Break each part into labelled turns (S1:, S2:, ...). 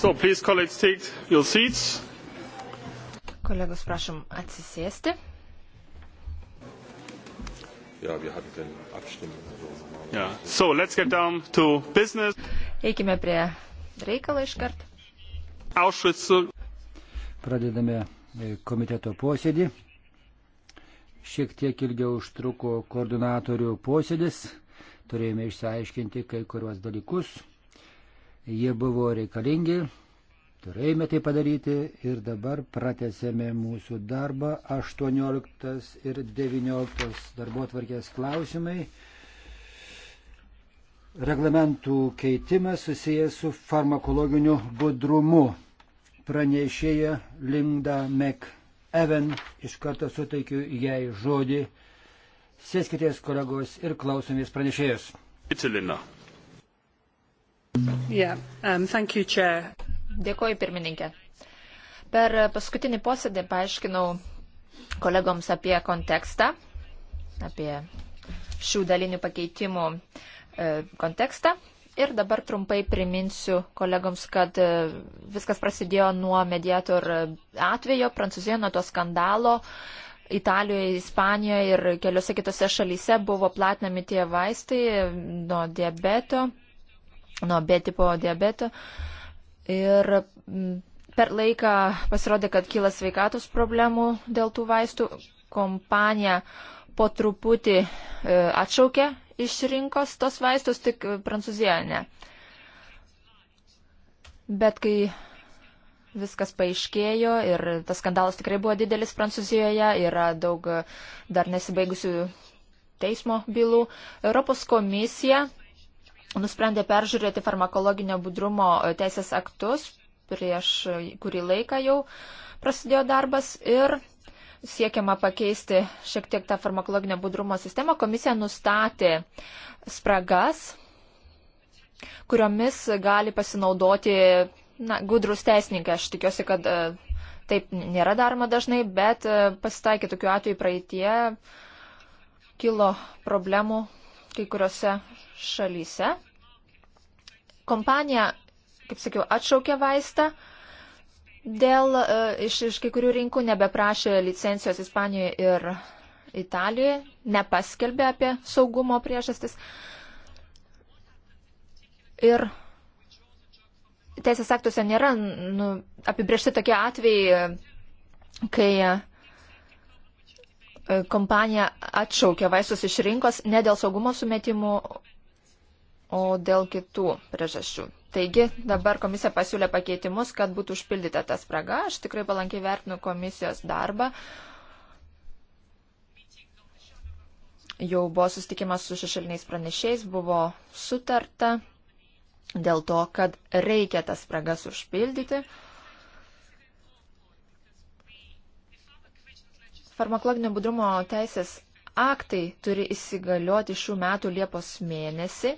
S1: So, please, colleagues, take your seats.
S2: Kolegos, prašom atsisėsti.
S1: Ja, wir hatten dann Abstimmung. Ja. So, let's get down to business.
S2: Eikime prie reikalo iškart.
S1: Aušvicu.
S3: Pradedame e, komiteto posėdį. Šiek tiek ilgiau užtruko koordinatorių posėdis. Turėjome išsiaiškinti kai kuriuos dalykus jie buvo reikalingi, turėjome tai padaryti ir dabar pratesėme mūsų darbą 18 ir 19 darbo tvarkės klausimai. Reglamentų keitimas susijęs su farmakologiniu budrumu. Pranešėja Linda McEwen iš karto suteikiu jai žodį. Sėskitės kolegos ir klausomės pranešėjus. It's Linda.
S2: Yeah, um, thank you, Chair. Dėkoju, pirmininkė. Per paskutinį posėdį paaiškinau kolegoms apie kontekstą, apie šių dalinių pakeitimų e, kontekstą. Ir dabar trumpai priminsiu kolegoms, kad e, viskas prasidėjo nuo mediator atvejo Prancūzijoje, nuo to skandalo. Italijoje, Ispanijoje ir keliose kitose šalyse buvo platinami tie vaistai e, nuo diabeto nuo B tipo diabeto. Ir mm, per laiką pasirodė, kad kyla sveikatos problemų dėl tų vaistų. Kompanija po truputį e, atšaukė iš rinkos tos vaistus, tik e, Prancūzija ne. Bet kai viskas paaiškėjo ir tas skandalas tikrai buvo didelis Prancūzijoje, yra daug dar nesibaigusių teismo bylų. Europos komisija nusprendė peržiūrėti farmakologinio budrumo e, teisės aktus, prieš e, kurį laiką jau prasidėjo darbas ir siekiama pakeisti šiek tiek tą farmakologinio budrumo sistemą. Komisija nustatė spragas, kuriomis gali pasinaudoti na, gudrus teisininkai. Aš tikiuosi, kad e, taip nėra daroma dažnai, bet pasitaikė tokiu atveju praeitie kilo problemų kai kuriuose šalyse kompanija, kaip sakiau, atšaukė vaistą. Dėl e, iš, iš kai kurių rinkų nebeprašė licencijos Ispanijoje ir Italijoje, nepaskelbė apie saugumo priežastis. Ir teisės aktuose nėra nu, apibriešti tokie atvejai, kai e, kompanija atšaukė vaistus iš rinkos ne dėl saugumo sumetimų, o dėl kitų priežasčių. Taigi dabar komisija pasiūlė pakeitimus, kad būtų užpildyta ta spraga. Aš tikrai palankiai vertinu komisijos darbą. Jau buvo sustikimas su šešėliniais pranešėjais, buvo sutarta dėl to, kad reikia tas spragas užpildyti. Farmakologinio budrumo teisės aktai turi įsigalioti šių metų Liepos mėnesį.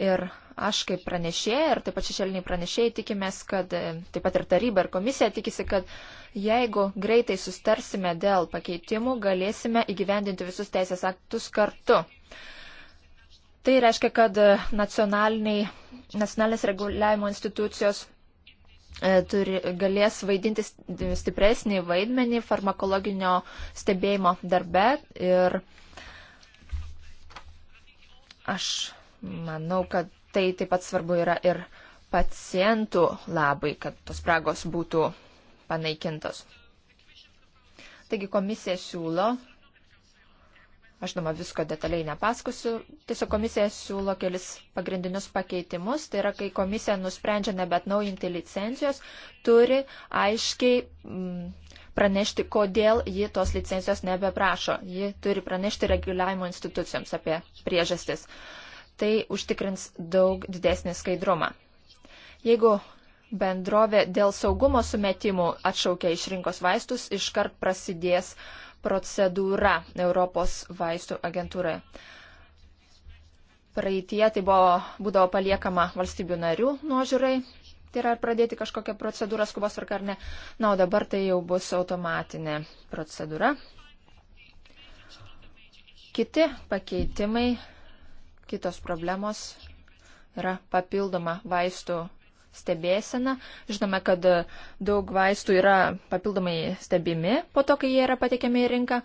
S2: Ir aš kaip pranešėja ir taip pat šešėliniai pranešėjai tikimės, kad e, taip pat ir taryba ir komisija tikisi, kad jeigu greitai sustarsime dėl pakeitimų, galėsime įgyvendinti visus teisės aktus kartu. Tai reiškia, kad e, nacionalinės reguliavimo institucijos e, turi, galės vaidinti stipresnį vaidmenį farmakologinio stebėjimo darbe ir aš Manau, kad tai taip pat svarbu yra ir pacientų labai, kad tos spragos būtų panaikintos. Taigi komisija siūlo, aš žinoma visko detaliai nepaskusiu, tiesiog komisija siūlo kelis pagrindinius pakeitimus, tai yra, kai komisija nusprendžia nebetnaujinti licencijos, turi aiškiai m, mm, pranešti, kodėl ji tos licencijos nebeprašo. Ji turi pranešti reguliavimo institucijoms apie priežastis. Uh, Tai užtikrins daug didesnį skaidrumą. Jeigu bendrovė dėl saugumo sumetimų atšaukia iš rinkos vaistus, iškart prasidės procedūra Europos vaistų agentūrai. Praeitie tai buvo, būdavo paliekama valstybių narių nuožiūrai, tai yra pradėti kažkokią procedūrą skubos ar ne. Na, o dabar tai jau bus automatinė procedūra. Kiti pakeitimai Kitos problemos yra papildoma vaistų stebėsena. Žinome, kad daug vaistų yra papildomai stebimi po to, kai jie yra patiekiami į rinką.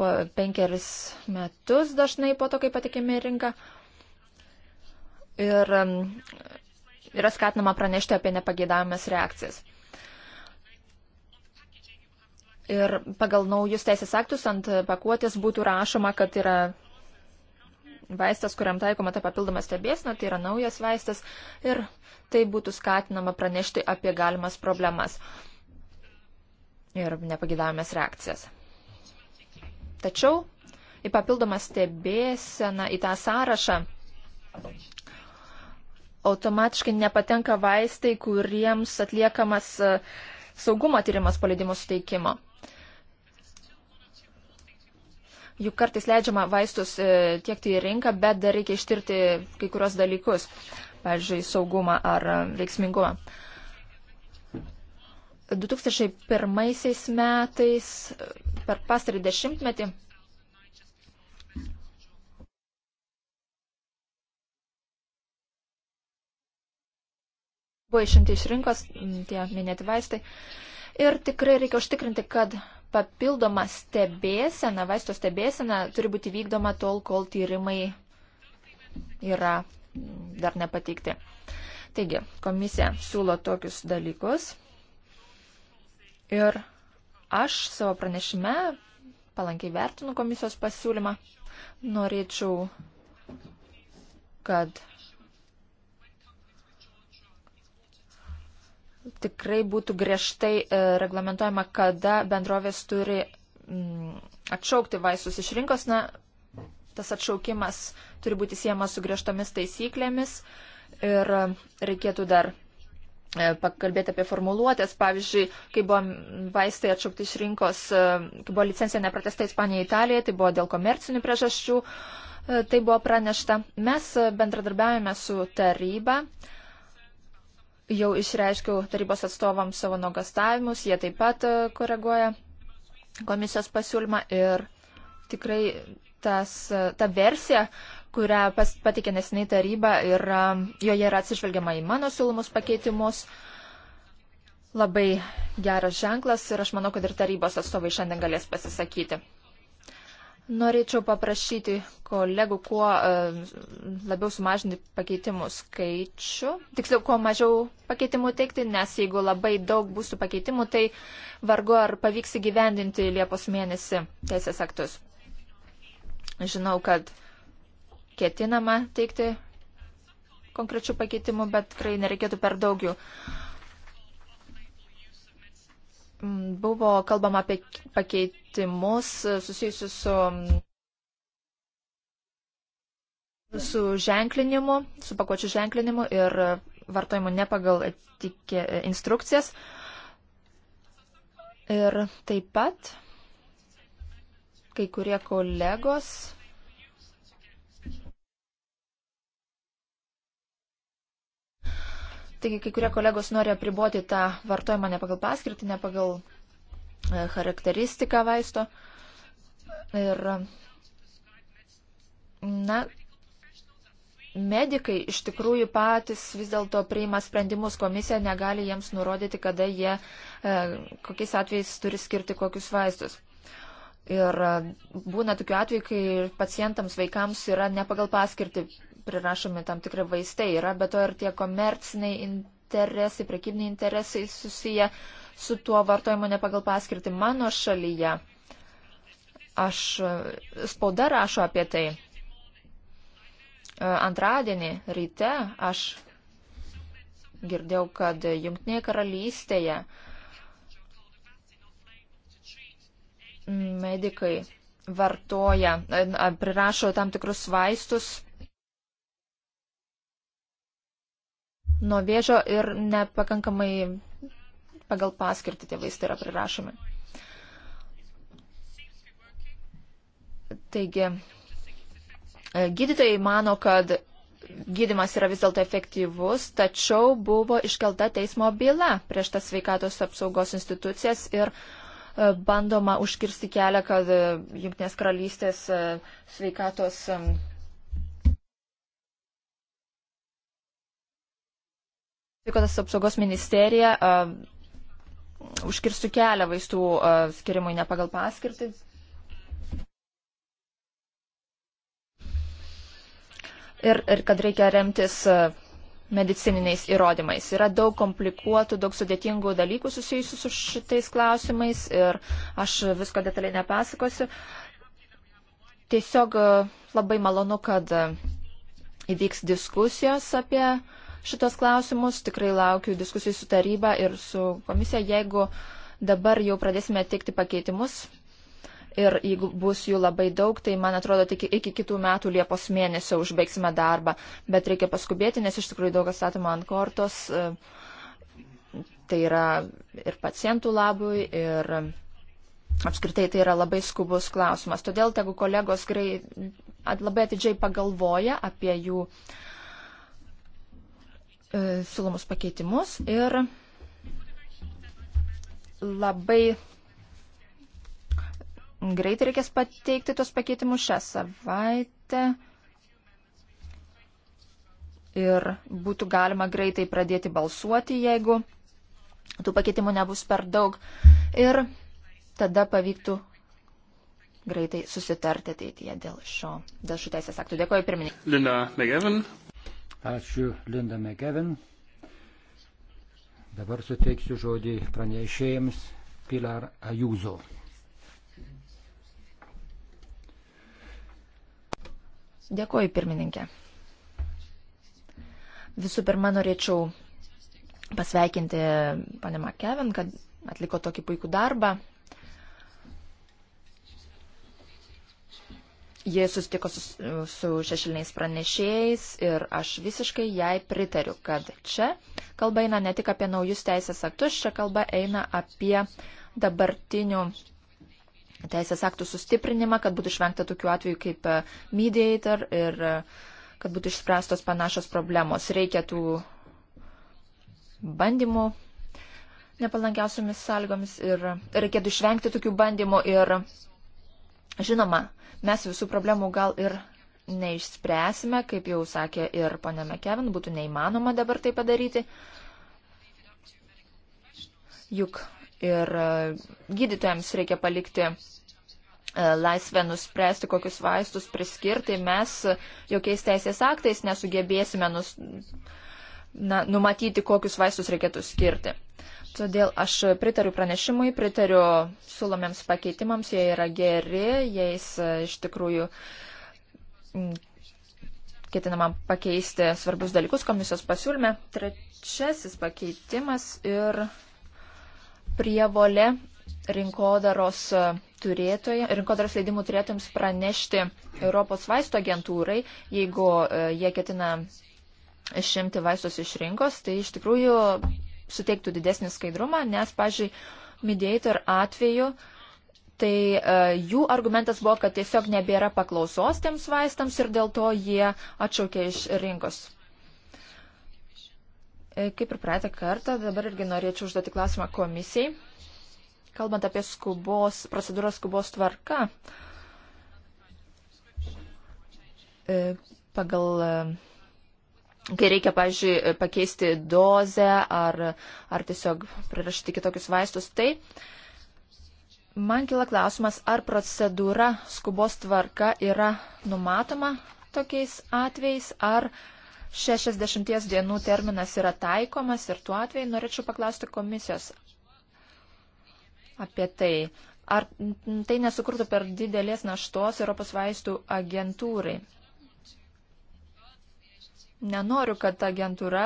S2: Po penkeris metus dažnai po to, kai patiekiami į rinką. Ir um, yra skatinama pranešti apie nepageidavimas reakcijas. Ir pagal naujus teisės aktus ant pakuotės būtų rašoma, kad yra vaistas, kuriam taikoma ta papildoma stebėsena, tai yra naujas vaistas ir tai būtų skatinama pranešti apie galimas problemas ir nepagidavimas reakcijas. Tačiau į papildomą stebėseną, į tą sąrašą automatiškai nepatenka vaistai, kuriems atliekamas e, saugumo tyrimas paleidimo suteikimo. Juk kartais leidžiama vaistus e, tiekti į rinką, bet dar reikia ištirti kai kurios dalykus, pavyzdžiui, saugumą ar e, veiksmingumą. 2001 metais e, per pastarį dešimtmetį buvo išimti iš rinkos tie minėti vaistai. Ir tikrai reikia užtikrinti, kad papildoma stebėsena, vaisto stebėsena turi būti vykdoma tol, kol tyrimai yra dar nepateikti. Taigi, komisija siūlo tokius dalykus ir aš savo pranešime palankiai vertinu komisijos pasiūlymą. Norėčiau, kad tikrai būtų griežtai e, reglamentojama, kada bendrovės turi mm, atšaukti vaistus iš rinkos. Na, tas atšaukimas turi būti siejamas su griežtomis taisyklėmis ir e, reikėtų dar e, pakalbėti apie formuluotės. Pavyzdžiui, kai buvo vaistai atšaukti iš rinkos, kai buvo licencija nepratesta Ispanija Italija, tai buvo dėl komercinių priežasčių, tai buvo pranešta. Mes bendradarbiavame su taryba. Jau išreiškiau tarybos atstovams savo nuogastavimus, jie taip pat e, koreguoja komisijos pasiūlymą ir tikrai tas, e, ta versija, kurią patikė nesiniai taryba ir joje yra atsižvelgiama į mano siūlomus pakeitimus. Labai geras ženklas ir aš manau, kad ir tarybos atstovai šiandien galės pasisakyti. Norėčiau paprašyti kolegų kuo e, labiau sumažinti pakeitimų skaičių, tiksliau, kuo mažiau pakeitimų teikti, nes jeigu labai daug bus tų pakeitimų, tai vargu ar pavyks įgyvendinti Liepos mėnesį teisės aktus. Žinau, kad ketinama teikti konkrečių pakeitimų, bet tikrai nereikėtų per daug jų. Uh, Mm, buvo kalbama apie pakeitimus e, susijusius su, mm, su ženklinimu, su pakuočių ženklinimu ir e, vartojimu ne pagal etikė, e, instrukcijas. Ir taip pat kai kurie kolegos Taigi kai kurie kolegos nori apriboti tą vartojimą ne pagal paskirtį, ne pagal e, charakteristiką vaisto. Ir, na, medikai iš tikrųjų patys vis dėlto priima sprendimus, komisija negali jiems nurodyti, kada jie e, kokiais atvejais turi skirti kokius vaistus. Ir e, būna tokių atvejų, kai pacientams, vaikams yra ne pagal paskirtį prirašomi tam tikri vaistai yra, bet to ir tie komerciniai interesai, prekybiniai interesai susiję su tuo vartojimu ne pagal paskirtį mano šalyje. Aš spauda rašo apie tai. Antradienį ryte aš girdėjau, kad Junktinėje karalystėje medikai vartoja, prirašo tam tikrus vaistus nuo vėžio ir nepakankamai pagal paskirtį tie vaistai yra prirašomi. Taigi, e, gydytojai mano, kad gydimas yra vis dėlto efektyvus, tačiau buvo iškelta teismo byla prieš tas sveikatos apsaugos institucijas ir e, bandoma užkirsti kelią, kad e, Junktinės karalystės sveikatos Sveikatos apsaugos ministerija uh, užkirstų kelią vaistų uh, skirimui ne pagal paskirtį. Ir, ir kad reikia remtis uh, medicininiais įrodymais. Yra daug komplikuotų, daug sudėtingų dalykų susijusių su šitais klausimais ir aš visko detaliai nepasakosiu. Tiesiog labai malonu, kad įvyks diskusijos apie uh, šitos klausimus. Tikrai laukiu diskusijų su taryba ir su komisija, jeigu dabar jau pradėsime teikti pakeitimus. Ir jeigu bus jų labai daug, tai man atrodo, tik iki kitų metų Liepos mėnesio užbaigsime darbą. Bet reikia paskubėti, nes iš tikrųjų daug kas statoma ant kortos. Tai yra ir pacientų labui, ir apskritai tai yra labai skubus klausimas. Todėl tegu kolegos grei, labai atidžiai pagalvoja apie jų uh, E, siūlomus pakeitimus ir labai greitai reikės pateikti tos pakeitimus šią savaitę ir būtų galima greitai pradėti balsuoti, jeigu tų pakeitimų nebus per daug ir tada pavyktų greitai susitarti ateityje dėl šio, dėl šių teisės aktų. Dėkuoju pirmininkai.
S3: Linda McEvan. Ačiū Linda McGevin. Dabar suteiksiu žodį pranešėjams Pilar Ajuzo.
S2: Dėkoju, pirmininkė. Visų pirma, norėčiau pasveikinti panę Makevin, kad atliko tokį puikų darbą. Jie susitiko su, su šešiliniais pranešėjais ir aš visiškai jai pritariu, kad čia kalba eina ne tik apie naujus teisės aktus, čia kalba eina apie dabartinių teisės aktų sustiprinimą, kad būtų išvengta tokių atvejų kaip e, mediator ir e, kad būtų išspręstos panašios problemos. Reikia tų bandymų nepalankiausiamis sąlygomis ir reikėtų išvengti tokių bandymų ir žinoma, Mes visų problemų gal ir neišspręsime, kaip jau sakė ir ponė Mekevin, būtų neįmanoma dabar tai padaryti. Juk ir e, gydytojams reikia palikti e, laisvę nuspręsti, kokius vaistus priskirti, mes jokiais teisės aktais nesugebėsime nus, na, numatyti, kokius vaistus reikėtų skirti. Uh, Todėl aš pritariu pranešimui, pritariu siūlomiems pakeitimams, jie yra geri, jais e, iš tikrųjų ketinama pakeisti svarbius dalykus komisijos pasiūlyme. Trečiasis pakeitimas ir prievolė rinkodaros, e, turėtoje, rinkodaros leidimų turėtojams pranešti Europos vaisto agentūrai, jeigu e, jie ketina išimti vaistus iš rinkos, tai iš tikrųjų suteiktų didesnį skaidrumą, nes, pažiūrėjau, mediator atveju, tai e, jų argumentas buvo, kad tiesiog nebėra paklausos tiems vaistams ir dėl to jie atšaukė iš rinkos. E, kaip ir praeitą kartą, dabar irgi norėčiau užduoti klausimą komisijai. Kalbant apie skubos, procedūros skubos tvarką, e, pagal kai reikia, pavyzdžiui, pakeisti dozę ar, ar tiesiog prirašyti kitokius vaistus, tai man kila klausimas, ar procedūra skubos tvarka yra numatoma tokiais atvejais, ar 60 dienų terminas yra taikomas ir tuo atveju norėčiau paklausti komisijos apie tai. Ar tai nesukurtų per didelės naštos Europos vaistų agentūrai? Nenoriu, kad agentūra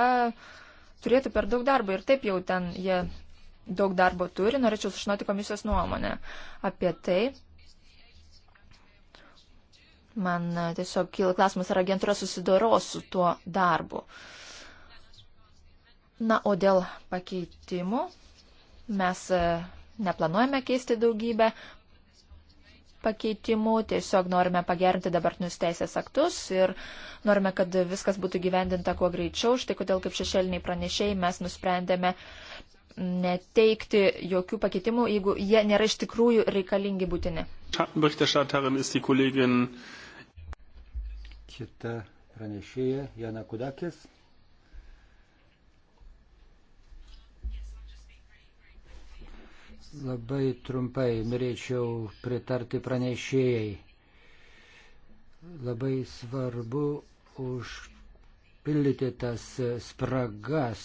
S2: turėtų per daug darbo ir taip jau ten jie daug darbo turi. Norėčiau sužinoti komisijos nuomonę apie tai. Man e, tiesiog kyla klausimas, ar agentūra susidoros su tuo darbu. Na, o dėl pakeitimų mes e, neplanuojame keisti daugybę pakeitimu, tiesiog norime pagerinti dabartinius teisės aktus ir norime, kad viskas būtų gyvendinta kuo greičiau. Štai kodėl kaip šešėliniai pranešėjai mes nusprendėme neteikti jokių pakeitimų, jeigu jie nėra iš tikrųjų reikalingi būtini.
S3: Kita pranešėja Jana Kudakis. Labai trumpai norėčiau pritarti pranešėjai. Labai svarbu užpildyti tas spragas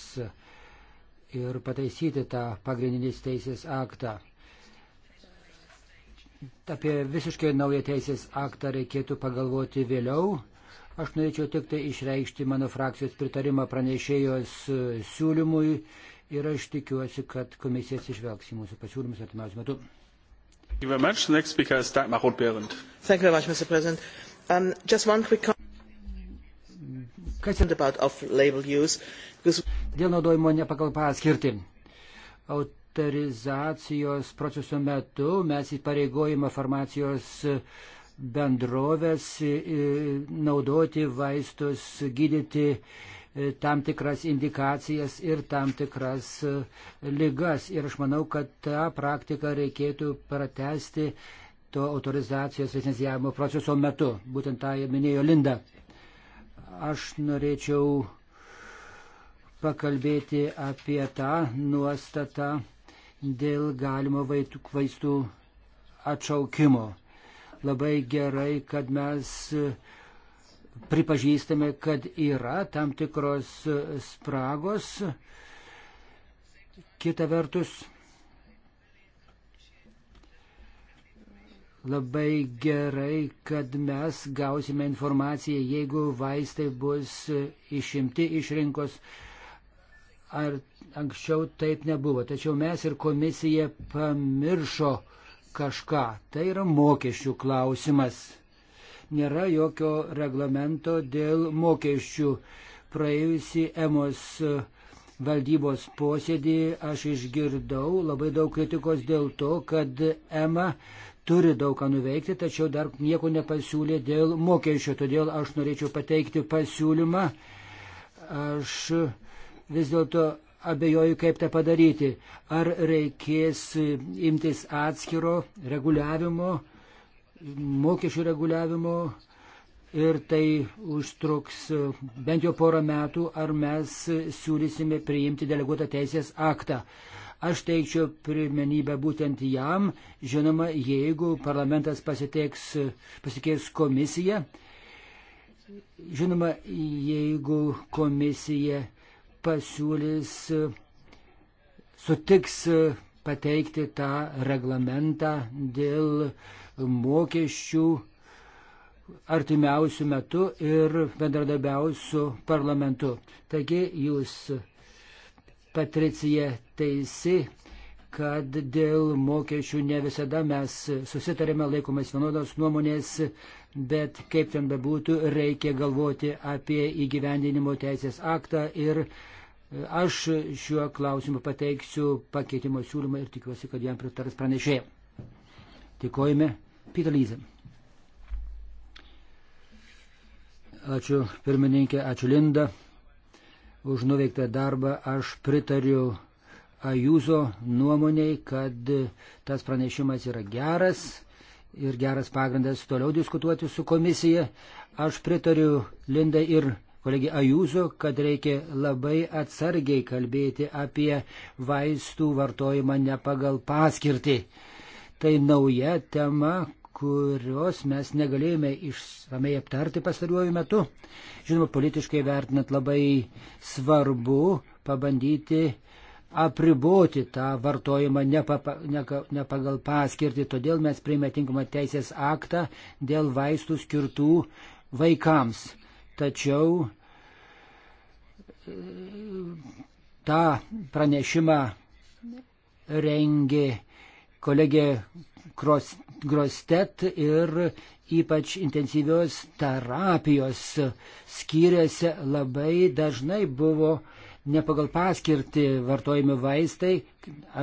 S3: ir pataisyti tą pagrindinis teisės aktą. Apie visiškai naują teisės aktą reikėtų pagalvoti vėliau. Aš norėčiau tik tai išreikšti mano frakcijos pritarimą pranešėjos siūlymui ir aš tikiuosi, kad komisijas išvelgs į mūsų pasiūlymus artimiausiu metu. Um, Kas dėl naudojimo nepagal paskirtį? Autorizacijos proceso metu mes įpareigojame farmacijos bendrovės e, naudoti vaistus, gydyti uh, E, tam tikras indikacijas ir tam tikras e, lygas. Ir aš manau, kad tą praktiką reikėtų pratesti to autorizacijos licencijavimo proceso metu. Būtent tą minėjo Linda. Aš norėčiau pakalbėti apie tą nuostatą dėl galimo vaistų atšaukimo. Labai gerai, kad mes uh, pripažįstame, kad yra tam tikros spragos. Kita vertus, labai gerai, kad mes gausime informaciją, jeigu vaistai bus išimti iš rinkos. Ar anksčiau taip nebuvo, tačiau mes ir komisija pamiršo kažką. Tai yra mokesčių klausimas nėra jokio reglamento dėl mokesčių. Praėjusi EMOS valdybos posėdį aš išgirdau labai daug kritikos dėl to, kad EMA turi daug ką nuveikti, tačiau dar nieko nepasiūlė dėl mokesčio. Todėl aš norėčiau pateikti pasiūlymą. Aš vis dėlto abejoju, kaip tą padaryti. Ar reikės imtis atskiro reguliavimo mokesčių reguliavimo ir tai užtruks bent jau porą metų, ar mes siūlysime priimti deleguotą teisės aktą. Aš teikčiau pirmenybę būtent jam, žinoma, jeigu parlamentas pasiteiks, pasikeis komisiją, žinoma, jeigu komisija pasiūlys, sutiks pateikti tą reglamentą dėl mokesčių artimiausių metų ir bendradarbiaus su parlamentu. Taigi jūs, Patricija, teisi, kad dėl mokesčių ne visada mes susitarėme laikomės vienodos nuomonės, bet kaip ten bebūtų, reikia galvoti apie įgyvendinimo teisės aktą ir Aš šiuo klausimu pateiksiu pakeitimo siūlymą ir tikiuosi, kad jam pritars pranešėjai. Dėkojame. Peter Lyze. Ačiū pirmininkė, ačiū Linda už nuveiktą darbą. Aš pritariu Ajūzo nuomoniai, kad tas pranešimas yra geras ir geras pagrindas toliau diskutuoti su komisija. Aš pritariu Lindai ir kolegė Ajūzo, kad reikia labai atsargiai kalbėti apie vaistų vartojimą ne pagal paskirtį. Tai nauja tema, kurios mes negalėjome išsamei aptarti pastaruoju metu. Žinoma, politiškai vertinant labai svarbu pabandyti apriboti tą vartojimą ne, papa, ne, ne pagal paskirtį, todėl mes priėmė tinkamą teisės aktą dėl vaistų skirtų vaikams tačiau tą pranešimą rengė kolegė Grostet ir ypač intensyvios terapijos skyrėse labai dažnai buvo ne pagal paskirtį vartojami vaistai,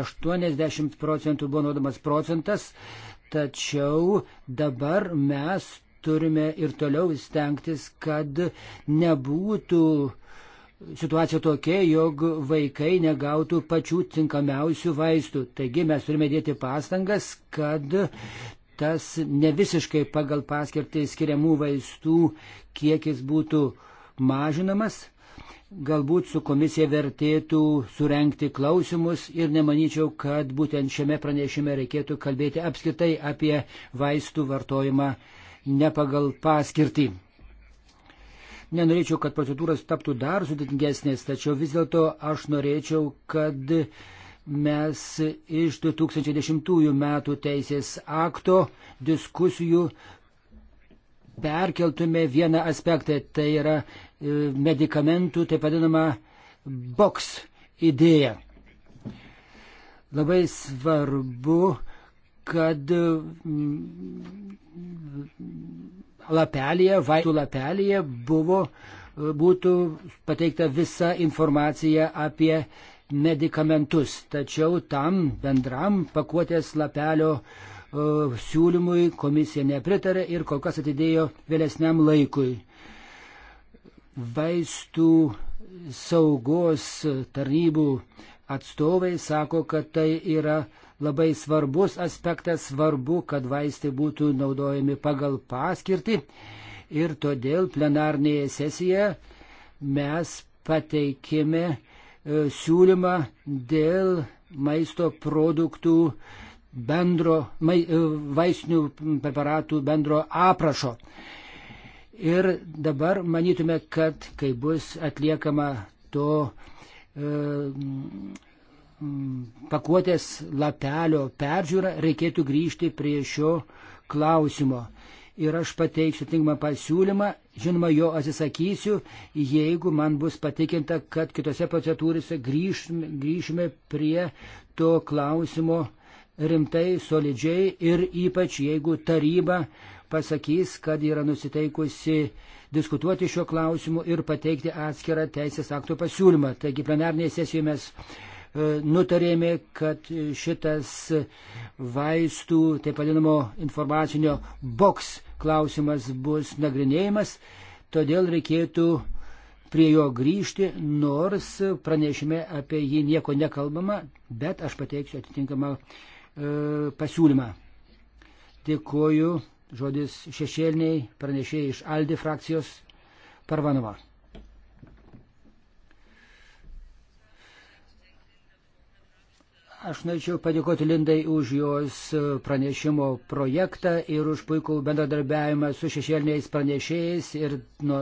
S3: 80 procentų buvo naudomas procentas, tačiau dabar mes turime ir toliau stengtis, kad nebūtų situacija tokia, jog vaikai negautų pačių tinkamiausių vaistų. Taigi mes turime dėti pastangas, kad tas ne visiškai pagal paskirtį skiriamų vaistų kiekis būtų mažinamas. Galbūt su komisija vertėtų surenkti klausimus ir nemanyčiau, kad būtent šiame pranešime reikėtų kalbėti apskritai apie vaistų vartojimą ne pagal paskirtį. Nenorėčiau, kad procedūros taptų dar sudėtingesnės, tačiau vis dėlto aš norėčiau, kad mes iš 2010 metų teisės akto diskusijų perkeltume vieną aspektą, tai yra e, medikamentų, taip vadinama, boks idėja. Labai svarbu kad mm, lapelėje, vaistų lapelėje buvo, būtų pateikta visa informacija apie medikamentus. Tačiau tam bendram pakuotės lapelio e, siūlymui komisija nepritarė ir kol kas atidėjo vėlesniam laikui. Vaistų saugos tarnybų atstovai sako, kad tai yra labai svarbus aspektas, svarbu, kad vaistai būtų naudojami pagal paskirtį ir todėl plenarnėje sesijoje mes pateikėme e, siūlymą dėl maisto produktų bendro, mai, e, vaistinių preparatų bendro aprašo. Ir dabar manytume, kad kai bus atliekama to e, Mm, pakuotės lapelio peržiūrą, reikėtų grįžti prie šio klausimo. Ir aš pateiksiu tinkamą pasiūlymą, žinoma, jo atsisakysiu, jeigu man bus patikinta, kad kitose procedūrose grįžime, grįžime prie to klausimo rimtai, solidžiai ir ypač jeigu taryba pasakys, kad yra nusiteikusi diskutuoti šiuo klausimu ir pateikti atskirą teisės aktų pasiūlymą. Taigi plenarnėje sesijoje mes nutarėme, kad šitas vaistų, taip vadinamo informacinio boks klausimas bus nagrinėjimas, todėl reikėtų prie jo grįžti, nors pranešime apie jį nieko nekalbama, bet aš pateiksiu atitinkamą e, pasiūlymą. Dėkuoju, žodis šešėliniai pranešėjai iš Aldi frakcijos Parvanova. Aš norėčiau padėkoti Lindai už jos e, pranešimo projektą ir už puikų bendradarbiavimą su šešėliniais pranešėjais ir nu,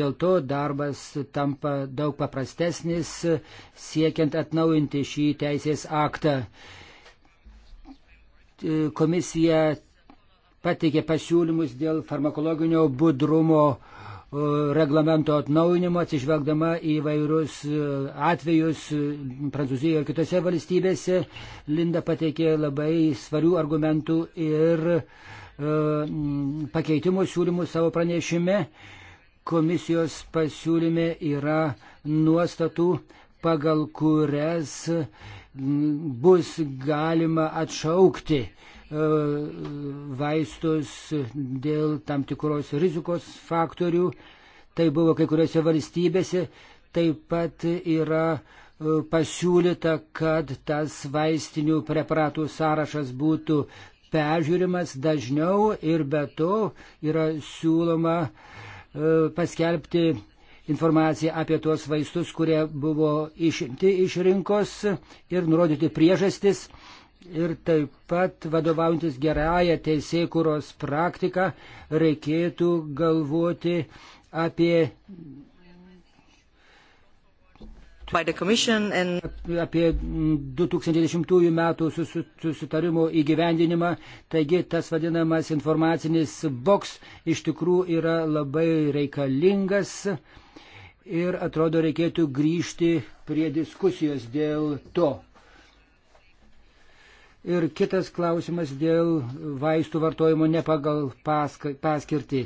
S3: dėl to darbas tampa daug paprastesnis siekiant atnaujinti šį teisės aktą. E, komisija pateikė pasiūlymus dėl farmakologinio budrumo uh, reglamento atnaujinimo, atsižvelgdama į vairius e, atvejus e, Prancūzijoje ir kitose valstybėse. Linda pateikė labai svarių argumentų ir e, pakeitimų siūlymų savo pranešime. Komisijos pasiūlyme yra nuostatų, pagal kurias bus galima atšaukti uh, E, vaistus dėl tam tikros rizikos faktorių. Tai buvo kai kuriuose valstybėse. Taip pat yra e, pasiūlyta, kad tas vaistinių preparatų sąrašas būtų peržiūrimas dažniau ir be to yra siūloma e, paskelbti informaciją apie tuos vaistus, kurie buvo išimti iš rinkos ir nurodyti priežastis ir taip pat vadovaujantis gerąją teisėkuros praktiką reikėtų galvoti apie, and... apie 2010 m. susitarimo įgyvendinimą. Taigi tas vadinamas informacinis boks iš tikrųjų yra labai reikalingas. Ir atrodo reikėtų grįžti prie diskusijos dėl to. Ir kitas klausimas dėl vaistų vartojimo ne pagal paskirtį.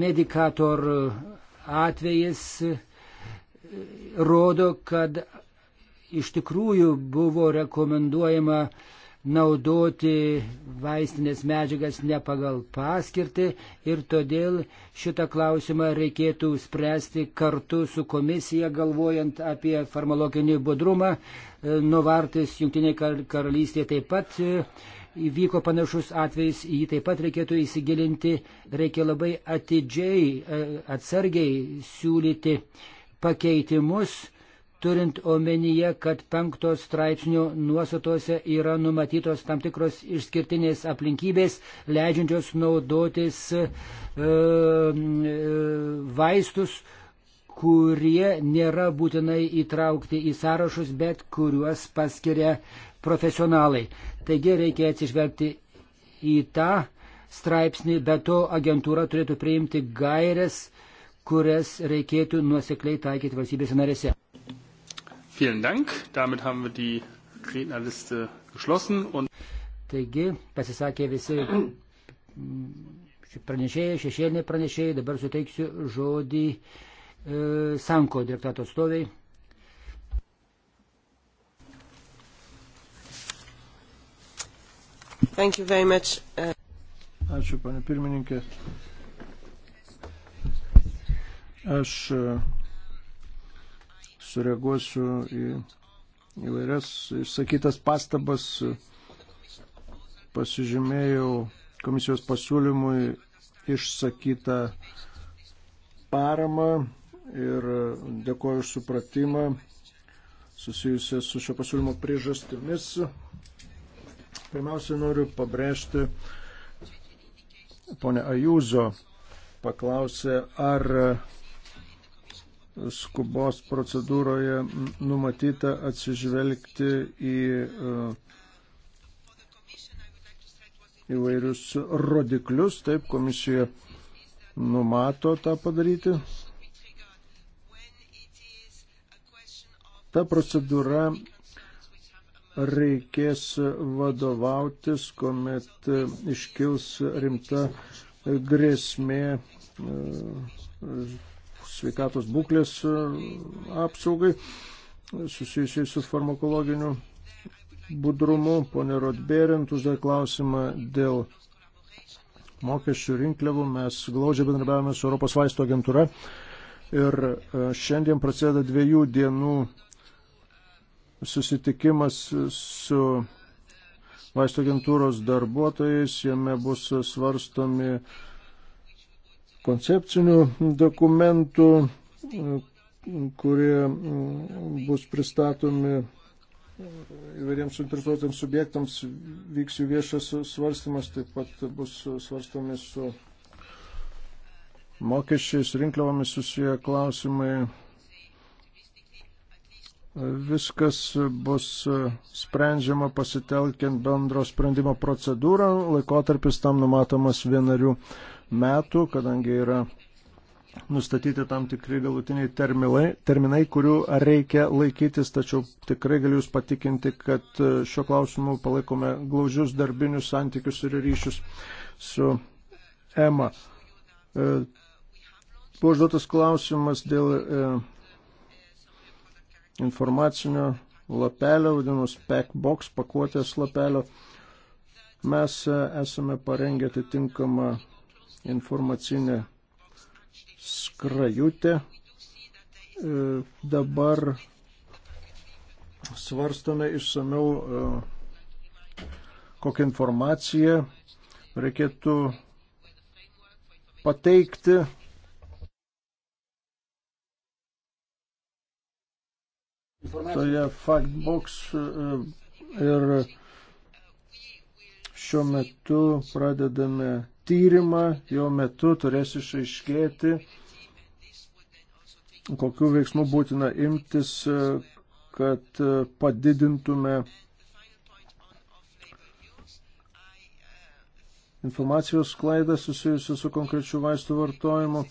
S3: Medikator atvejis e, rodo, kad iš tikrųjų buvo rekomenduojama uh, naudoti vaistinės medžiagas ne pagal paskirtį ir todėl šitą klausimą reikėtų spręsti kartu su komisija, galvojant apie farmaloginį budrumą. E, Novartis Junktinėje kar karalystėje taip pat e, įvyko panašus atvejis, jį taip pat reikėtų įsigilinti, reikia labai atidžiai, e, atsargiai siūlyti pakeitimus turint omenyje, kad penktos straipsnio nuostatose yra numatytos tam tikros išskirtinės aplinkybės, leidžiančios naudotis e, e, vaistus, kurie nėra būtinai įtraukti į sąrašus, bet kuriuos paskiria profesionalai. Taigi reikia atsižvelgti į tą straipsnį, bet to agentūra turėtų priimti gairias, kurias reikėtų nuosekliai taikyti valstybėse narėse.
S1: Vielen Dank. Damit haben wir die Rednerliste geschlossen. Und
S3: Taigi, pasisakė visi pranešėjai, šešėliniai pranešėjai. Dabar suteiksiu žodį e, Sanko direktato atstoviai.
S1: Thank you very much. Uh, Ačiū, panė pirmininkė. Aš e, sureaguosiu į įvairias išsakytas pastabas. Pasižymėjau komisijos pasiūlymui išsakytą paramą ir dėkoju už supratimą susijusią su šio pasiūlymo priežastimis. Pirmiausia, noriu pabrėžti, ponė Ajūzo paklausė, ar skubos procedūroje numatyta atsižvelgti į e, įvairius rodiklius, taip komisija numato tą padaryti. Ta procedūra reikės vadovautis, kuomet iškils rimta grėsmė e, sveikatos būklės e, apsaugai susijusiai su farmakologiniu budrumu. Pone Rodberint uždavė klausimą dėl mokesčių rinkliavų. Mes glaudžiai bendrabiavame su Europos vaisto agentūra ir e, šiandien prasideda dviejų dienų susitikimas su vaisto agentūros darbuotojais. Jame bus svarstomi koncepcinių dokumentų, kurie bus pristatomi įvairiems suinteresuotiems subjektams, vyks jų viešas svarstymas, taip pat bus svarstomi su mokesčiais, rinkliavomis susiję klausimai. Viskas bus sprendžiama pasitelkiant bendro sprendimo procedūrą, laikotarpis tam numatomas vienarių metų metų, kadangi yra nustatyti tam tikri galutiniai terminai, terminai, kurių reikia laikytis, tačiau tikrai galiu Jūs patikinti, kad e, šiuo klausimu palaikome glaužius darbinius santykius ir ryšius su EMA. E, buvo užduotas klausimas dėl e, informacinio lapelio, vadinus packbox pakuotės lapelio. Mes esame parengę atitinkamą informacinė skrajutė. E, dabar svarstome išsameu, e, kokią informaciją reikėtų pateikti. Toje Factbox e, ir šiuo metu pradedame tyrimą, jo metu turės išaiškėti, kokiu veiksmu būtina imtis, kad padidintume informacijos sklaidą susijusiu su konkrečiu vaistų vartojimu.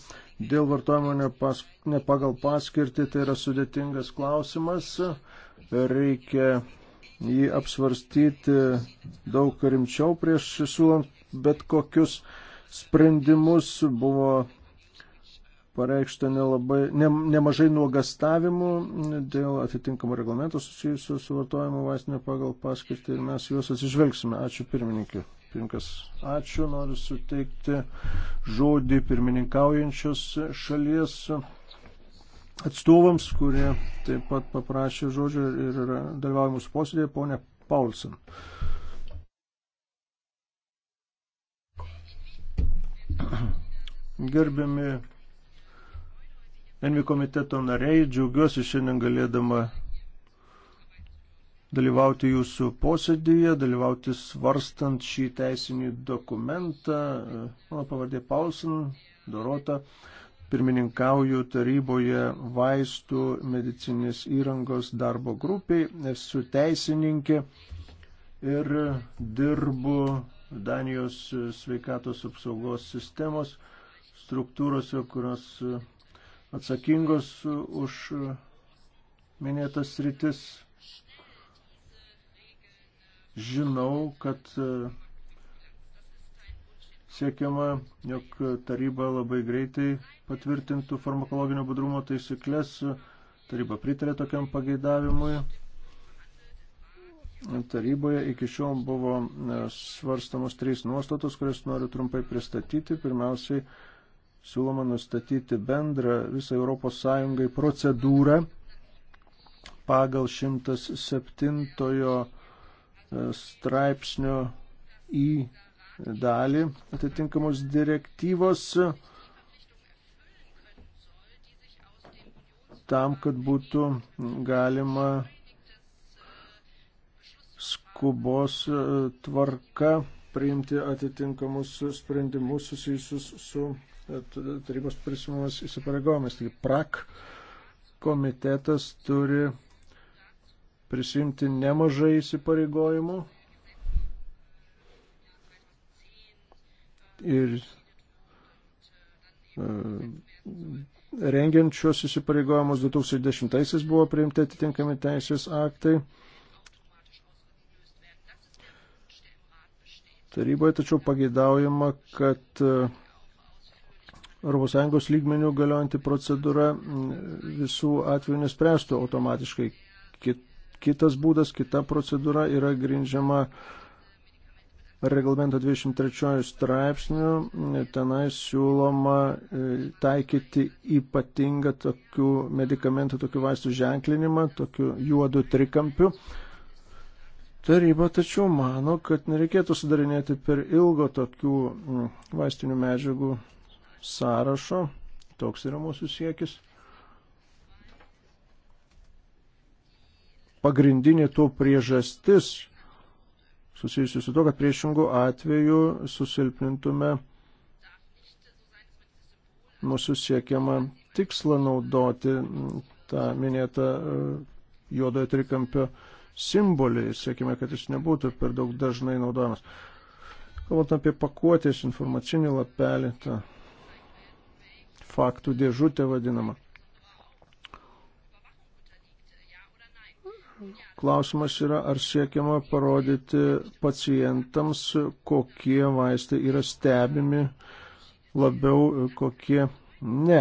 S1: Dėl vartojimo nepas, ne pagal paskirtį tai yra sudėtingas klausimas. Reikia jį apsvarstyti daug rimčiau prieš siūlant bet kokius sprendimus buvo pareikšta nelabai, ne, nemažai nuogastavimų dėl atitinkamų reglamentų susijusių su vartojimu vaistinė pagal paskirtį ir mes juos atsižvelgsime. Ačiū pirmininkė. Pirmininkas, ačiū, noriu suteikti žodį pirmininkaujančios šalies atstovams, kurie taip pat paprašė žodžio ir dalyvauja mūsų posėdėje, ponė Paulsen. Gerbiami Envi komiteto nariai, džiaugiuosi šiandien galėdama dalyvauti jūsų posėdėje, dalyvauti svarstant šį teisinį dokumentą. Mano pavardė Paulsen, Dorota, pirmininkauju taryboje vaistų medicinės įrangos darbo grupiai, esu teisininkė ir dirbu Danijos sveikatos apsaugos sistemos struktūrose, kurios e, atsakingos už minėtas rytis. Žinau, kad e, siekiama, jog taryba labai greitai patvirtintų farmakologinio budrumo taisyklės. Taryba pritarė tokiam pageidavimui taryboje iki šiol buvo e, svarstamos trys nuostatos, kurias noriu trumpai pristatyti. Pirmiausiai, siūloma nustatyti bendrą visą ES procedūrą pagal 107 e, straipsnio į dalį atitinkamos direktyvos tam, kad būtų galima skubos e, tvarka priimti atitinkamus sprendimus susijusius su tarybos prisimamas įsipareigojimas. Taigi prak komitetas turi prisimti nemažai įsipareigojimų ir e, rengiant šios įsipareigojimus 2010-aisiais buvo priimti atitinkami teisės aktai. Taryboje tačiau pageidaujama, kad uh, ES lygmenių galiojanti procedūra visų atvejų nespręstų automatiškai. Kitas būdas, kita procedūra yra grindžiama reglamento 23 straipsnių. Tenai siūloma e, taikyti ypatingą tokių medikamentų, tokių vaistų ženklinimą, tokiu juodu trikampiu. Taryba tačiau mano, kad nereikėtų sudarinėti per ilgo tokių vaistinių medžiagų sąrašo. Toks yra mūsų siekis. Pagrindinė to priežastis susijusi su to, kad priešingų atveju susilpnintume mūsų siekiamą tikslą naudoti tą minėtą e, juodojo trikampio simbolį. Siekime, kad jis nebūtų per daug dažnai naudojamas. Kalbant apie pakuotės informacinį lapelį, tą faktų dėžutė vadinama. Klausimas yra, ar siekiama parodyti pacientams, kokie vaistai yra stebimi, labiau kokie ne.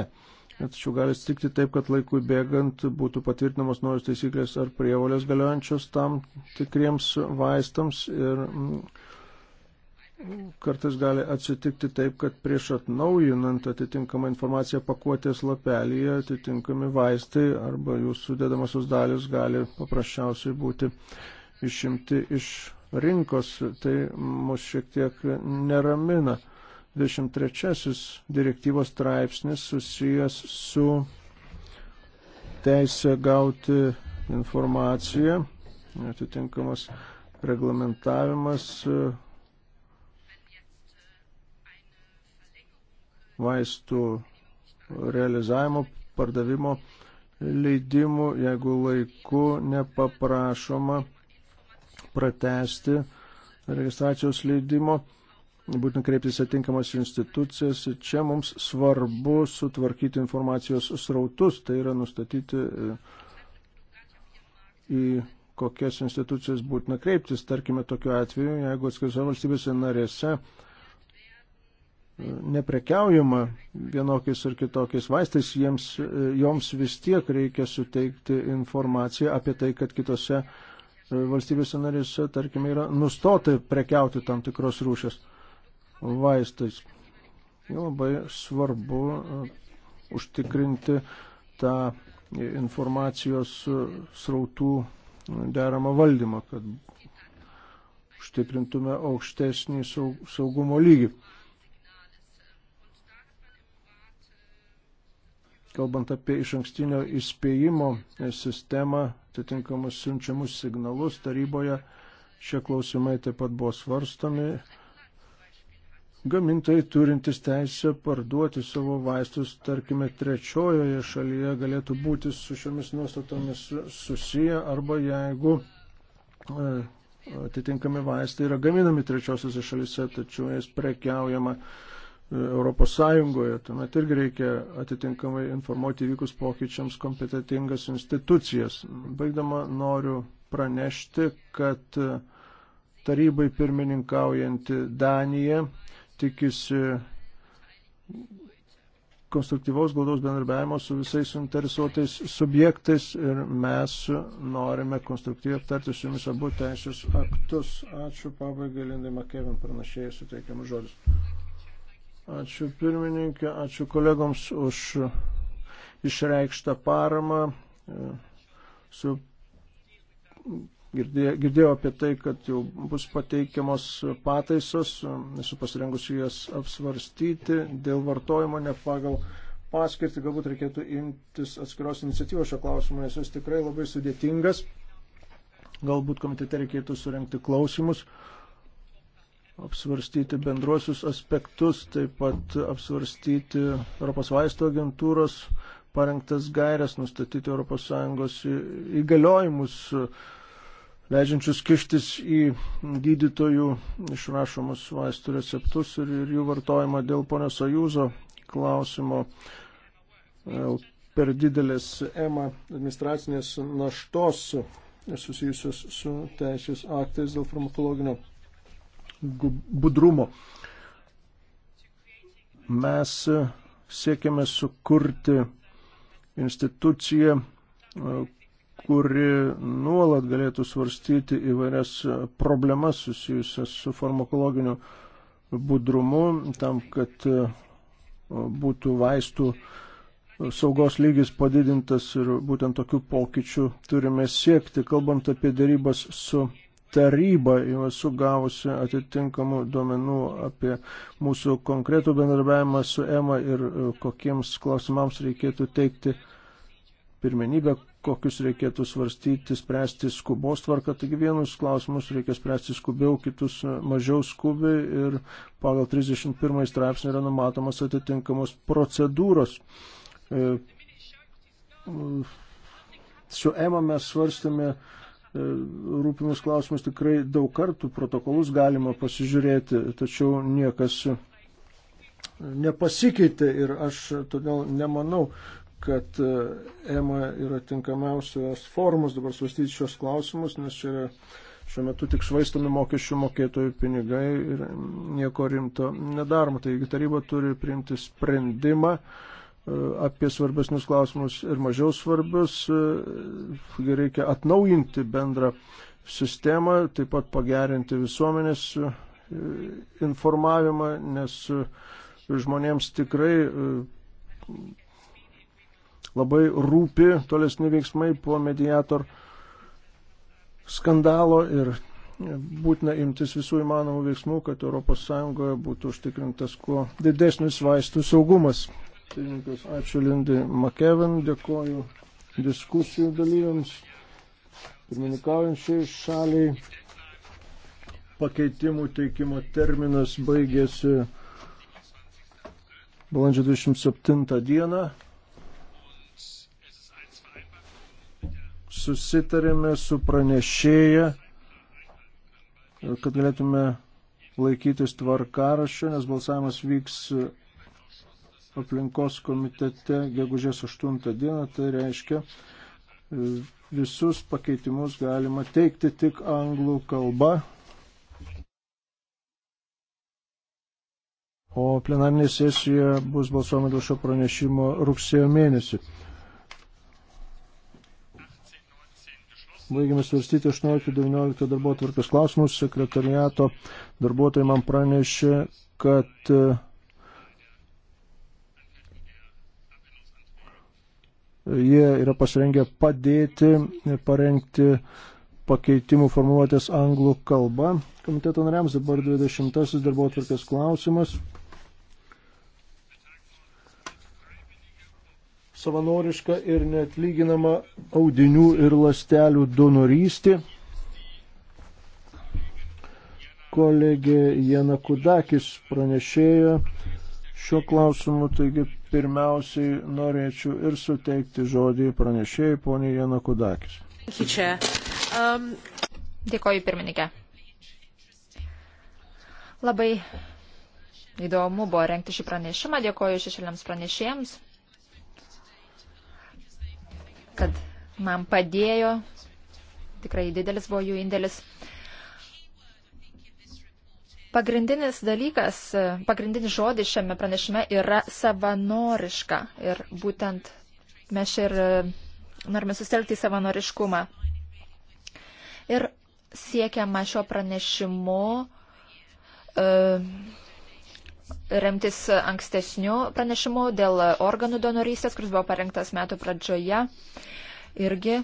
S1: Tačiau gali stikti taip, kad laikui bėgant būtų patvirtinamos naujos taisyklės ar prievolės galiojančios tam tikriems vaistams ir mm, kartais gali atsitikti taip, kad prieš atnaujinant atitinkamą informaciją pakuotės lapelyje atitinkami vaistai arba jų sudėdamasios dalis gali paprasčiausiai būti išimti iš rinkos. Tai mus šiek tiek neramina. 23 direktyvos straipsnis susijęs su teisė gauti informaciją, atitinkamas reglamentavimas vaistų realizavimo, pardavimo leidimų, jeigu laiku nepaprašoma pratesti registracijos leidimo, būtent kreiptis atinkamas institucijas. Čia mums svarbu sutvarkyti informacijos srautus, tai yra nustatyti e, į kokias institucijas būtina kreiptis. Tarkime, tokiu atveju, jeigu atskirose valstybėse narėse neprekiaujama vienokiais ar kitokiais vaistais, jiems, joms vis tiek reikia suteikti informaciją apie tai, kad kitose e, valstybėse narėse, tarkime, yra nustoti prekiauti tam tikros rūšės vaistais. Labai svarbu e, užtikrinti tą informacijos e, srautų deramą valdymą, kad užtikrintume aukštesnį saugumo lygį. kalbant apie iš ankstinio įspėjimo sistemą, atitinkamus siunčiamus signalus taryboje, šie klausimai taip pat buvo svarstomi. Gamintojai turintys teisę parduoti savo vaistus, tarkime, trečiojoje šalyje galėtų būti su šiomis nuostatomis susiję arba jeigu e, atitinkami vaistai yra gaminami trečiosiose šalise, tačiau jais prekiaujama Europos Sąjungoje, tuomet irgi reikia atitinkamai informuoti įvykus pokyčiams kompetitingas institucijas. Baigdama noriu pranešti, kad tarybai pirmininkaujanti Danija tikisi konstruktyvaus glaudaus bendarbiavimo su visais suinteresuotais subjektais ir mes norime konstruktyviai aptarti su jumis abu teisės aktus. Ačiū pabaigai, Lindai Makėvin, pranašėjai suteikiamas žodis. Ačiū pirmininkė, ačiū kolegoms už išreikštą paramą. Su girdėjau, girdėjau apie tai, kad jau bus pateikiamos pataisos, esu pasirengusi jas apsvarstyti dėl vartojimo ne pagal paskirtį, galbūt reikėtų imtis atskiros iniciatyvos šio klausimo, nes jis tikrai labai sudėtingas. Galbūt komitete reikėtų surenkti klausimus apsvarstyti bendruosius aspektus, taip pat apsvarstyti Europos vaisto agentūros parengtas gairias, nustatyti ES įgaliojimus, leidžiančius kištis į gydytojų išrašomus vaistų receptus ir, ir jų vartojimą dėl ponios Ajūzo klausimo per didelės EMA administracinės naštos susijusios su teisės aktais dėl farmakologinio budrumo. Mes siekiame sukurti instituciją, kuri nuolat galėtų svarstyti įvairias problemas susijusias su farmakologiniu budrumu, tam, kad būtų vaistų saugos lygis padidintas ir būtent tokių pokyčių turime siekti, kalbant apie dėrybas su taryba jau esu gavusi atitinkamų duomenų apie mūsų konkretų bendarbiavimą su EMA ir e, kokiems klausimams reikėtų teikti pirmenybę, kokius reikėtų svarstyti, spręsti skubos tvarką. Taigi vienus klausimus reikia spręsti skubiau, kitus e, mažiau skubiai ir pagal 31 straipsnį yra numatomas atitinkamos procedūros. E, su EMA mes svarstėme E, rūpimus klausimus tikrai daug kartų, protokolus galima pasižiūrėti, tačiau niekas nepasikeitė ir aš todėl nemanau, kad EMA e yra tinkamiausios formos dabar svastyti šios klausimus, nes čia yra šiuo metu tik švaistomi mokesčių mokėtojų pinigai ir nieko rimto nedaroma. Taigi taryba turi priimti sprendimą apie svarbesnius klausimus ir mažiau svarbius. Reikia atnaujinti bendrą sistemą, taip pat pagerinti visuomenės informavimą, nes žmonėms tikrai e, labai rūpi tolesni veiksmai po mediator skandalo ir būtina imtis visų įmanomų veiksmų, kad ES būtų užtikrintas kuo didesnis vaistų saugumas. Pirmininkas, ačiū Lindai Makeven, dėkoju diskusijų dalyviams, pirmininkaujančiai šaliai. Pakeitimų teikimo terminas baigėsi balandžio 27 dieną. Susitarėme su pranešėja, kad galėtume laikytis tvarkaraščio, nes balsavimas vyks aplinkos komitete gegužės 8 dieną, tai reiškia e, visus pakeitimus galima teikti tik anglų kalba. O plenarinė sesija bus balsuojama dėl šio pranešimo rugsėjo mėnesį. Baigėme svarstyti 18-19 darbo tvarkės klausimus. Sekretariato darbuotojai man pranešė, kad e, Jie yra pasirengę padėti, parengti pakeitimų formuotės anglų kalba. Komiteto nariams dabar 20 darbo atvarkės klausimas. Savanoriška ir netlyginama audinių ir lastelių donorystė kolegė Jana Kudakis pranešėjo šiuo klausimu, taigi pirmiausiai norėčiau ir suteikti žodį pranešėjai poniai Jana Kudakis.
S2: Um, Dėkoju pirmininkė. Labai įdomu buvo renkti šį pranešimą. Dėkoju šešėliams pranešėjams, kad man padėjo. Tikrai didelis buvo jų indėlis. Pagrindinis dalykas, pagrindinis žodis šiame pranešime yra savanoriška. Ir būtent mes čia ir e, norime sustelkti į savanoriškumą. Ir siekiama šio pranešimu e, remtis ankstesniu pranešimu dėl organų donorystės, kuris buvo parengtas metų pradžioje. Irgi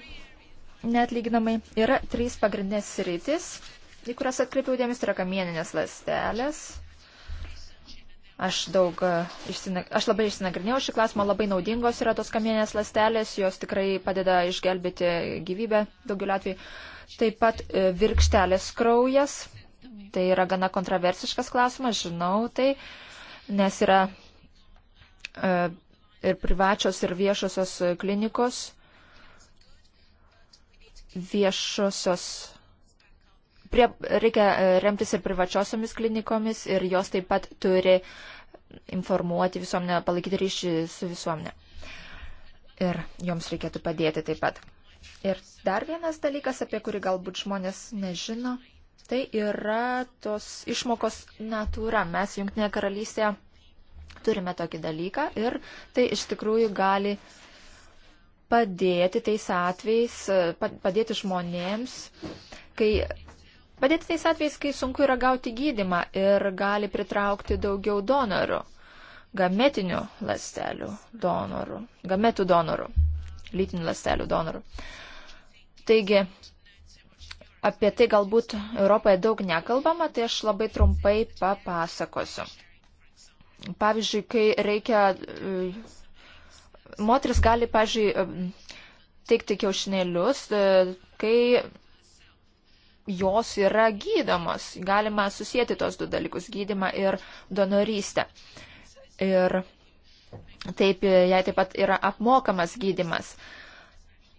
S2: neatlyginamai yra trys pagrindinės rytis į kurias atkreipiau dėmesį, yra kamieninės lastelės. Aš, daug, e, aš labai išsinagrinėjau šį klausimą, labai naudingos yra tos kamieninės lastelės, jos tikrai padeda išgelbėti gyvybę daugeliu atveju. Taip pat e, virkštelės kraujas, tai yra gana kontroversiškas klausimas, žinau tai, nes yra e, ir privačios, ir viešosios klinikos, viešosios prie, reikia e, remtis ir privačiosiomis klinikomis ir jos taip pat turi informuoti visuomenę, palaikyti ryšį su visuomenė. Ir joms reikėtų padėti taip pat. Ir dar vienas dalykas, apie kurį galbūt žmonės nežino, tai yra tos išmokos natūra. Mes Junktinėje karalystėje turime tokį dalyką ir tai iš tikrųjų gali padėti tais atvejais, padėti žmonėms, kai Padėti tais atvejais, kai sunku yra gauti gydimą ir gali pritraukti daugiau donorų, gametinių lastelių donorų, gametų donorų, lytinių lastelių donorų. Taigi, apie tai galbūt Europoje daug nekalbama, tai aš labai trumpai papasakosiu. Pavyzdžiui, kai reikia, e, moteris gali, pavyzdžiui, e, teikti kiaušinėlius, e, kai jos yra gydomos. Galima susijęti tos du dalykus - gydimą ir donorystę. Ir taip, jai taip pat yra apmokamas gydimas.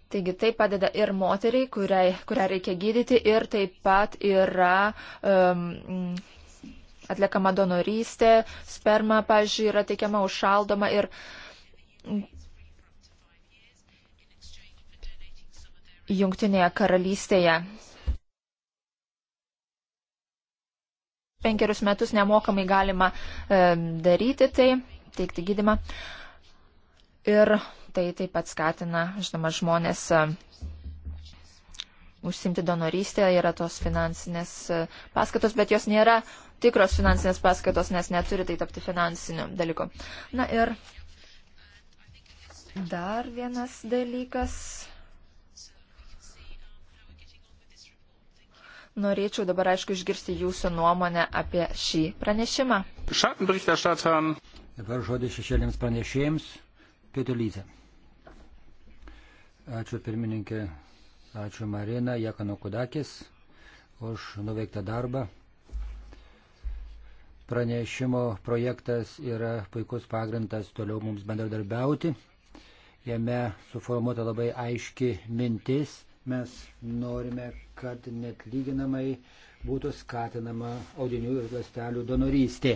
S2: Taigi tai padeda ir moteriai, kuriai, kurią reikia gydyti, ir taip pat yra um, atliekama donorystė, sperma, pažiūrėjau, yra teikiama užšaldoma ir jungtinėje karalystėje penkerius metus nemokamai galima e, daryti tai, teikti gydimą. Ir tai taip pat skatina, žinoma, žmonės e, užsimti donorystę, yra tos finansinės e, paskatos, bet jos nėra tikros finansinės paskatos, nes neturi tai tapti finansiniu dalyku. Na ir dar vienas dalykas, Norėčiau dabar, aišku, išgirsti jūsų nuomonę apie šį pranešimą.
S3: Dabar žodis šešėlėms pranešėjams. Pietų Lyze. Ačiū pirmininkė, ačiū Marina Jakanokudakis už nuveiktą darbą. Pranešimo projektas yra puikus pagrindas toliau mums bendradarbiauti. Jame suformuota labai aiški mintis Mes norime, kad net lyginamai būtų skatinama audinių ir lastelių donorystė.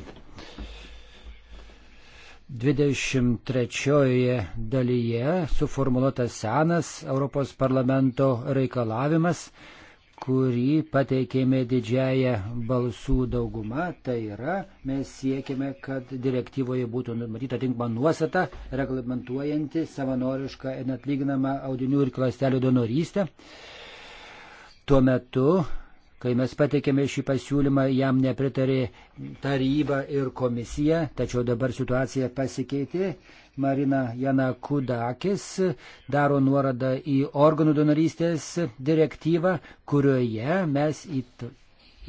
S3: 23 dalyje suformuoluotas senas Europos parlamento reikalavimas kurį pateikėme didžiają balsų daugumą, tai yra mes siekime, kad direktyvoje būtų numatyta tinkama nuostata reglamentuojanti savanorišką ir atlyginamą audinių ir klastelių donorystę. Tuo metu, kai mes pateikėme šį pasiūlymą, jam nepritarė taryba ir komisija, tačiau dabar situacija pasikeitė Marina Jana Kudakis daro nuorodą į organų donorystės direktyvą, kurioje mes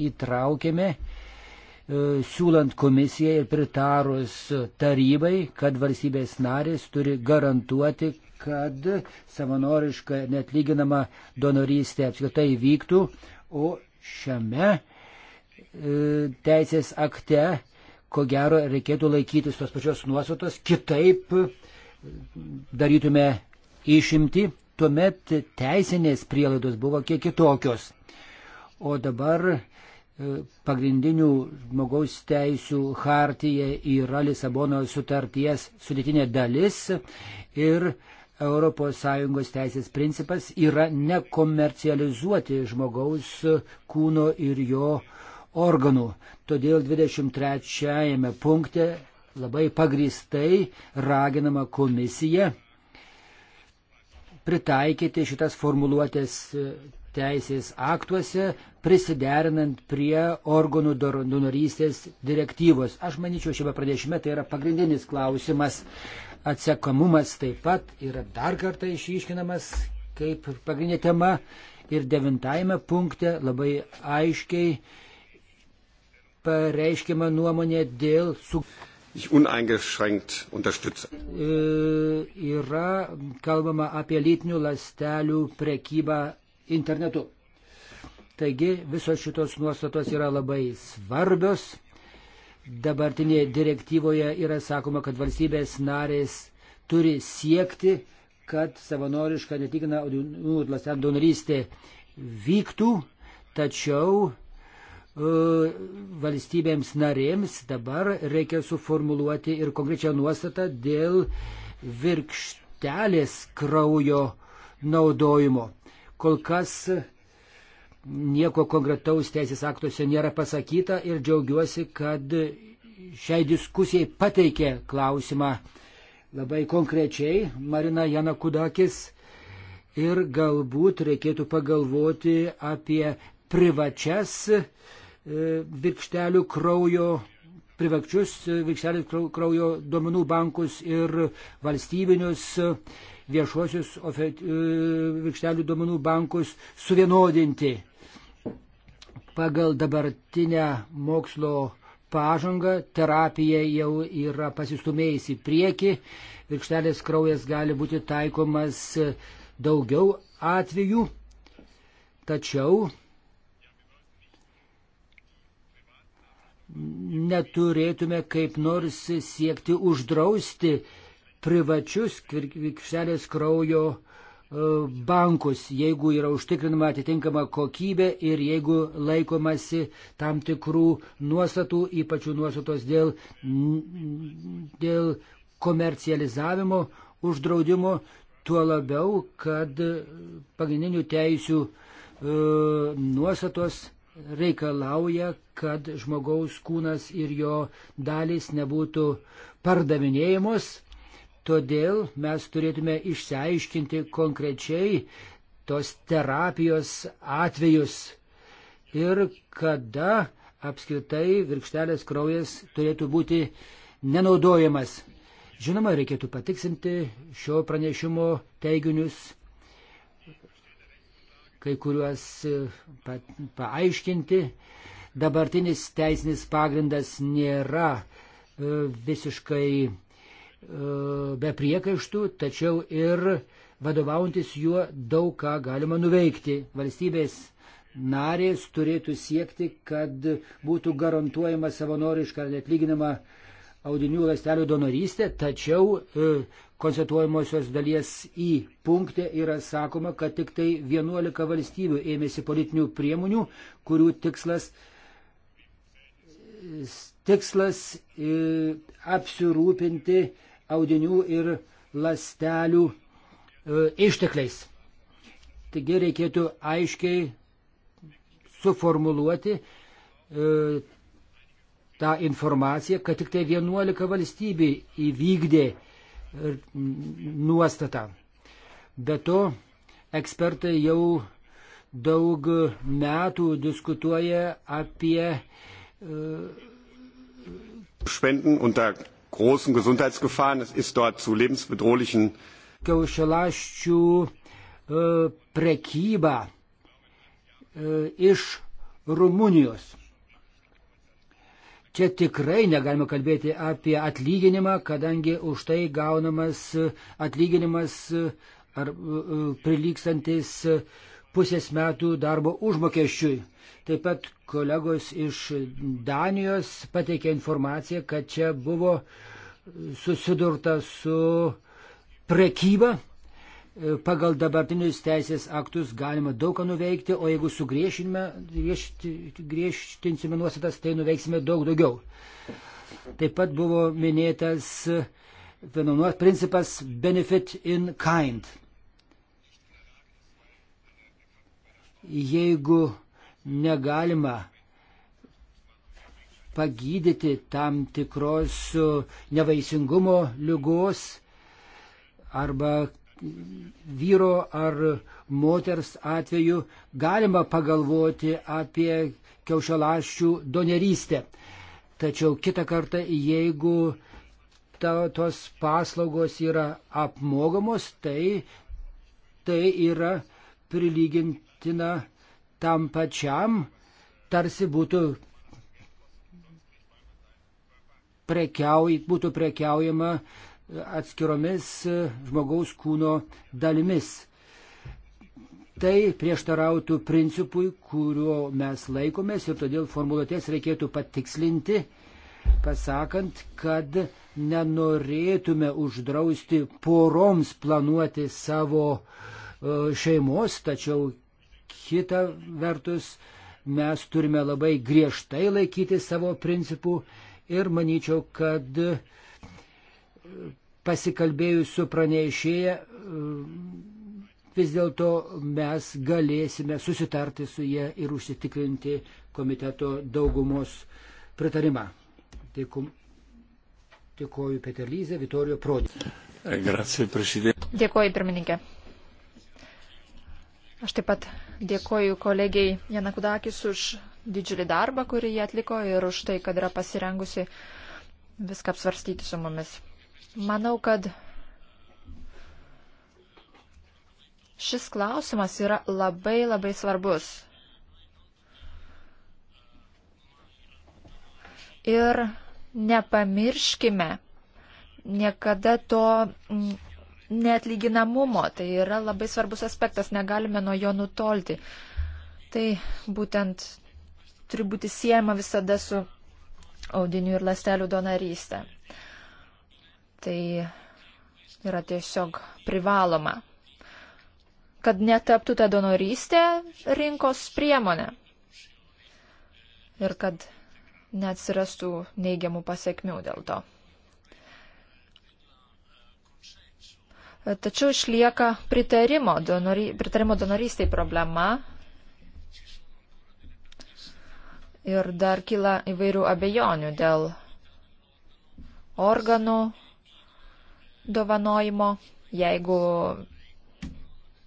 S3: įtraukėme, e, siūlant komisijai ir pritarus tarybai, kad valstybės narės turi garantuoti, kad savanoriška netlyginama donorystė apskritai vyktų, o šiame e, teisės akte ko gero reikėtų laikytis tos pačios nuostatos, kitaip e, darytume išimti, tuomet teisinės prielaidos buvo kiek kitokios. O dabar e, pagrindinių žmogaus teisų hartija yra Lisabono sutarties sudėtinė dalis ir ES teisės principas yra nekomercializuoti žmogaus kūno ir jo uh, organų. Todėl 23 punkte labai pagristai raginama komisija pritaikyti šitas formuluotės teisės aktuose, prisiderinant prie organų donorystės direktyvos. Aš manyčiau, šiame pranešime tai yra pagrindinis klausimas. Atsekomumas taip pat yra dar kartą išiškinamas kaip pagrindinė tema. Ir devintajame punkte labai aiškiai pareiškiamą nuomonę dėl su. E, yra kalbama apie lytinių lastelių prekybą internetu. Taigi visos šitos nuostatos yra labai svarbios. Dabartinėje direktyvoje yra sakoma, kad valstybės narės turi siekti, kad savanoriška netikina nu, donorystė vyktų, tačiau E, valstybėms narėms dabar reikia suformuluoti ir konkrečią nuostatą dėl virkštelės kraujo naudojimo. Kol kas nieko konkretaus teisės aktuose nėra pasakyta ir džiaugiuosi, kad šiai diskusijai pateikė klausimą labai konkrečiai Marina Janakudakis ir galbūt reikėtų pagalvoti apie privačias uh, E, virkštelių kraujo privakčius e, virkštelių kraujo duomenų bankus ir valstybinius viešuosius e, virkštelių duomenų bankus suvienodinti. Pagal dabartinę mokslo pažangą terapija jau yra pasistumėjusi prieki, virkštelės kraujas gali būti taikomas daugiau atvejų, tačiau neturėtume kaip nors siekti uždrausti privačius krikštelės kraujo e, bankus, jeigu yra užtikrinama atitinkama kokybė ir jeigu laikomasi tam tikrų nuostatų, ypač nuostatos dėl, dėl komercializavimo uždraudimo, tuo labiau, kad pagrindinių teisių e, nuostatos reikalauja, kad žmogaus kūnas ir jo dalis nebūtų pardavinėjamos. Todėl mes turėtume išsiaiškinti konkrečiai tos terapijos atvejus ir kada apskritai virkštelės kraujas turėtų būti nenaudojamas. Žinoma, reikėtų patiksinti šio pranešimo teiginius kai kuriuos e, pa, paaiškinti. Dabartinis teisinis pagrindas nėra e, visiškai e, be priekaištų, tačiau ir vadovaujantis juo daug ką galima nuveikti. Valstybės narės turėtų siekti, kad būtų garantuojama savanoriška ar atlyginama audinių ląstelių donorystė, tačiau konstatuojamosios dalies į punktę yra sakoma, kad tik tai 11 valstybių ėmėsi politinių priemonių, kurių tikslas, tikslas e, apsirūpinti audinių ir lastelių e, ištekliais. Taigi reikėtų aiškiai suformuluoti e, tą informaciją, kad tik tai 11 valstybių įvykdė nuostata. Be to, ekspertai jau daug metų diskutuoja apie e, Spenden unter großen Gesundheitsgefahren. Es ist dort zu lebensbedrohlichen kiaušialąsčių e, prekyba e, iš Rumunijos. Čia tikrai negalime kalbėti apie atlyginimą, kadangi už tai gaunamas atlyginimas ar e, e, prilykstantis pusės metų darbo užmokesčiui. Taip pat kolegos iš Danijos pateikė informaciją, kad čia buvo susidurta su prekyba pagal dabartinius teisės aktus galima daug ką nuveikti, o jeigu sugriežtinsime nuostatas, tai nuveiksime daug daugiau. Taip pat buvo minėtas vienuomas principas benefit in kind. Jeigu negalima pagydyti tam tikros nevaisingumo lygos arba vyro ar moters atveju galima pagalvoti apie kiaušialaščių donorystę. Tačiau kitą kartą, jeigu ta, tos paslaugos yra apmogamos, tai tai yra prilygintina tam pačiam, tarsi būtų, prekiauj, būtų prekiaujama uh, atskiromis žmogaus kūno dalimis. Tai prieštarautų principui, kuriuo mes laikomės ir todėl formuluotės reikėtų patikslinti, pasakant, kad nenorėtume uždrausti poroms planuoti savo e, šeimos, tačiau kita vertus mes turime labai griežtai laikyti savo principų ir manyčiau, kad pasikalbėjus su pranešėja, e, vis dėlto mes galėsime susitarti su jie ir užsitikrinti komiteto daugumos pritarimą. Dėkuoju Peterlyzė, Vitorijo Prodė. Eh,
S2: Dėkuoju pirmininkė. Aš taip pat dėkoju kolegiai Janakudakis už didžiulį darbą, kurį jie atliko ir už tai, kad yra pasirengusi viską apsvarstyti su mumis. Manau, kad šis klausimas yra labai labai svarbus. Ir nepamirškime niekada to mm, neatlyginamumo. Tai yra labai svarbus aspektas, negalime nuo jo nutolti. Tai būtent turi būti siejama visada su audinių ir lastelių donorystė tai yra tiesiog privaloma, kad netaptų ta donorystė rinkos priemonė ir kad neatsirastų neigiamų pasiekmių dėl to. Tačiau išlieka pritarimo, donori, pritarimo donorystiai problema ir dar kyla įvairių abejonių dėl organų dovanojimo, jeigu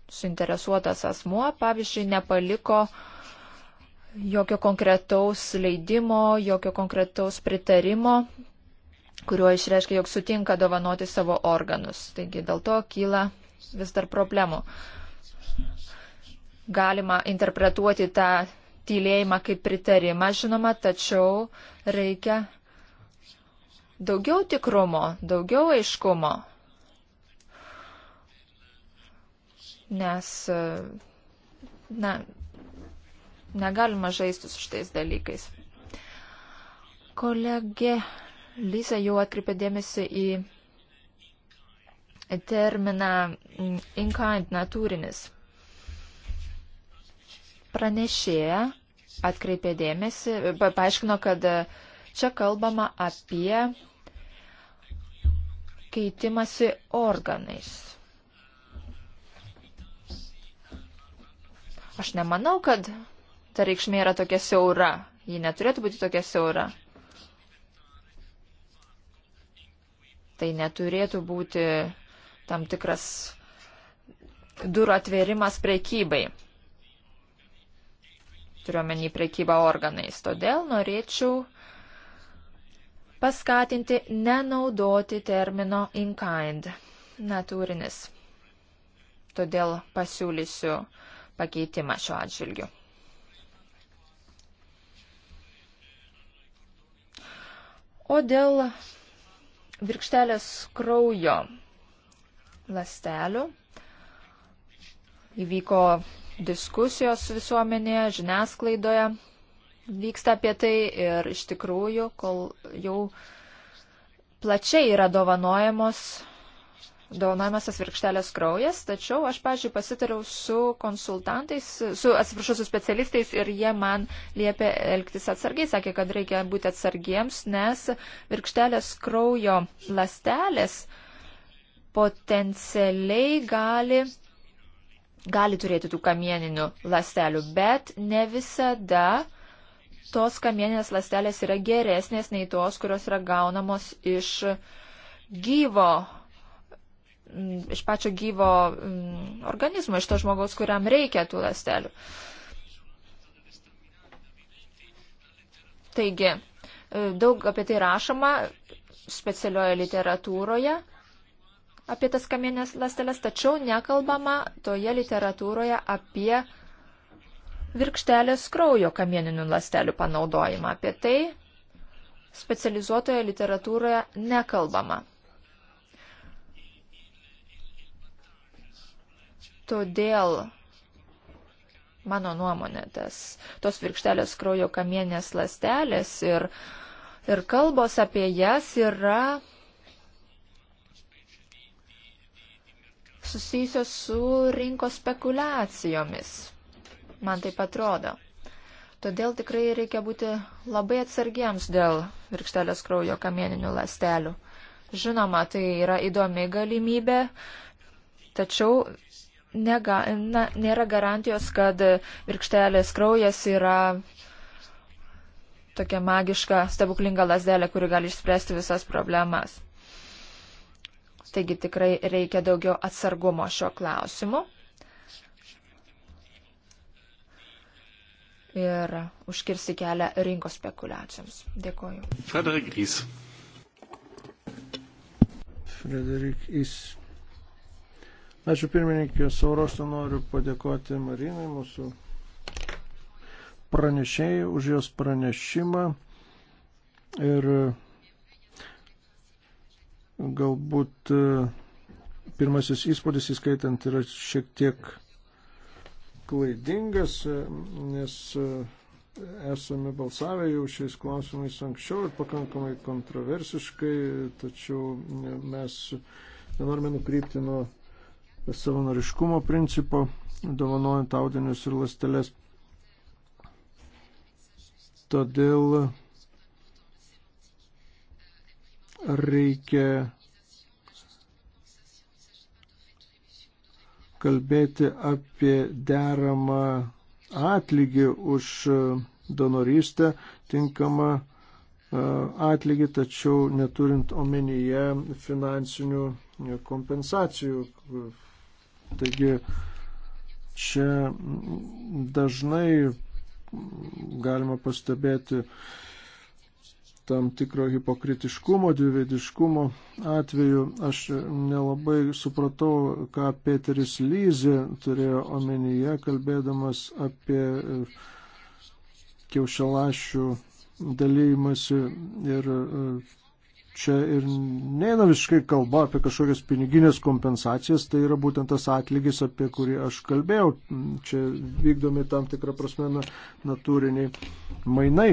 S2: suinteresuotas asmuo, pavyzdžiui, nepaliko jokio konkretaus leidimo, jokio konkretaus pritarimo, kuriuo išreiškia, jog sutinka dovanoti savo organus. Taigi dėl to kyla vis dar problemų. Galima interpretuoti tą tylėjimą kaip pritarimą, žinoma, tačiau reikia daugiau tikrumo, daugiau aiškumo. nes, na, negalima žaisti su šitais dalykais. Kolegė Lysa jau atkreipė dėmesį į terminą in-kind natūrinis. Pranešėja atkreipė dėmesį, paaiškino, kad čia kalbama apie keitimasi organais. Aš nemanau, kad ta reikšmė yra tokia siaura. Ji neturėtų būti tokia siaura. Tai neturėtų būti tam tikras durų atvėrimas prekybai. Turiuomenį prekybą organais. Todėl norėčiau paskatinti nenaudoti termino in kind natūrinis. Todėl pasiūlysiu pakeitimą šiuo atžvilgiu. O dėl virkštelės kraujo lastelių įvyko diskusijos visuomenėje, žiniasklaidoje, vyksta apie tai ir iš tikrųjų, kol jau plačiai yra dovanojamos donojamas tas virkštelės kraujas, tačiau aš, pažiūrėjau, pasitariau su konsultantais, su, atsiprašau, su specialistais ir jie man liepė elgtis atsargiai, sakė, kad reikia būti atsargiems, nes virkštelės kraujo lastelės potencialiai gali, gali turėti tų kamieninių lastelių, bet ne visada tos kamieninės lastelės yra geresnės nei tos, kurios yra gaunamos iš gyvo Mm, iš pačio gyvo mm, organizmo, iš to žmogaus, kuriam reikia tų lastelių. Taigi, e, daug apie tai rašoma specialioje literatūroje apie tas kamienės lastelės, tačiau nekalbama toje literatūroje apie virkštelės kraujo kamieninių lastelių panaudojimą. Apie tai specializuotoje literatūroje nekalbama. Todėl, mano nuomonė, tas, tos virkštelės kraujo kamienės lastelės ir, ir kalbos apie jas yra susijusios su rinkos spekulacijomis. Man taip atrodo. Todėl tikrai reikia būti labai atsargiems dėl virkštelės kraujo kamieninių lastelių. Žinoma, tai yra įdomi galimybė, tačiau nega, na, nėra garantijos, kad virkštelės kraujas yra tokia magiška, stebuklinga lasdelė, kuri gali išspręsti visas problemas. Taigi tikrai reikia daugiau atsargumo šio klausimu. Ir užkirsti kelią rinkos spekulacijoms. Dėkoju.
S3: Frederik Rys.
S1: Frederik Rys. Ačiū pirmininkė, sauroštų noriu padėkoti Marinai, mūsų pranešėjai, už jos pranešimą. Ir galbūt e, pirmasis įspūdis, įskaitant, yra šiek tiek klaidingas, e, nes e, esame balsavę jau šiais klausimais anksčiau ir pakankamai kontroversiškai, tačiau mes nenorime nukrypti nuo savanoriškumo principo, dovanojant audinius ir lasteles. Todėl reikia kalbėti apie deramą atlygį už donorystę, tinkamą e, atlygį, tačiau neturint omenyje finansinių kompensacijų, Taigi čia dažnai galima pastebėti tam tikro hipokritiškumo, dviveidiškumo atveju. Aš nelabai supratau, ką Peteris Lyzė turėjo omenyje, kalbėdamas apie e, kiaušialašių dalymasi ir e, Čia ir neina visiškai kalba apie kažkokias piniginės kompensacijas, tai yra būtent tas atlygis, apie kurį aš kalbėjau. Čia vykdomi tam tikrą prasme natūriniai mainai.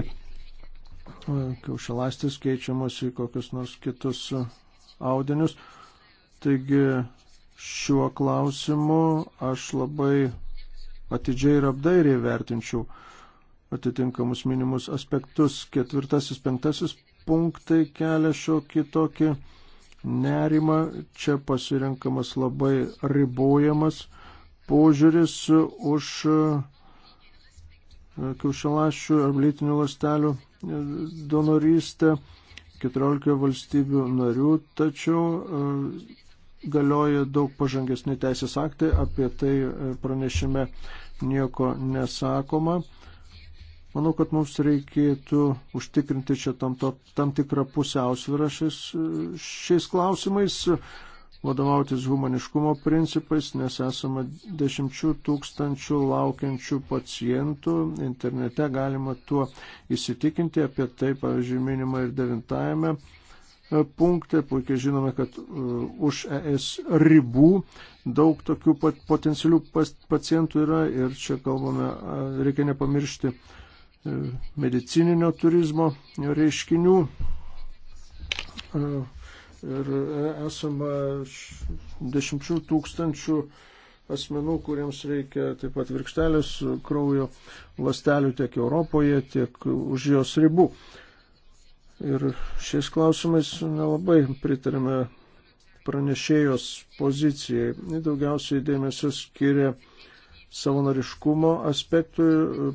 S1: Kiaušialastys keičiamos į kokius nors kitus audinius. Taigi šiuo klausimu aš labai atidžiai ir apdairiai vertinčiau atitinkamus minimus aspektus. Ketvirtasis, penktasis punktai kelia šiokį tokį nerimą. Čia pasirenkamas labai ribojamas požiūris už e, kiaušialašių ar lytinių lastelių e, donorystę 14 valstybių narių, tačiau e, galioja daug pažangesni teisės aktai, apie tai pranešime nieko nesakoma. Manau, kad mums reikėtų užtikrinti čia tam, to, tam tikrą pusiausvyrą šis, šiais klausimais, vadovautis humaniškumo principais, nes esame dešimčių tūkstančių laukiančių pacientų. Internete galima tuo įsitikinti, apie tai, pavyzdžiui, minima ir devintajame e, punkte. Puikiai žinome, kad e, už ES ribų daug tokių pat, potencialių pacientų yra ir čia kalbame, reikia nepamiršti medicininio turizmo reiškinių. Ir esama dešimčių tūkstančių asmenų, kuriems reikia taip pat virkštelės kraujo lastelių tiek Europoje, tiek už jos ribų. Ir šiais klausimais nelabai pritarėme pranešėjos pozicijai. Daugiausiai dėmesio skiria savanoriškumo aspektui,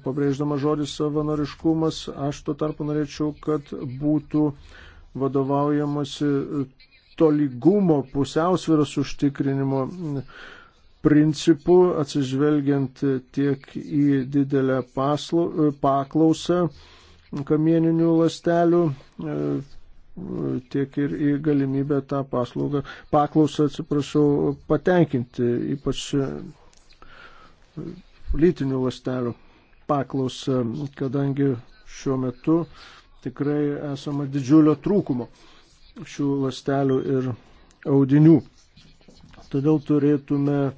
S1: pabrėždama žodį savanoriškumas, aš tuo tarpu norėčiau, kad būtų vadovaujamasi tolygumo pusiausvėros užtikrinimo principų, atsižvelgiant tiek į didelę paslau, paklausą kamieninių lastelių, tiek ir į galimybę tą paslaugą, paklausą, atsiprašau, patenkinti, ypač lytinių lastelių paklausą, kadangi šiuo metu tikrai esama didžiulio trūkumo šių lastelių ir audinių. Todėl turėtume e,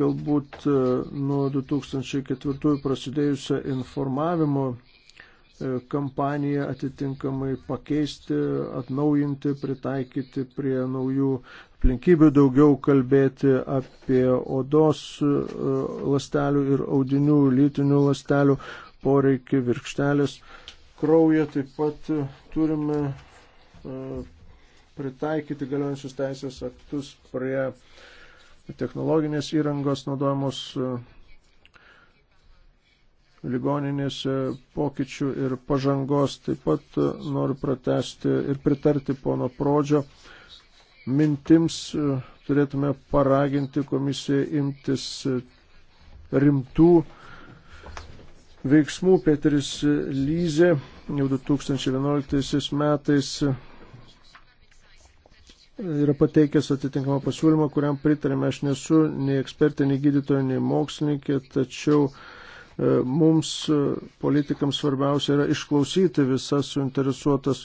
S1: galbūt e, nuo 2004 prasidėjusią informavimo e, kampaniją atitinkamai pakeisti, atnaujinti, pritaikyti prie naujų aplinkybių, daugiau kalbėti apie odos e, lastelių ir audinių, lytinių lastelių poreikį, virkštelės kraują. Taip pat e, turime e, pritaikyti galiojančius teisės aktus prie technologinės įrangos naudojamos ligoninėse pokyčių ir pažangos. Taip pat noriu pratesti ir pritarti pono Prodžio mintims e, turėtume paraginti komisiją imtis e, rimtų veiksmų. Peteris Lyze jau 2011 metais e, yra pateikęs atitinkamą pasiūlymą, kuriam pritarėme. Aš nesu nei ekspertė, nei gydytoja, nei mokslininkė, tačiau mums politikams svarbiausia yra išklausyti visas suinteresuotas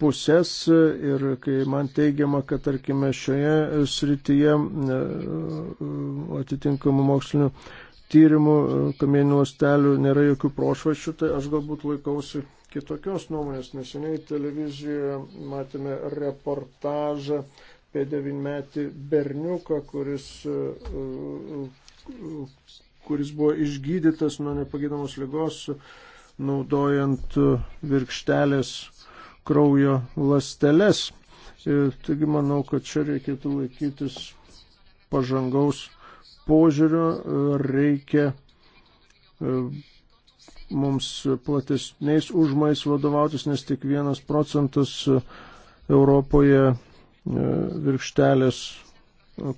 S1: pusės ir kai man teigiama, kad tarkime šioje srityje e, e, atitinkamų mokslinių tyrimų e, kamieninių lastelių nėra jokių prošvačių, tai aš galbūt laikausi kitokios nuomonės. Neseniai televizijoje matėme reportažą apie devinmetį berniuką, kuris kuris buvo išgydytas nuo nepagydamos lygos, naudojant virkštelės kraujo lasteles. Ir taigi manau, kad čia reikėtų laikytis pažangaus požiūrio, reikia e, mums platesniais užmais vadovautis, nes tik vienas procentas e, Europoje e, virkštelės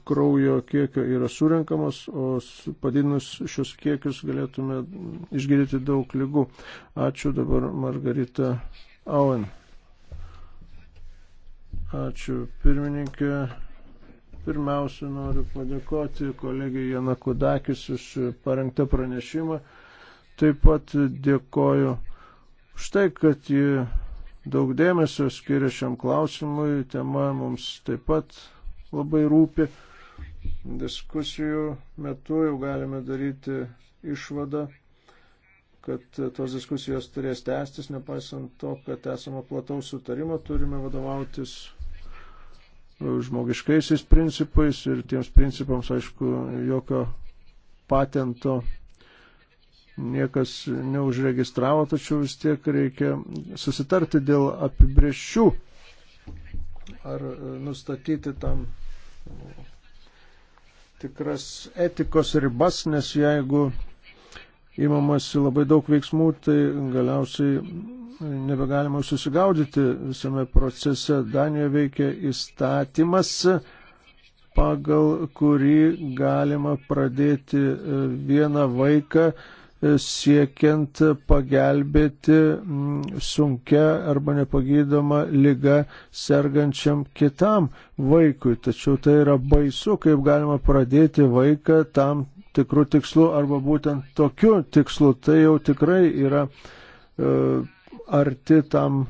S1: kraujo kiekio yra surinkamas, o padidinus šios kiekius galėtume išgydyti daug lygų. Ačiū dabar Margarita Owen. Ačiū pirmininkė. Pirmiausia, noriu padėkoti kolegijai Janakudakis už parengtą pranešimą. Taip pat dėkoju už tai, kad ji daug dėmesio skiria šiam klausimui. Tema mums taip pat labai rūpi. Diskusijų metu jau galime daryti išvadą, kad tos diskusijos turės tęstis, nepaisant to, kad esame plataus sutarimo, turime vadovautis žmogiškaisiais principais ir tiems principams, aišku, jokio patento niekas neužregistravo, tačiau vis tiek reikia susitarti dėl apibrieščių ar e, nustatyti tam tikras etikos ribas, nes jeigu įmamasi labai daug veiksmų, tai galiausiai nebegalima susigaudyti visame procese. Danijoje veikia įstatymas, pagal kurį galima pradėti vieną vaiką e, siekiant pagelbėti sunkia arba nepagydoma lyga sergančiam kitam vaikui. Tačiau tai yra baisu, kaip galima pradėti vaiką tam tikrų tikslų arba būtent tokiu tikslu, tai jau tikrai yra e, arti tam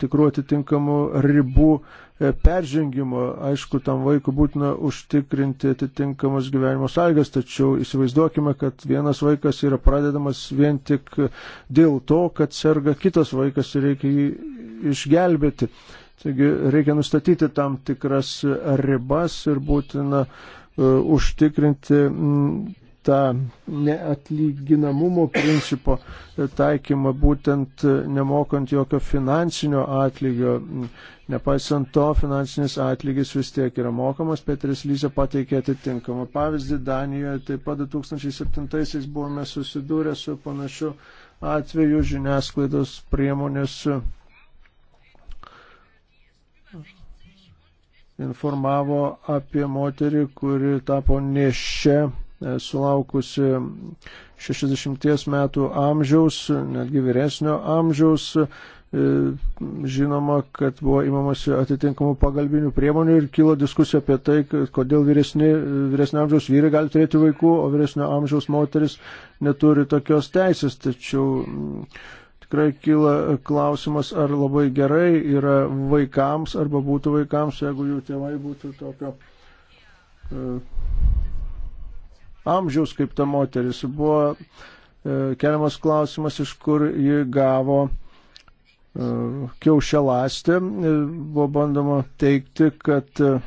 S1: tikrų atitinkamų ribų e, peržengimo. Aišku, tam vaikui būtina užtikrinti atitinkamas gyvenimo sąlygas, tačiau įsivaizduokime, kad vienas vaikas yra pradedamas vien tik dėl to, kad serga kitas vaikas ir reikia jį išgelbėti. Taigi reikia nustatyti tam tikras ribas ir būtina uh, E, užtikrinti tą neatlyginamumo principo e, taikymą būtent e, nemokant jokio finansinio atlygio. Nepaisant to, finansinis atlygis vis tiek yra mokamas. Petris Lyze pateikė atitinkamą pavyzdį. Danijoje taip pat 2007-aisiais buvome susidūrę su panašiu atveju žiniasklaidos priemonės informavo apie moterį, kuri tapo nešia e, sulaukusi 60 metų amžiaus, netgi vyresnio amžiaus. E, žinoma, kad buvo imamasi atitinkamų pagalbinių priemonių ir kilo diskusija apie tai, kodėl vyresni, vyresnio amžiaus vyrai gali turėti vaikų, o vyresnio amžiaus moteris neturi tokios teisės. Tačiau tikrai kyla klausimas, ar labai gerai yra vaikams, arba būtų vaikams, jeigu jų tėvai būtų tokio uh, amžiaus kaip ta moteris. Buvo uh, keliamas klausimas, iš kur ji gavo uh, e, kiaušialastę. Buvo bandoma teikti, kad uh,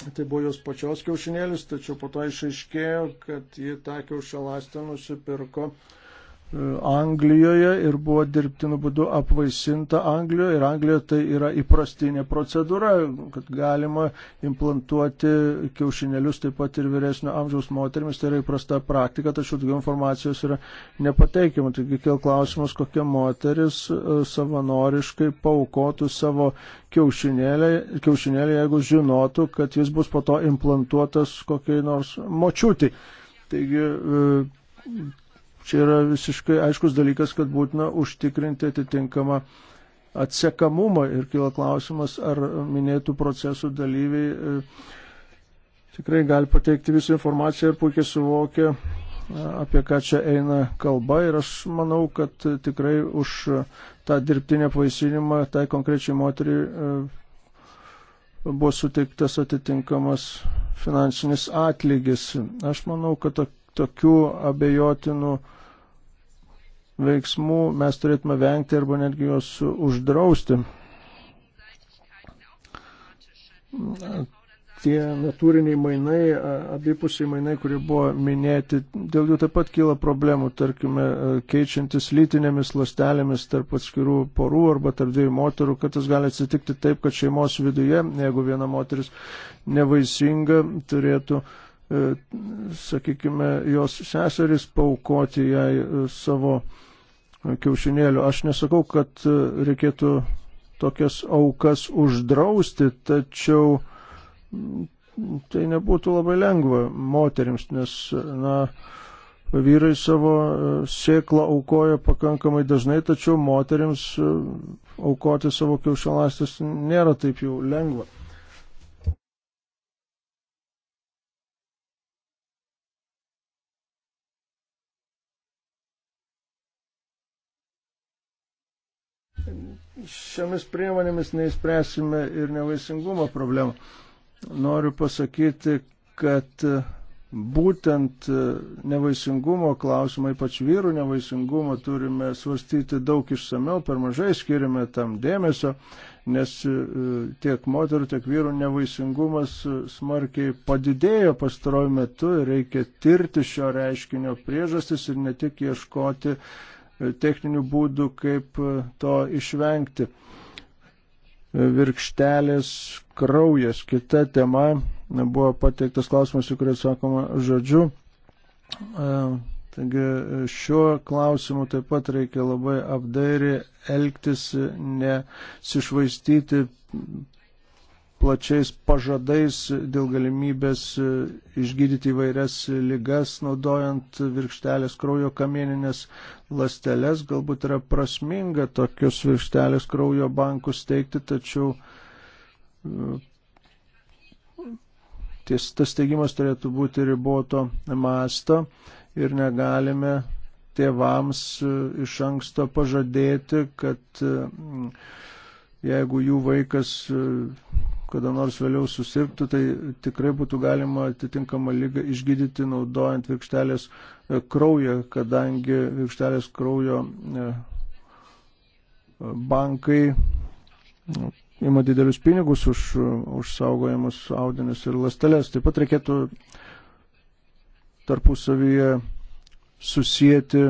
S1: Tai buvo jos pačios kiaušinėlis, tačiau po to išaiškėjo, kad ji tą kiaušialastę nusipirko uh, Anglijoje ir buvo dirbtinu būdu apvaisinta Anglijoje ir Anglijoje tai yra įprastinė procedūra, kad galima implantuoti kiaušinėlius taip pat ir vyresnio amžiaus moterimis, tai yra įprasta praktika, tačiau daugiau informacijos yra nepateikiama. Taigi kėl klausimas, kokia moteris e, savanoriškai paukotų savo kiaušinėlį, kiaušinėlį, jeigu žinotų, kad jis bus po to implantuotas kokiai nors močiutį. Taigi, e, čia yra visiškai aiškus dalykas, kad būtina užtikrinti atitinkamą atsekamumą ir kila klausimas, ar minėtų procesų dalyviai e, tikrai gali pateikti visą informaciją ir puikiai suvokia, e, apie ką čia eina kalba ir aš manau, kad tikrai už tą dirbtinę pavaisinimą tai konkrečiai moteriai e, buvo suteiktas atitinkamas finansinis atlygis. Aš manau, kad tokių abejotinų veiksmų mes turėtume vengti arba netgi juos uždrausti. Tie natūriniai mainai, abipusiai mainai, kurie buvo minėti, dėl jų taip pat kyla problemų, tarkime, keičiantis lytinėmis lastelėmis tarp atskirų porų arba tarp dviejų moterų, kad tas gali atsitikti taip, kad šeimos viduje, jeigu viena moteris nevaisinga, turėtų uh, E, sakykime, jos seseris paukoti jai e, savo kiaušinėlių. Aš nesakau, kad e, reikėtų tokias aukas uždrausti, tačiau tai nebūtų labai lengva moteriams, nes, na, vyrai savo sėklą aukoja pakankamai dažnai, tačiau moteriams aukoti savo kiaušialastės nėra taip jau lengva. šiomis priemonėmis neįspręsime ir nevaisingumo problemą. Noriu pasakyti, kad e, būtent e, nevaisingumo klausimą, ypač vyrų nevaisingumo, turime svarstyti daug išsameu, per mažai skiriame tam dėmesio, nes e, tiek moterų, tiek vyrų nevaisingumas smarkiai padidėjo pastaruoju metu ir reikia tirti šio reiškinio priežastis ir ne tik ieškoti techninių būdų, kaip e, to išvengti. Virkštelės kraujas, kita tema, buvo pateiktas klausimas, į kurį sakoma žodžiu. E, taigi šiuo klausimu taip pat reikia labai apdairiai elgtis, nesišvaistyti plačiais pažadais dėl galimybės e, išgydyti įvairias lygas, naudojant virkštelės kraujo kamieninės lasteles. Galbūt yra prasminga tokius virkštelės kraujo bankus teikti, tačiau e, ties, tas teigimas turėtų būti riboto masto ir negalime tėvams e, iš anksto pažadėti, kad jeigu jų vaikas kada nors vėliau susirgtų, tai tikrai būtų galima atitinkamą lygą išgydyti naudojant virkštelės e, kraują, kadangi virkštelės kraujo e, bankai e, ima didelius pinigus už, už saugojimus audinius ir lasteles. Taip pat reikėtų tarpusavyje susijęti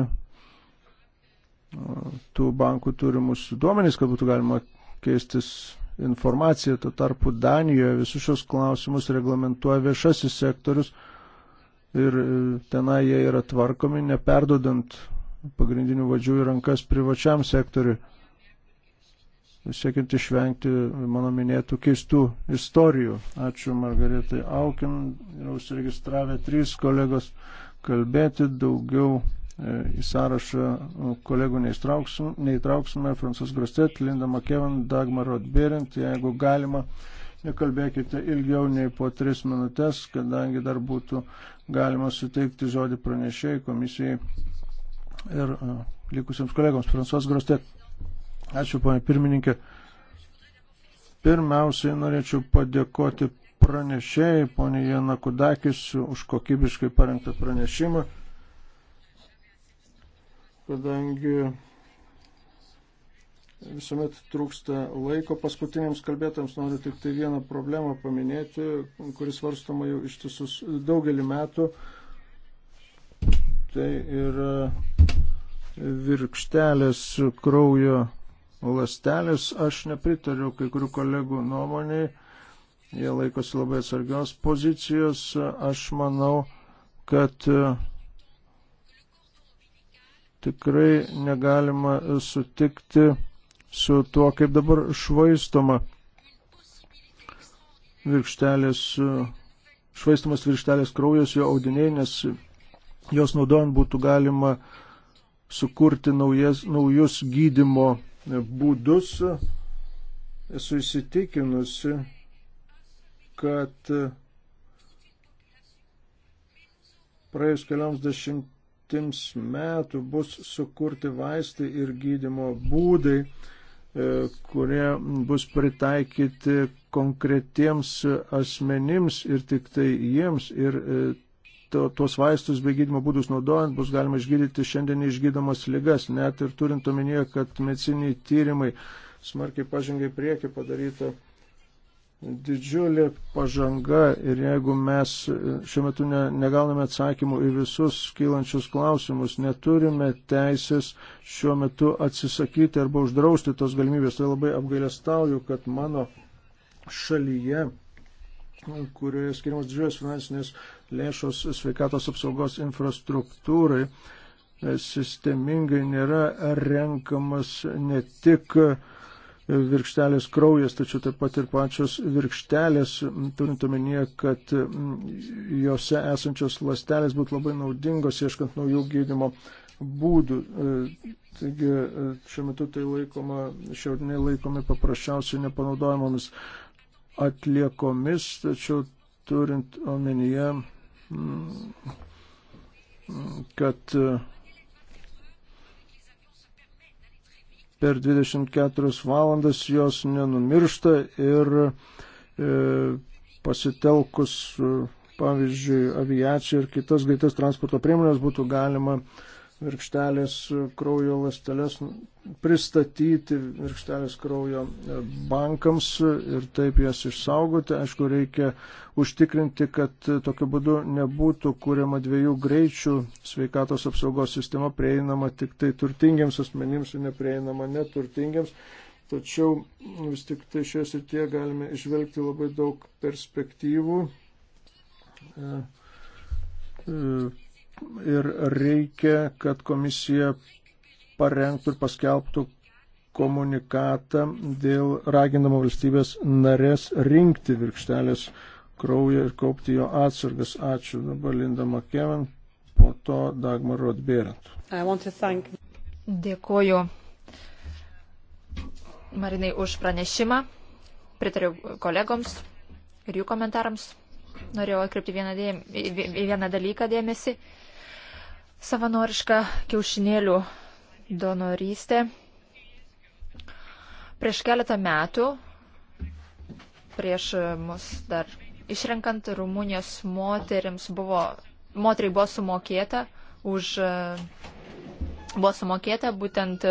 S1: tų bankų turimus duomenys, kad būtų galima keistis informacija. Tuo tarpu Danijoje visus šios klausimus reglamentuoja viešasis sektorius ir e, tenai jie yra tvarkomi, neperdodant pagrindinių vadžių į rankas privačiam sektoriui, siekiant išvengti mano minėtų keistų istorijų. Ačiū Margaretai Aukin, yra užsiregistravę trys kolegos kalbėti daugiau į sąrašą kolegų neįtrauksime, neįtrauksime Francis Grostet, Linda McKevan, Dagmar Rodberint, jeigu galima, nekalbėkite ilgiau nei po tris minutės, kadangi dar būtų galima suteikti žodį pranešėjai komisijai ir uh, likusiems kolegoms. Francis Grostet, ačiū, ponė pirmininkė. Pirmiausiai norėčiau padėkoti pranešėjai, ponė Jana Kudakis, už kokybiškai parengtą pranešimą kadangi visuomet trūksta laiko. Paskutiniams kalbėtams noriu tik tai vieną problemą paminėti, kuris varstama jau ištisus daugelį metų. Tai yra virkštelės kraujo lastelės. Aš nepritariu kai kurių kolegų nuomoniai. Jie laikosi labai atsargios pozicijos. Aš manau, kad tikrai negalima sutikti su tuo, kaip dabar švaistoma virkštelės, švaistomas virkštelės kraujas, jo audiniai, nes jos naudojant būtų galima sukurti naujas, naujus gydimo būdus. Esu įsitikinusi, kad praėjus kelioms dešimt dešimtims metų bus sukurti vaistai ir gydimo būdai, e, kurie bus pritaikyti konkretiems asmenims ir tik tai jiems. Ir e, to, tuos vaistus bei gydimo būdus naudojant bus galima išgydyti šiandien išgydomas lygas, net ir turint omenyje, kad mediciniai tyrimai smarkiai pažengiai prieki padaryta didžiulė pažanga ir jeigu mes e, šiuo metu ne, negauname atsakymų į visus kylančius klausimus, neturime teisės šiuo metu atsisakyti arba uždrausti tos galimybės, tai labai apgailestauju, kad mano šalyje kurioje skiriamos didžiulės finansinės lėšos sveikatos apsaugos infrastruktūrai, e, sistemingai nėra renkamas ne tik uh, virkštelės kraujas, tačiau taip pat ir pačios virkštelės, turint omenyje, kad jose esančios lastelės būtų labai naudingos, ieškant naujų gydimo būdų. E, taigi e, šiuo metu tai laikoma, šiaudiniai laikomi paprasčiausiai nepanaudojamomis atliekomis, tačiau turint omenyje, kad per 24 valandas jos nenumiršta ir e, pasitelkus, e, pavyzdžiui, aviaciją ir kitas greitas transporto priemonės būtų galima e, virkštelės kraujo lasteles pristatyti virkštelės kraujo e, bankams ir taip jas išsaugoti. Aišku, reikia užtikrinti, kad e, tokiu būdu nebūtų kūriama dviejų greičių sveikatos apsaugos sistema prieinama tik tai turtingiams asmenims ir neprieinama neturtingiams. Tačiau vis tik tai šioje srityje galime išvelgti labai daug perspektyvų. E, e, ir reikia, kad komisija parengtų ir paskelbtų komunikatą dėl raginamo valstybės narės rinkti virkštelės kraują ir kaupti jo atsargas. Ačiū dabar Linda Makevan, po to Dagmar Rodbėrant.
S2: Thank... Dėkoju Marinai už pranešimą. Pritariu kolegoms ir jų komentarams. Norėjau atkreipti vieną, dėm... vieną dalyką dėmesį savanoriška kiaušinėlių donorystė. Prieš keletą metų, prieš mus dar išrenkant Rumunijos moteriams buvo, moteriai buvo sumokėta už buvo sumokėta būtent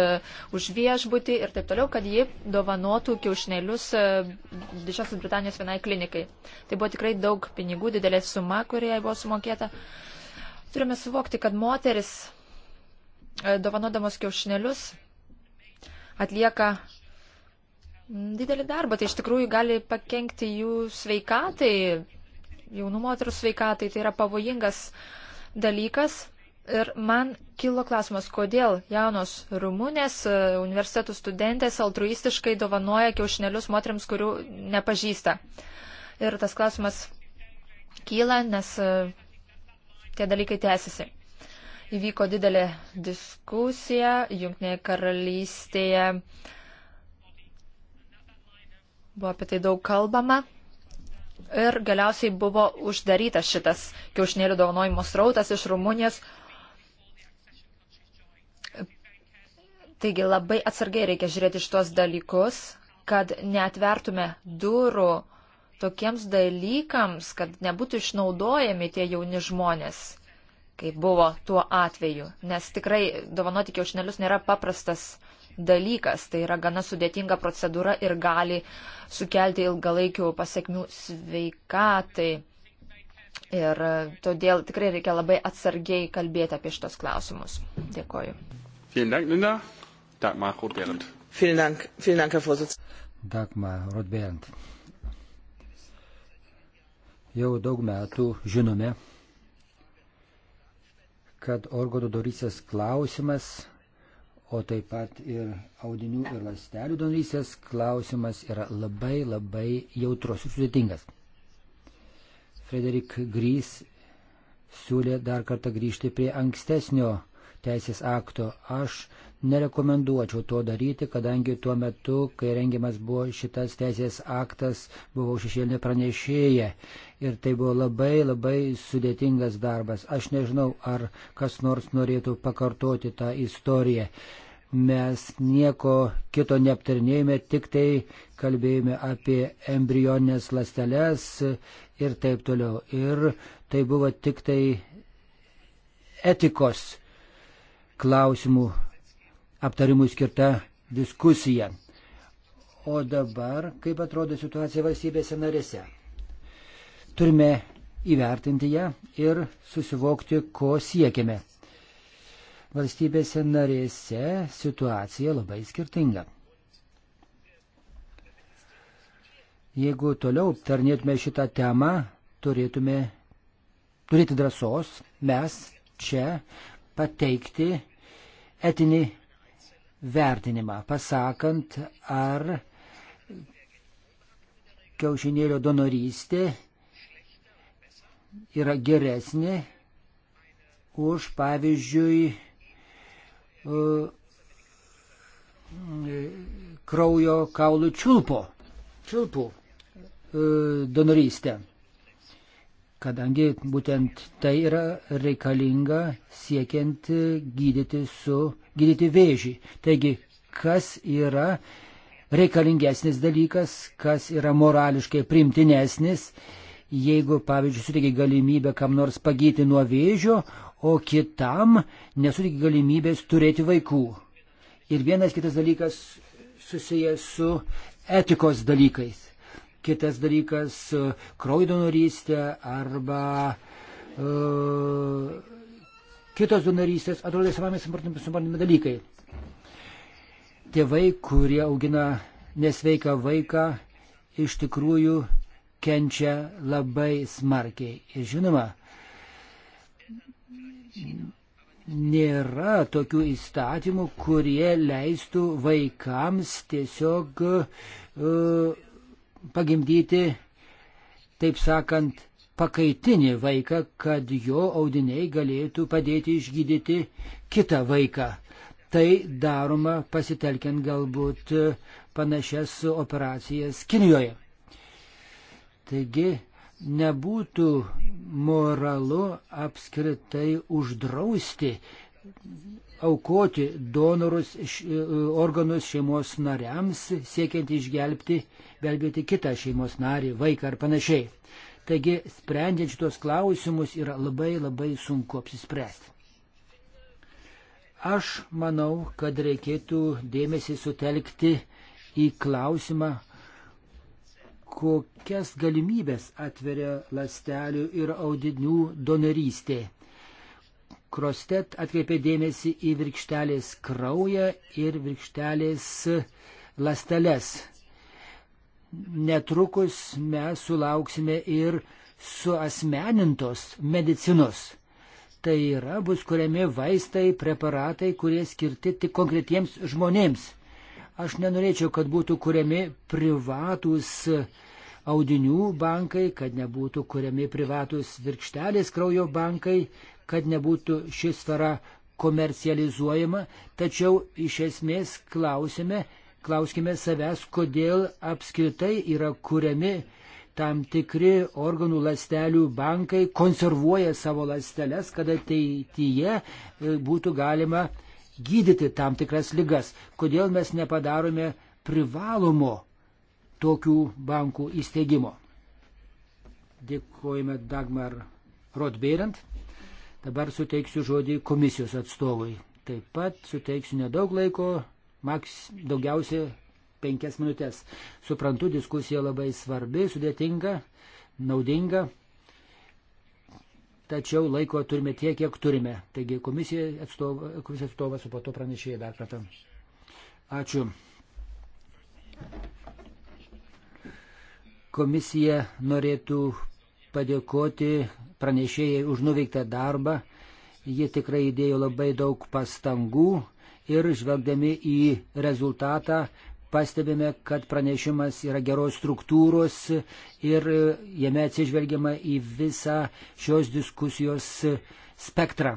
S2: už viešbutį ir taip toliau, kad ji dovanotų kiaušnelius e, Didžiosios Britanijos vienai klinikai. Tai buvo tikrai daug pinigų, didelė suma, kuriai buvo sumokėta. Uh, Turime suvokti, kad moteris, e, dovanodamos kiaušnelius, atlieka didelį darbą. Tai iš tikrųjų gali pakengti jų sveikatai, jaunų moterų sveikatai. Tai yra pavojingas dalykas. Ir man kilo klausimas, kodėl jaunos rumunės e, universitetų studentės altruistiškai dovanoja kiaušnelius moteriams, kurių nepažįsta. Ir tas klausimas kyla, nes e, tie dalykai tęsiasi. Įvyko didelė diskusija Junktinėje karalystėje. Buvo apie tai daug kalbama. Ir galiausiai buvo uždarytas šitas kiaušnėlių daunojimo srautas iš Rumunijos. Taigi labai atsargiai reikia žiūrėti šitos dalykus, kad neatvertume durų tokiems dalykams, kad nebūtų išnaudojami tie jauni žmonės, kaip buvo tuo atveju. Nes tikrai dovanoti kiaušnelius nėra paprastas dalykas, tai yra gana sudėtinga procedūra ir gali sukelti ilgalaikių pasiekmių sveikatai. Ir todėl tikrai reikia labai atsargiai kalbėti apie šitos klausimus. Dėkoju.
S3: Dagmar Rodbėrant. Jau daug metų žinome, kad organų dorysės klausimas, o taip pat ir audinių ir lastelių dorysės klausimas yra labai labai jautrus ir sudėtingas. Frederik Grys siūlė dar kartą grįžti prie ankstesnio teisės akto. Aš Nerekomenduočiau to daryti, kadangi tuo metu, kai rengiamas buvo šitas teisės aktas, buvau šešėlinė pranešėja ir tai buvo labai labai sudėtingas darbas. Aš nežinau, ar kas nors norėtų pakartoti tą istoriją. Mes nieko kito neaptarnėjome, tik tai kalbėjome apie embrioninės lasteles ir taip toliau. Ir tai buvo tik tai etikos klausimų aptarimui skirta diskusija. O dabar, kaip atrodo situacija valstybėse narėse? Turime įvertinti ją ir susivokti, ko siekiame. Valstybėse narėse situacija labai skirtinga. Jeigu toliau tarnėtume šitą temą, turėtume turėti drąsos mes čia pateikti etinį vertinimą, pasakant, ar kiaušinėlio donorystė yra geresnė už, pavyzdžiui, e, kraujo kaulų čiulpo, čiulpų e, donorystę kadangi būtent tai yra reikalinga siekiant gydyti, su, gydyti vėžį. Taigi, kas yra reikalingesnis dalykas, kas yra morališkai primtinesnis, jeigu, pavyzdžiui, suteikia galimybę kam nors pagyti nuo vėžio, o kitam nesuteikia galimybės turėti vaikų. Ir vienas kitas dalykas susijęs su etikos dalykais kitas dalykas - kraujodonorystė arba uh, kitos donorystės, atrodo, savame suprantami dalykai. Tėvai, kurie augina nesveiką vaiką, iš tikrųjų kenčia labai smarkiai. Ir žinoma, nėra tokių įstatymų, kurie leistų vaikams tiesiog uh, pagimdyti, taip sakant, pakaitinį vaiką, kad jo audiniai galėtų padėti išgydyti kitą vaiką. Tai daroma pasitelkiant galbūt panašias operacijas Kinijoje. Taigi nebūtų moralu apskritai uždrausti aukoti donorus e, organus šeimos nariams, siekiant išgelbti, gelbėti kitą šeimos narį, vaiką ar panašiai. Taigi, sprendžiant šitos klausimus yra labai labai sunku apsispręsti. Aš manau, kad reikėtų dėmesį sutelkti į klausimą, kokias galimybės atveria lastelių ir audinių donorystė. Krostet atkreipė dėmesį į virkštelės kraują ir virkštelės lasteles. Netrukus mes sulauksime ir suasmenintos medicinos. Tai yra, bus kuriami vaistai, preparatai, kurie skirti tik konkretiems žmonėms. Aš nenorėčiau, kad būtų kuriami privatūs audinių bankai, kad nebūtų kuriami privatus virkštelės kraujo bankai, kad nebūtų ši sfera komercializuojama, tačiau iš esmės klausime, klauskime savęs, kodėl apskritai yra kuriami tam tikri organų lastelių bankai, konservuoja savo lasteles, kad ateityje e, būtų galima gydyti tam tikras ligas. Kodėl mes nepadarome privalomo tokių bankų įsteigimo? Dėkojame Dagmar Rodbeirant. Dabar suteiksiu žodį komisijos atstovui. Taip pat suteiksiu nedaug laiko, maks daugiausiai penkias minutės. Suprantu, diskusija labai svarbi, sudėtinga, naudinga, tačiau laiko turime tiek, kiek turime. Taigi komisija atstovas, komisija atstovas su pato pranešėjai dar kartą. Ačiū. Komisija norėtų padėkoti pranešėjai už nuveiktą darbą. Jie tikrai įdėjo labai daug pastangų ir žvelgdami į rezultatą pastebime, kad pranešimas yra geros struktūros ir jame atsižvelgiama į visą šios diskusijos spektrą.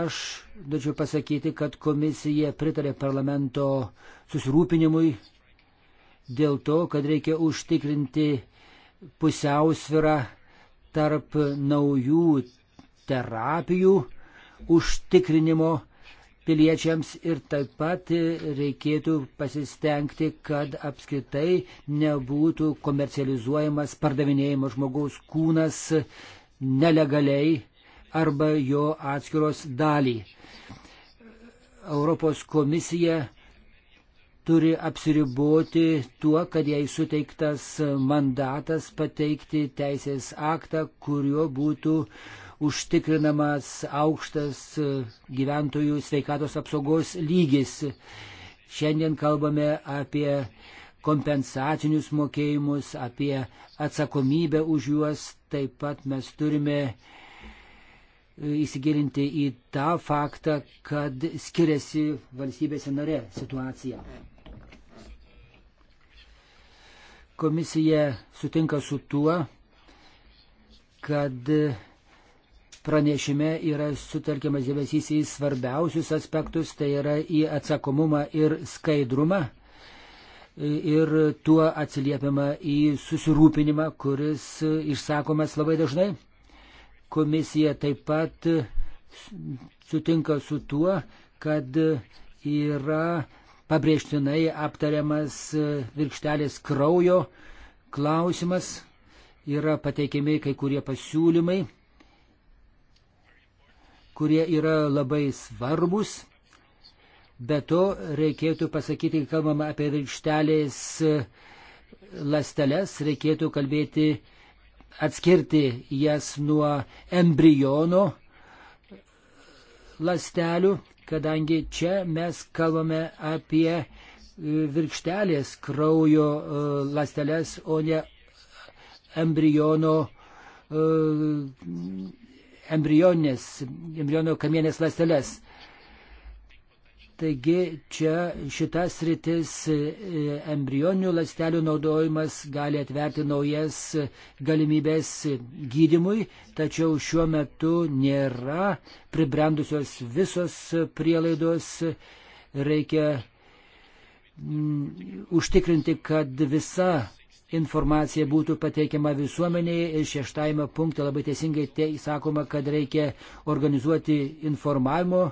S3: Aš dučiau pasakyti, kad komisija pritarė parlamento susirūpinimui dėl to, kad reikia užtikrinti pusiausvirą tarp naujų terapijų užtikrinimo piliečiams ir taip pat reikėtų pasistengti, kad apskritai nebūtų komercializuojamas, pardavinėjimas žmogaus kūnas nelegaliai arba jo atskiros dalį. Europos komisija turi apsiriboti tuo, kad jai suteiktas mandatas pateikti teisės aktą, kuriuo būtų užtikrinamas aukštas gyventojų sveikatos apsaugos lygis. Šiandien kalbame apie kompensacinius mokėjimus, apie atsakomybę už juos. Taip pat mes turime įsigilinti į tą faktą, kad skiriasi valstybėse narė situacija. Komisija sutinka su tuo, kad pranešime yra sutelkiamas dėmesys į svarbiausius aspektus, tai yra į atsakomumą ir skaidrumą. Ir tuo atsiliepiama į susirūpinimą, kuris išsakomas labai dažnai. Komisija taip pat sutinka su tuo, kad yra pabrėžtinai aptariamas e, virkštelės kraujo klausimas, yra pateikiami kai kurie pasiūlymai, kurie yra labai svarbus. Be to reikėtų pasakyti, kai kalbama apie virkštelės e, lasteles, reikėtų kalbėti, atskirti jas nuo embriono lastelių, kadangi čia mes kalbame apie e, virkštelės kraujo e, lasteles, o ne e, embriono, embrionės, embriono kamienės lasteles. Taigi čia šitas rytis e, embrioninių lastelių naudojimas gali atverti naujas galimybės gydimui, tačiau šiuo metu nėra pribrendusios visos prielaidos. Reikia m, mm, užtikrinti, kad visa informacija būtų pateikiama visuomeniai ir šeštajame punkte labai teisingai te, sakoma, kad reikia organizuoti informavimo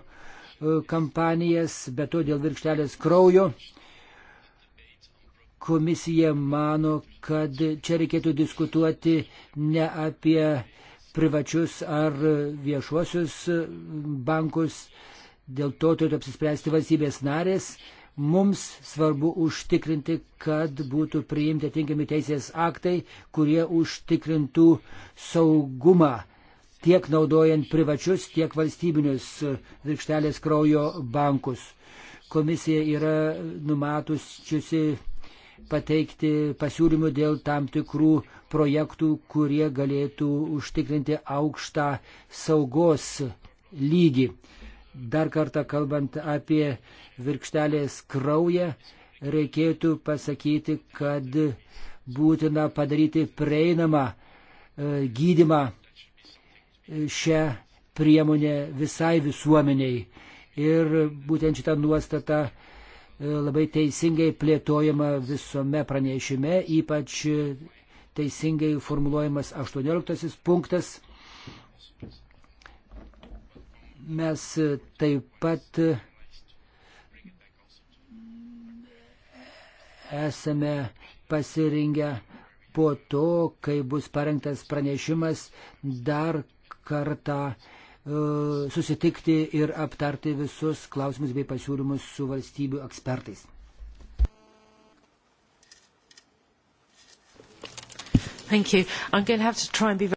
S3: kampanijas, bet to dėl virkštelės kraujo. Komisija mano, kad čia reikėtų diskutuoti ne apie privačius ar viešuosius bankus, dėl to turėtų apsispręsti valstybės narės. Mums svarbu užtikrinti, kad būtų priimti atitinkami teisės aktai, kurie užtikrintų saugumą tiek naudojant privačius, tiek valstybinius virkštelės kraujo bankus. Komisija yra numatusi pateikti pasiūlymų dėl tam tikrų projektų, kurie galėtų užtikrinti aukštą saugos lygį. Dar kartą kalbant apie virkštelės kraują, reikėtų pasakyti, kad būtina padaryti prieinamą e, gydimą šią priemonę visai visuomeniai. Ir būtent šitą nuostatą e, labai teisingai plėtojama visome pranešime, ypač teisingai formuluojamas 18 punktas. Mes taip pat esame pasirinkę po to, kai bus parengtas pranešimas, dar kartą e, susitikti ir aptarti visus klausimus bei pasiūlymus su valstybių ekspertais.
S2: Be...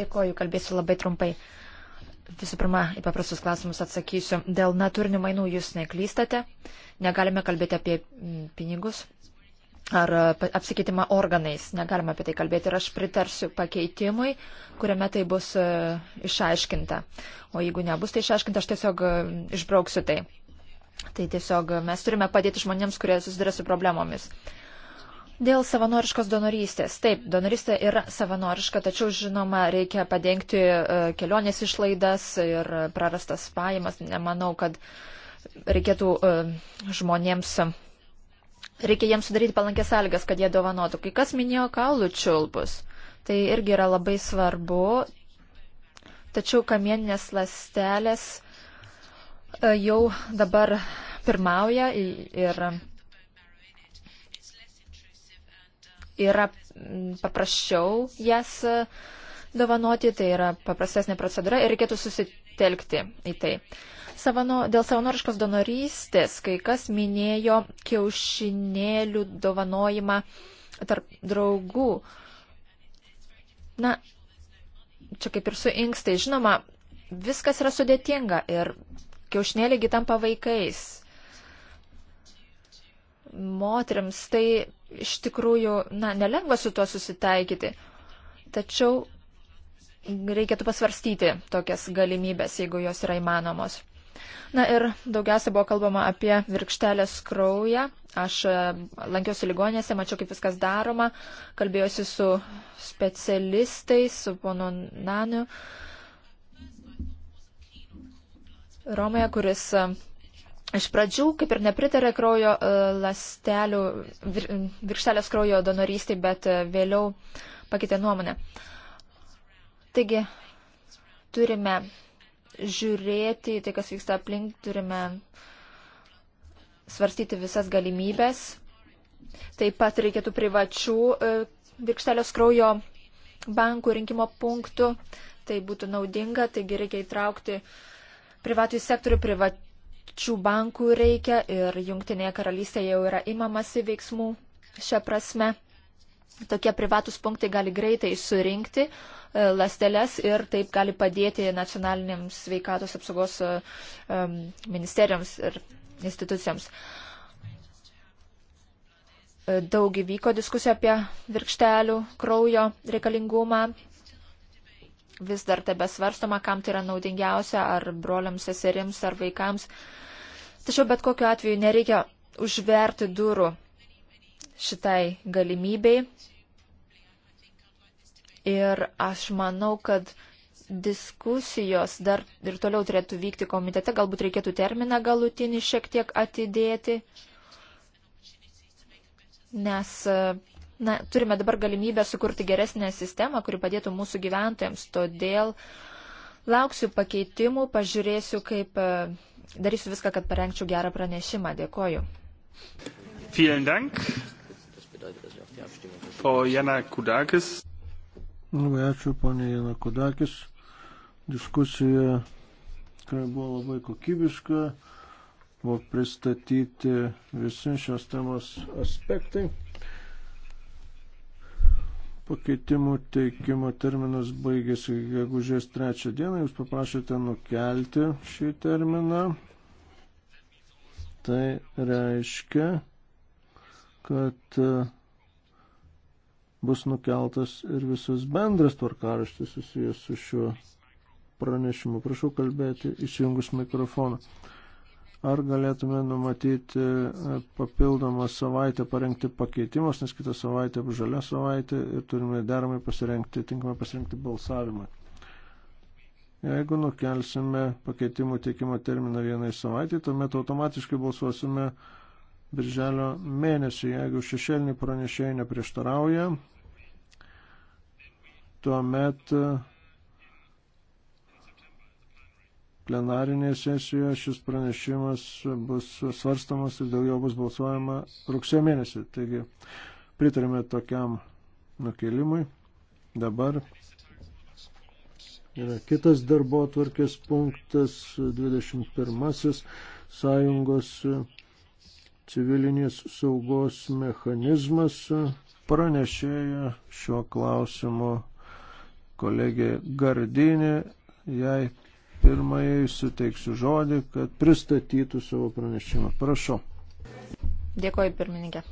S2: Dėkoju, kalbėsiu labai trumpai. Visų pirma, į paprastus klausimus atsakysiu. Dėl naturinių mainų jūs neklystate, negalime kalbėti apie pinigus, ar e, apsikeitimą organais. Negalima apie tai kalbėti ir aš pritarsiu pakeitimui, kuriame tai bus e, išaiškinta. O jeigu nebus tai išaiškinta, aš tiesiog e, išbrauksiu tai. Tai tiesiog mes turime padėti žmonėms, kurie susiduria su problemomis. Dėl savanoriškos donorystės. Taip, donorystė yra savanoriška, tačiau, žinoma, reikia padengti kelionės išlaidas ir prarastas pajamas. Nemanau, kad reikėtų žmonėms reikia jiems sudaryti palankės sąlygas, kad jie dovanotų. Kai kas minėjo kaulų čiulpus, tai irgi yra labai svarbu, tačiau kamieninės lastelės e, jau dabar pirmauja ir yra paprasčiau jas e, dovanoti, tai yra paprastesnė procedūra ir reikėtų susitelkti į tai. Uh, Savano, dėl savanoriškos donorystės, kai kas minėjo kiaušinėlių dovanojimą tarp draugų. Na, čia kaip ir su inkstai, žinoma, viskas yra sudėtinga ir kiaušnėlėgi tampa vaikais. Moterims tai iš tikrųjų, na, nelengva su tuo susitaikyti. Tačiau reikėtų pasvarstyti tokias galimybės, jeigu jos yra įmanomos. Na ir daugiausia buvo kalbama apie virkštelės kraują. Aš e, lankiausi ligonėse, mačiau, kaip viskas daroma, kalbėjosi su specialistais, su ponu Naniu Romoje, kuris e, iš pradžių kaip ir nepritarė kraujo e, lastelių, vir, virkštelės kraujo donorystiai, bet vėliau pakeitė nuomonę. Taigi, turime žiūrėti į tai, kas vyksta aplink, turime svarstyti visas galimybės. Taip pat reikėtų privačių e, virkštelės kraujo bankų rinkimo punktų. Tai būtų naudinga, taigi reikia įtraukti privatų sektorių, privačių bankų reikia ir Junktinėje karalystėje jau yra imamasi veiksmų šią prasme tokie privatus punktai gali greitai surinkti e, lasteles ir taip gali padėti nacionalinėms sveikatos apsaugos e, ministerijoms ir institucijoms. E, daug įvyko diskusija apie virkštelių kraujo reikalingumą. Vis dar tebe svarstoma, kam tai yra naudingiausia, ar broliams, seserims, ar vaikams. Tačiau bet kokiu atveju nereikia užverti durų šitai galimybei. Ir aš manau, kad diskusijos dar ir toliau turėtų vykti komitete, galbūt reikėtų terminą galutinį šiek tiek atidėti, nes na, turime dabar galimybę sukurti geresnę sistemą, kuri padėtų mūsų gyventojams, todėl lauksiu pakeitimų, pažiūrėsiu, kaip e, darysiu viską, kad parengčiau gerą pranešimą. Dėkoju.
S1: Vielen Dank bedeutet, dass wir auf die Abstimmung verschieben. Frau Jana Kudakis. Labai ačiū, ponė Jana Kudakis. Diskusija tikrai buvo labai kokybiška. Buvo pristatyti visi šios temos aspektai. Pakeitimų teikimo terminas baigėsi gegužės trečią dieną. Jūs paprašėte nukelti šį terminą. Tai reiškia, kad e, bus nukeltas ir visas bendras tvarkaraštis susijęs su šiuo pranešimu. Prašau kalbėti įsijungus mikrofoną. Ar galėtume numatyti e, papildomą savaitę parengti pakeitimus, nes kitą savaitę bus žalia savaitė ir turime deramai pasirengti, tinkamai pasirengti balsavimą. Jeigu nukelsime pakeitimų teikimo terminą vienai savaitį, tuomet automatiškai balsuosime uh, birželio mėnesį. Jeigu šešėlinį pranešėjai neprieštarauja, tuomet e, plenarinėje sesijoje šis pranešimas bus svarstamas ir dėl jo bus balsuojama rugsėjo mėnesį. Taigi pritarėme tokiam nukelimui. Dabar yra kitas darbo tvarkės punktas 21 sąjungos civilinės saugos mechanizmas. Pranešėja šiuo klausimu kolegė Gardinė, jai pirmajai suteiksiu žodį, kad pristatytų savo pranešimą. Prašau.
S2: Dėkoju, pirmininkė.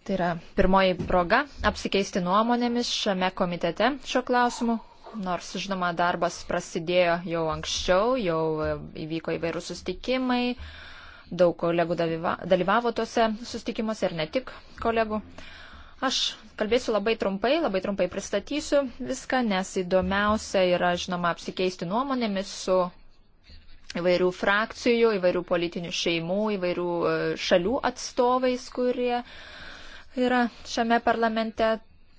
S2: Tai yra pirmoji proga apsikeisti nuomonėmis šiame komitete šio klausimu. Nors, žinoma, darbas prasidėjo jau anksčiau, jau e, įvyko įvairių sustikimai, daug kolegų dalyvavo tuose sustikimuose ir ne tik kolegų. Aš kalbėsiu labai trumpai, labai trumpai pristatysiu viską, nes įdomiausia yra, žinoma, apsikeisti nuomonėmis su įvairių frakcijų, įvairių politinių šeimų, įvairių e, šalių atstovais, kurie yra šiame parlamente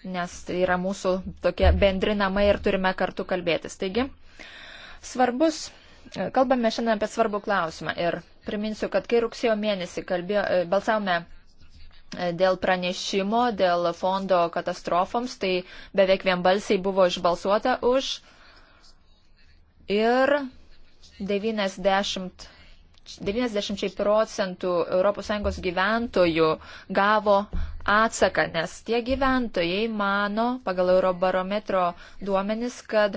S2: nes tai yra mūsų tokie bendri namai ir turime kartu kalbėtis. Taigi, svarbus, e, kalbame šiandien apie svarbų klausimą ir priminsiu, kad kai rugsėjo mėnesį kalbėjo, e, balsavome e, dėl pranešimo, dėl fondo katastrofoms, tai beveik vienbalsiai buvo išbalsuota už ir 90 90 procentų ES gyventojų gavo atsaką, nes tie gyventojai mano pagal Eurobarometro duomenis, kad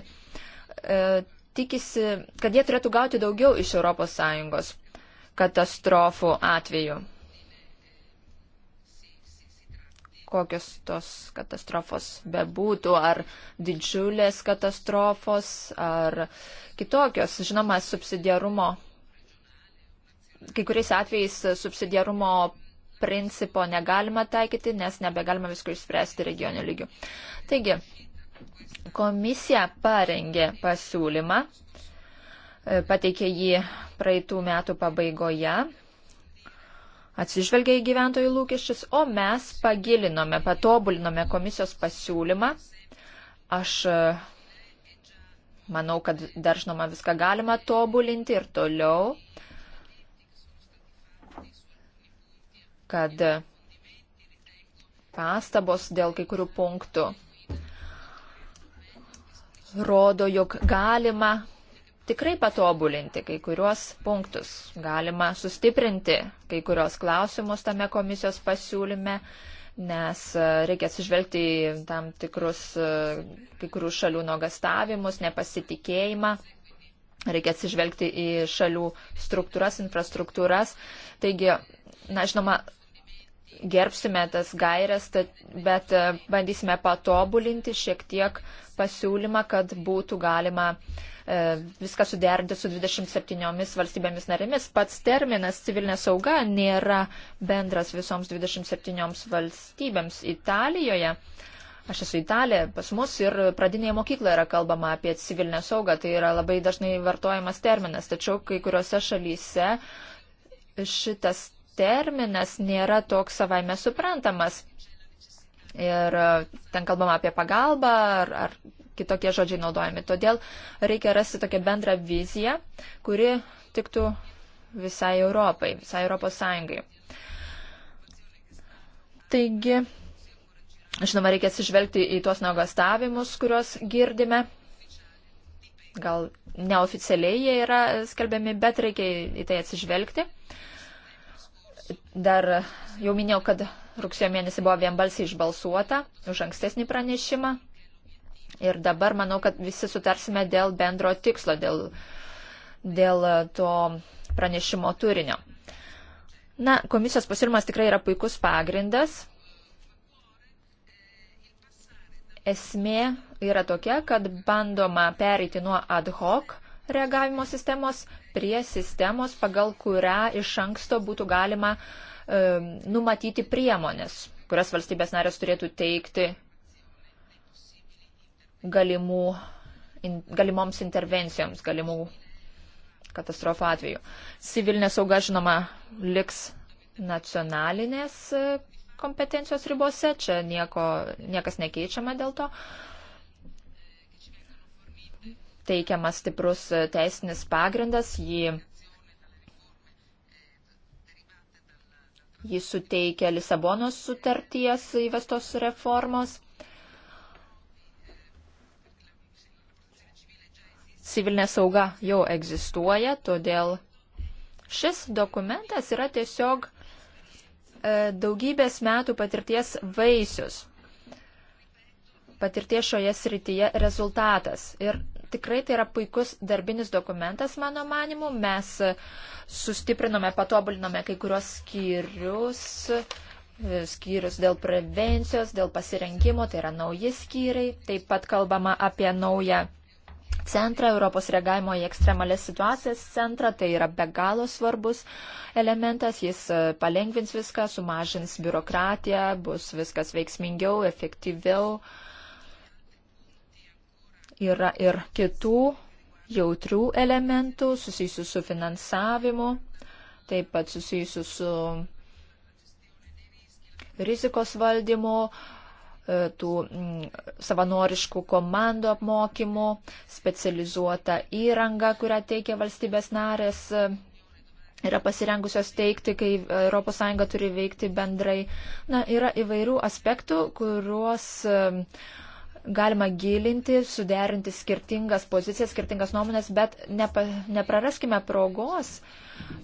S2: e, tikisi, kad jie turėtų gauti daugiau iš ES katastrofų atveju. Kokios tos katastrofos bebūtų, ar didžiulės katastrofos, ar kitokios, žinoma, subsidiarumo, kai kuriais atvejais subsidiarumo principo negalima taikyti, nes nebegalima visko išspręsti regionių lygių. Taigi, komisija parengė pasiūlymą, e, pateikė jį praeitų metų pabaigoje, atsižvelgia į gyventojų lūkesčius, o mes pagilinome, patobulinome komisijos pasiūlymą. Aš e, manau, kad dar žinoma viską galima tobulinti ir toliau. kad pastabos dėl kai kurių punktų rodo, jog galima tikrai patobulinti kai kuriuos punktus, galima sustiprinti kai kurios klausimus tame komisijos pasiūlyme, nes e, reikia atsižvelgti į tam tikrus e, kai kurių šalių nuogastavimus, nepasitikėjimą. Reikia atsižvelgti į šalių struktūras, infrastruktūras. Taigi Na, žinoma, gerbsime tas gairias, bet e, bandysime patobulinti šiek tiek pasiūlymą, kad būtų galima e, viską suderinti su 27 valstybėmis narėmis. Pats terminas civilinė sauga nėra bendras visoms 27 valstybėms Italijoje. Aš esu italė, pas mus ir pradinėje mokykloje yra kalbama apie civilinę saugą, tai yra labai dažnai vartojamas terminas, tačiau kai kuriuose šalyse šitas terminas nėra toks savaime suprantamas. Ir e, ten kalbama apie pagalbą ar, ar kitokie žodžiai naudojami. Todėl reikia rasti tokią bendrą viziją, kuri tiktų visai Europai, visai Europos Sąjungai. Taigi, žinoma, reikia atsižvelgti į tuos nuogastavimus, kuriuos girdime. Gal neoficialiai jie yra skelbiami, bet reikia į tai atsižvelgti. Uh, Dar jau minėjau, kad rugsėjo mėnesį buvo vienbalsiai išbalsuota už ankstesnį pranešimą. Ir dabar manau, kad visi sutarsime dėl bendro tikslo, dėl, dėl to pranešimo turinio. Na, komisijos pasiūlymas tikrai yra puikus pagrindas. Esmė yra tokia, kad bandoma pereiti nuo ad hoc reagavimo sistemos prie sistemos, pagal kurią iš anksto būtų galima e, numatyti priemonės, kurias valstybės narės turėtų teikti galimų, in, galimoms intervencijoms, galimų katastrofų atveju. Civilinė sauga, žinoma, liks nacionalinės e, kompetencijos ribose, čia nieko, niekas nekeičiama dėl to. Uh, teikiamas stiprus e, teisinis pagrindas, jį, jį suteikia Lisabonos sutarties įvestos reformos. Civilinė sauga jau egzistuoja, todėl šis dokumentas yra tiesiog e, daugybės metų patirties vaisius, patirties šioje srityje rezultatas. Ir tikrai tai yra puikus darbinis dokumentas, mano manimu. Mes sustiprinome, patobulinome kai kurios skyrius, skyrius dėl prevencijos, dėl pasirengimo, tai yra nauji skyriai. Taip pat kalbama apie naują centrą, Europos reagavimo į ekstremalės situacijas centrą, tai yra be galo svarbus elementas, jis e, palengvins viską, sumažins biurokratiją, bus viskas veiksmingiau, efektyviau. Uh, Yra ir kitų jautrių elementų susijusių su finansavimu, taip pat susijusių su rizikos valdymu, e, tų savanoriškų komandų apmokymų, specializuota įranga, kurią teikia valstybės narės, e, yra pasirengusios teikti, kai ES turi veikti bendrai. Na, yra įvairių aspektų, kuriuos e, galima gilinti, suderinti skirtingas pozicijas, skirtingas nuomonės, bet nepa, nepraraskime progos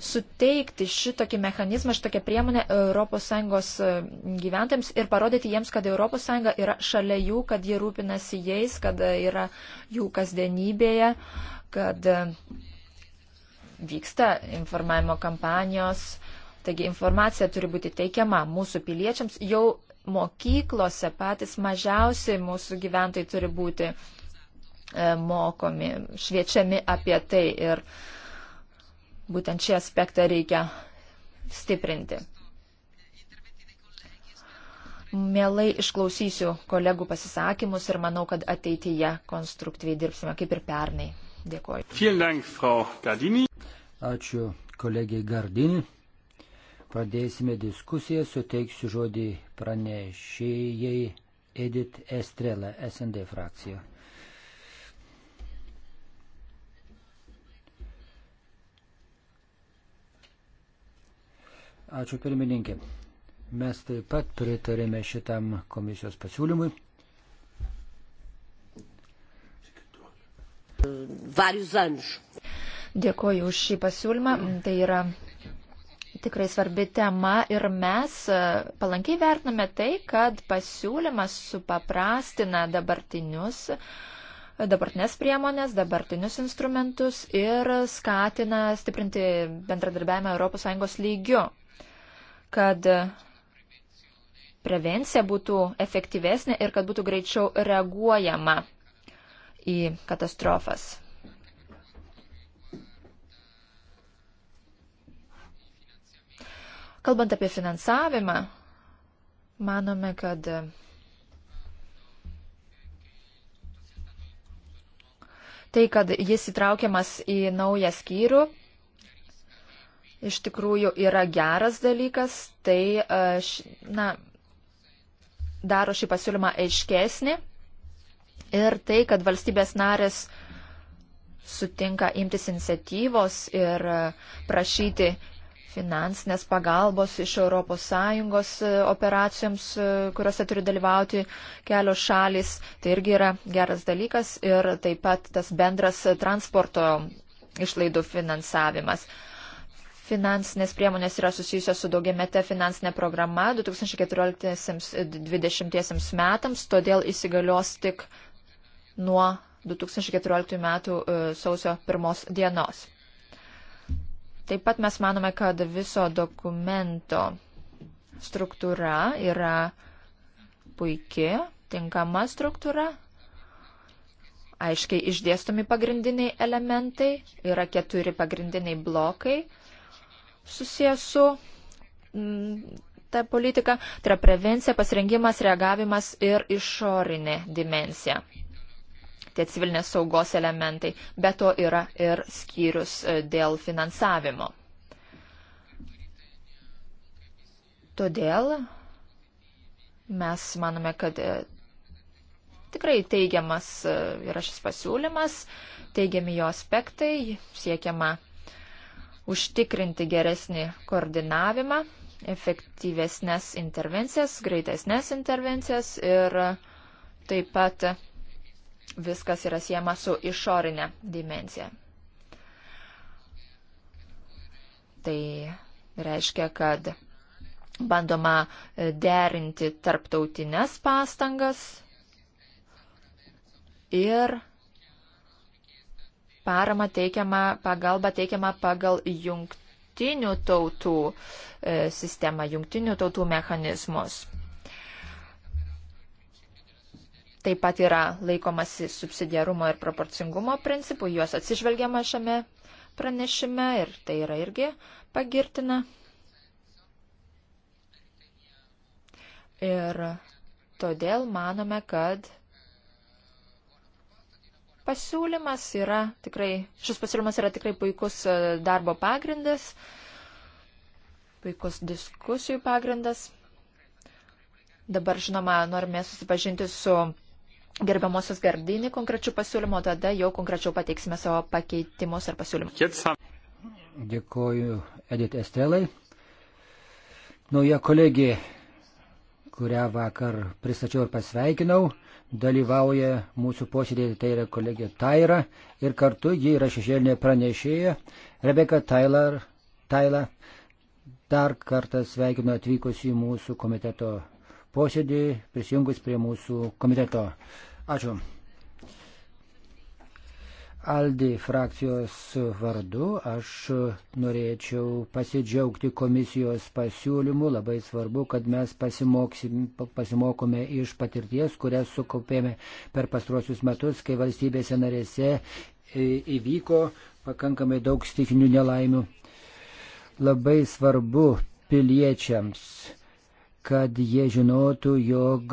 S2: suteikti šitokį mechanizmą, šitokią priemonę ES e, gyventojams ir parodyti jiems, kad ES yra šalia jų, kad jie rūpinasi jais, kad yra jų kasdienybėje, kad e, vyksta informavimo kampanijos. Taigi informacija turi būti teikiama mūsų piliečiams jau mokyklose patys mažiausiai mūsų gyventojai turi būti e, mokomi, šviečiami apie tai ir būtent šį aspektą reikia stiprinti. Mielai išklausysiu kolegų pasisakymus ir manau, kad ateityje konstruktyviai dirbsime kaip ir pernai. Dėkuoju.
S3: Ačiū kolegiai Gardini. Pradėsime diskusiją, suteiksiu žodį pranešėjai Edith Estrela, SND frakcija. Ačiū pirmininkė. Mes taip pat pritarėme šitam komisijos pasiūlymui.
S2: Dėkoju už šį pasiūlymą. Tai yra tikrai svarbi tema ir mes e, palankiai vertiname tai, kad pasiūlymas supaprastina dabartinius e, dabartinės priemonės, dabartinius instrumentus ir skatina stiprinti bendradarbiavimą ES lygiu, kad prevencija būtų efektyvesnė ir kad būtų greičiau reaguojama į katastrofas. Kalbant apie finansavimą, manome, kad tai, kad jis įtraukiamas į naują skyrių, iš tikrųjų yra geras dalykas, tai e, na, daro šį pasiūlymą aiškesnį ir tai, kad valstybės narės sutinka imtis iniciatyvos ir e, prašyti finansinės pagalbos iš ES e, operacijoms, e, kuriuose turi dalyvauti kelios šalis. Tai irgi yra geras dalykas ir taip pat tas bendras transporto išlaidų finansavimas. Finansinės priemonės yra susijusios su daugiamete finansinė programa 2014-2020 metams, todėl įsigalios tik nuo 2014 metų e, sausio pirmos dienos. Taip pat mes manome, kad viso dokumento struktūra yra puiki, tinkama struktūra. Aiškiai išdėstomi pagrindiniai elementai, yra keturi pagrindiniai blokai susijęs su m, mm, ta politika, tai yra prevencija, pasirengimas, reagavimas ir išorinė dimensija tie civilinės saugos elementai, bet to yra ir skyrius e, dėl finansavimo. Todėl mes manome, kad e, tikrai teigiamas e, yra šis pasiūlymas, teigiami jo aspektai, siekiama užtikrinti geresnį koordinavimą, efektyvesnės intervencijas, greitesnės intervencijas ir taip pat viskas yra siema su išorinė dimencija. Tai reiškia, kad bandoma derinti tarptautinės pastangas ir parama teikiama, pagalba teikiama pagal jungtinių tautų e, sistemą, jungtinių tautų mechanizmus. Taip pat yra laikomasi subsidiarumo ir proporcingumo principų, juos atsižvelgiama šiame pranešime ir tai yra irgi pagirtina. Ir todėl manome, kad pasiūlymas yra tikrai, šis pasiūlymas yra tikrai puikus e, darbo pagrindas, puikus diskusijų pagrindas. Dabar, žinoma, norime susipažinti su gerbiamosios Gardinį konkrečių pasiūlymų, tada jau konkrečiau pateiksime savo pakeitimus ar pasiūlymus.
S3: Dėkoju Edith Estelai. Nauja kolegė, kurią vakar pristačiau ir pasveikinau, dalyvauja mūsų posėdėje, tai yra kolegė Taira ir kartu ji yra šešėlinė pranešėja Rebeka Taylor. Taila. Dar kartą sveikinu atvykus į mūsų komiteto posėdį, prisijungus prie mūsų komiteto. Ačiū. Aldi frakcijos vardu aš norėčiau pasidžiaugti komisijos pasiūlymu. Labai svarbu, kad mes pasimokome iš patirties, kurią sukaupėme per pastruosius metus, kai valstybėse narėse įvyko pakankamai daug stikinių nelaimių. Labai svarbu piliečiams kad jie žinotų, jog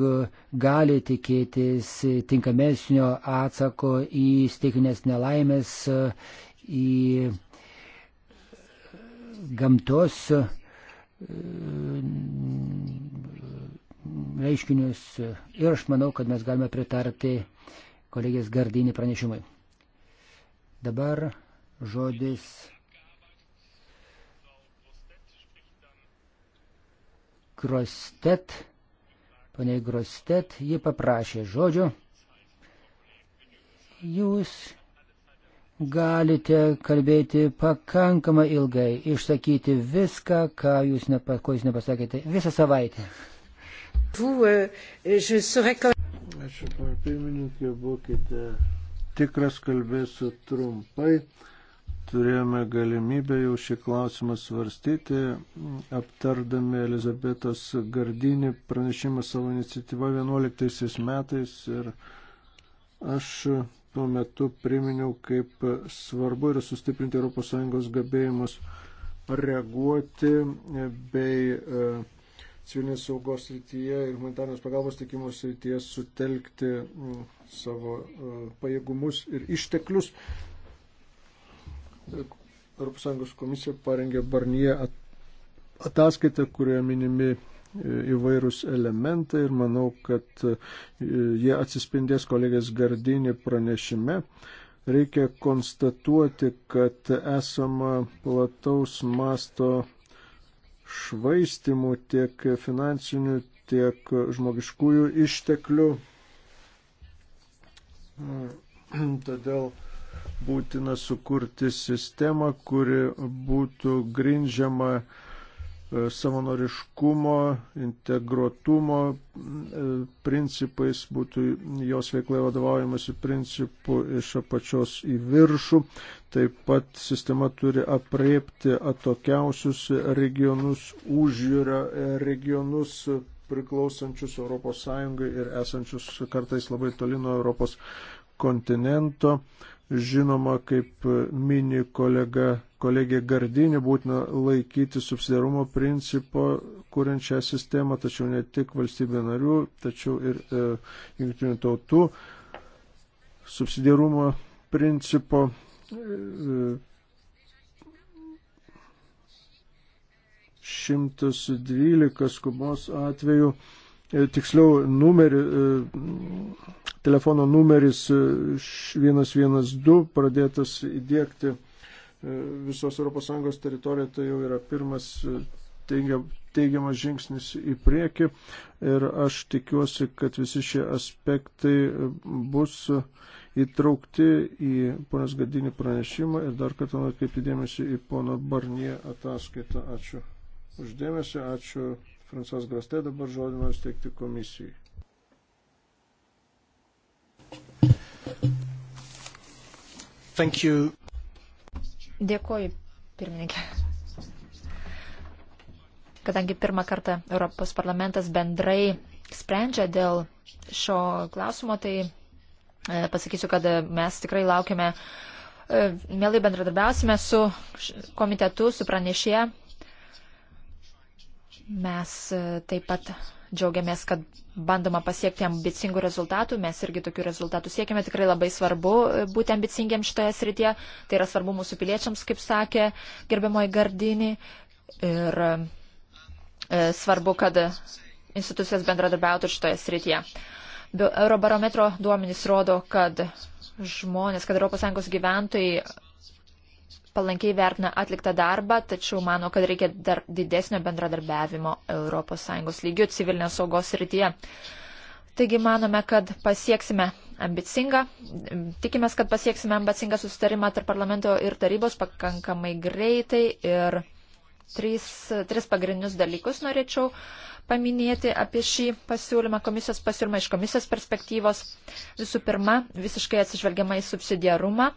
S3: gali tikėtis tinkamesnio atsako į stikinės nelaimės, į gamtos e, reiškinius. Ir aš manau, kad mes galime pritarti kolegės Gardinį pranešimui. Dabar žodis Grostet, poniai Grostet, ji paprašė žodžio. Jūs galite kalbėti pakankamai ilgai, išsakyti viską, ką jūs, nepa, ko jūs nepasakėte visą savaitę. Euh,
S1: Ačiū, pirmininkė, būkite tikras, kalbėsiu trumpai turėjome galimybę jau šį klausimą svarstyti, aptardami Elizabetos Gardinį pranešimą savo iniciatyvą 11 metais ir aš tuo metu priminiau, kaip svarbu yra sustiprinti ES gabėjimus reaguoti bei e, civilinės saugos srityje ir humanitarnės pagalbos teikimo srityje sutelkti savo e, pajėgumus ir išteklius ES komisija parengė Barnie ataskaitą, kurioje minimi e, įvairūs elementai ir manau, kad e, jie atsispindės kolegės Gardinį pranešime. Reikia konstatuoti, kad esama plataus masto švaistimų tiek finansinių, tiek žmogiškųjų išteklių. E, todėl būtina sukurti sistemą, kuri būtų grindžiama e, savanoriškumo, integruotumo e, principais, būtų jos veiklai vadovaujamasi principų iš apačios į viršų. Taip pat sistema turi apriepti atokiausius regionus, užjūrio e, regionus priklausančius ES ir esančius kartais labai toli nuo Europos kontinento žinoma, kaip mini kolega, kolegė Gardinė, būtina laikyti subsidiarumo principo, kuriant šią sistemą, tačiau ne tik valstybė narių, tačiau ir e, jungtinių tautų subsidiarumo principo. E, 112 e, skubos atveju e, E, tiksliau numerį, e, telefono numeris 112 e, pradėtas įdėkti visos ES teritorijoje, tai jau yra pirmas teigiamas žingsnis į priekį ir aš tikiuosi, kad visi šie aspektai bus įtraukti į ponas Gadinį pranešimą ir dar kartą noriu atkreipti dėmesį į pono Barnie ataskaitą. Ačiū uždėmesį, ačiū Fransos Grastė, dabar žodį noriu steigti komisijai. Thank you.
S2: Dėkoju, pirmininkė. Kadangi pirmą kartą Europos parlamentas bendrai sprendžia dėl šio klausimo, tai e, pasakysiu, kad e, mes tikrai laukiame, e, mielai bendradarbiausime su komitetu, su pranešė Mes e, taip pat džiaugiamės, kad bandoma pasiekti ambicingų rezultatų, mes irgi tokių rezultatų siekiame, tikrai labai svarbu e, būti ambicingiam šitoje srityje, tai yra svarbu mūsų piliečiams, kaip sakė gerbiamoji Gardinį, ir e, svarbu, kad institucijos bendradarbiautų šitoje srityje. Eurobarometro duomenys rodo, kad žmonės, kad ES gyventojai palankiai vertina atliktą darbą, tačiau mano, kad reikia dar didesnio bendradarbiavimo ES lygių civilinės saugos rytyje. Taigi manome, kad pasieksime ambicingą, tikimės, kad pasieksime ambicingą susitarimą tarp parlamento ir tarybos pakankamai greitai ir tris, tris pagrindinius dalykus norėčiau paminėti apie šį pasiūlymą, komisijos pasiūlymą iš komisijos perspektyvos. Visų pirma, visiškai atsižvelgiama į subsidiarumą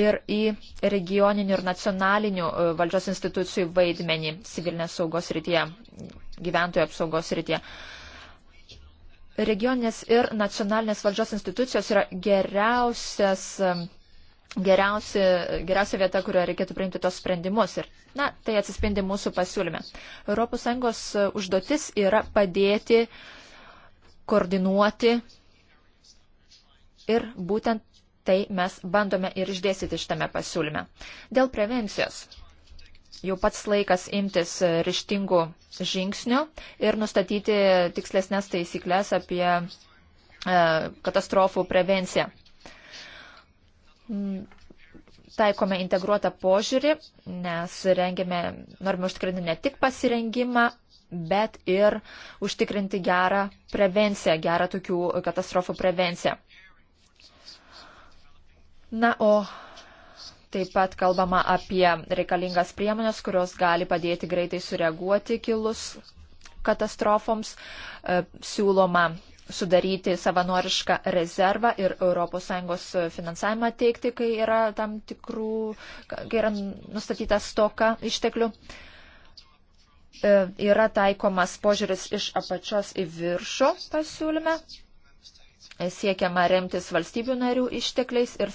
S2: ir į regioninių ir nacionalinių e, valdžios institucijų vaidmenį civilinės saugos rytyje, gyventojų apsaugos rytyje. Regioninės ir nacionalinės valdžios institucijos yra geriausias, e, geriausia, geriausia vieta, kurioje reikėtų priimti tos sprendimus. Ir, na, tai atsispindi mūsų pasiūlyme. ES užduotis yra padėti koordinuoti ir būtent Tai mes bandome ir išdėstyti šitame pasiūlyme. Dėl prevencijos. Jau pats laikas imtis ryštingų žingsnių ir nustatyti tikslesnės taisyklės apie e, katastrofų prevenciją mm, taikome integruotą požiūrį, nes rengėme, norime užtikrinti ne tik pasirengimą, bet ir užtikrinti gerą prevenciją, gerą tokių katastrofų prevenciją. Na, o taip pat kalbama apie reikalingas priemonės, kurios gali padėti greitai sureaguoti kilus katastrofoms. E, siūloma sudaryti savanorišką rezervą ir ES finansavimą teikti, kai yra tam tikrų, kai yra nustatyta stoka išteklių. E, yra taikomas požiūris iš apačios į viršų pasiūlyme, siekiama remtis valstybių narių ištekliais ir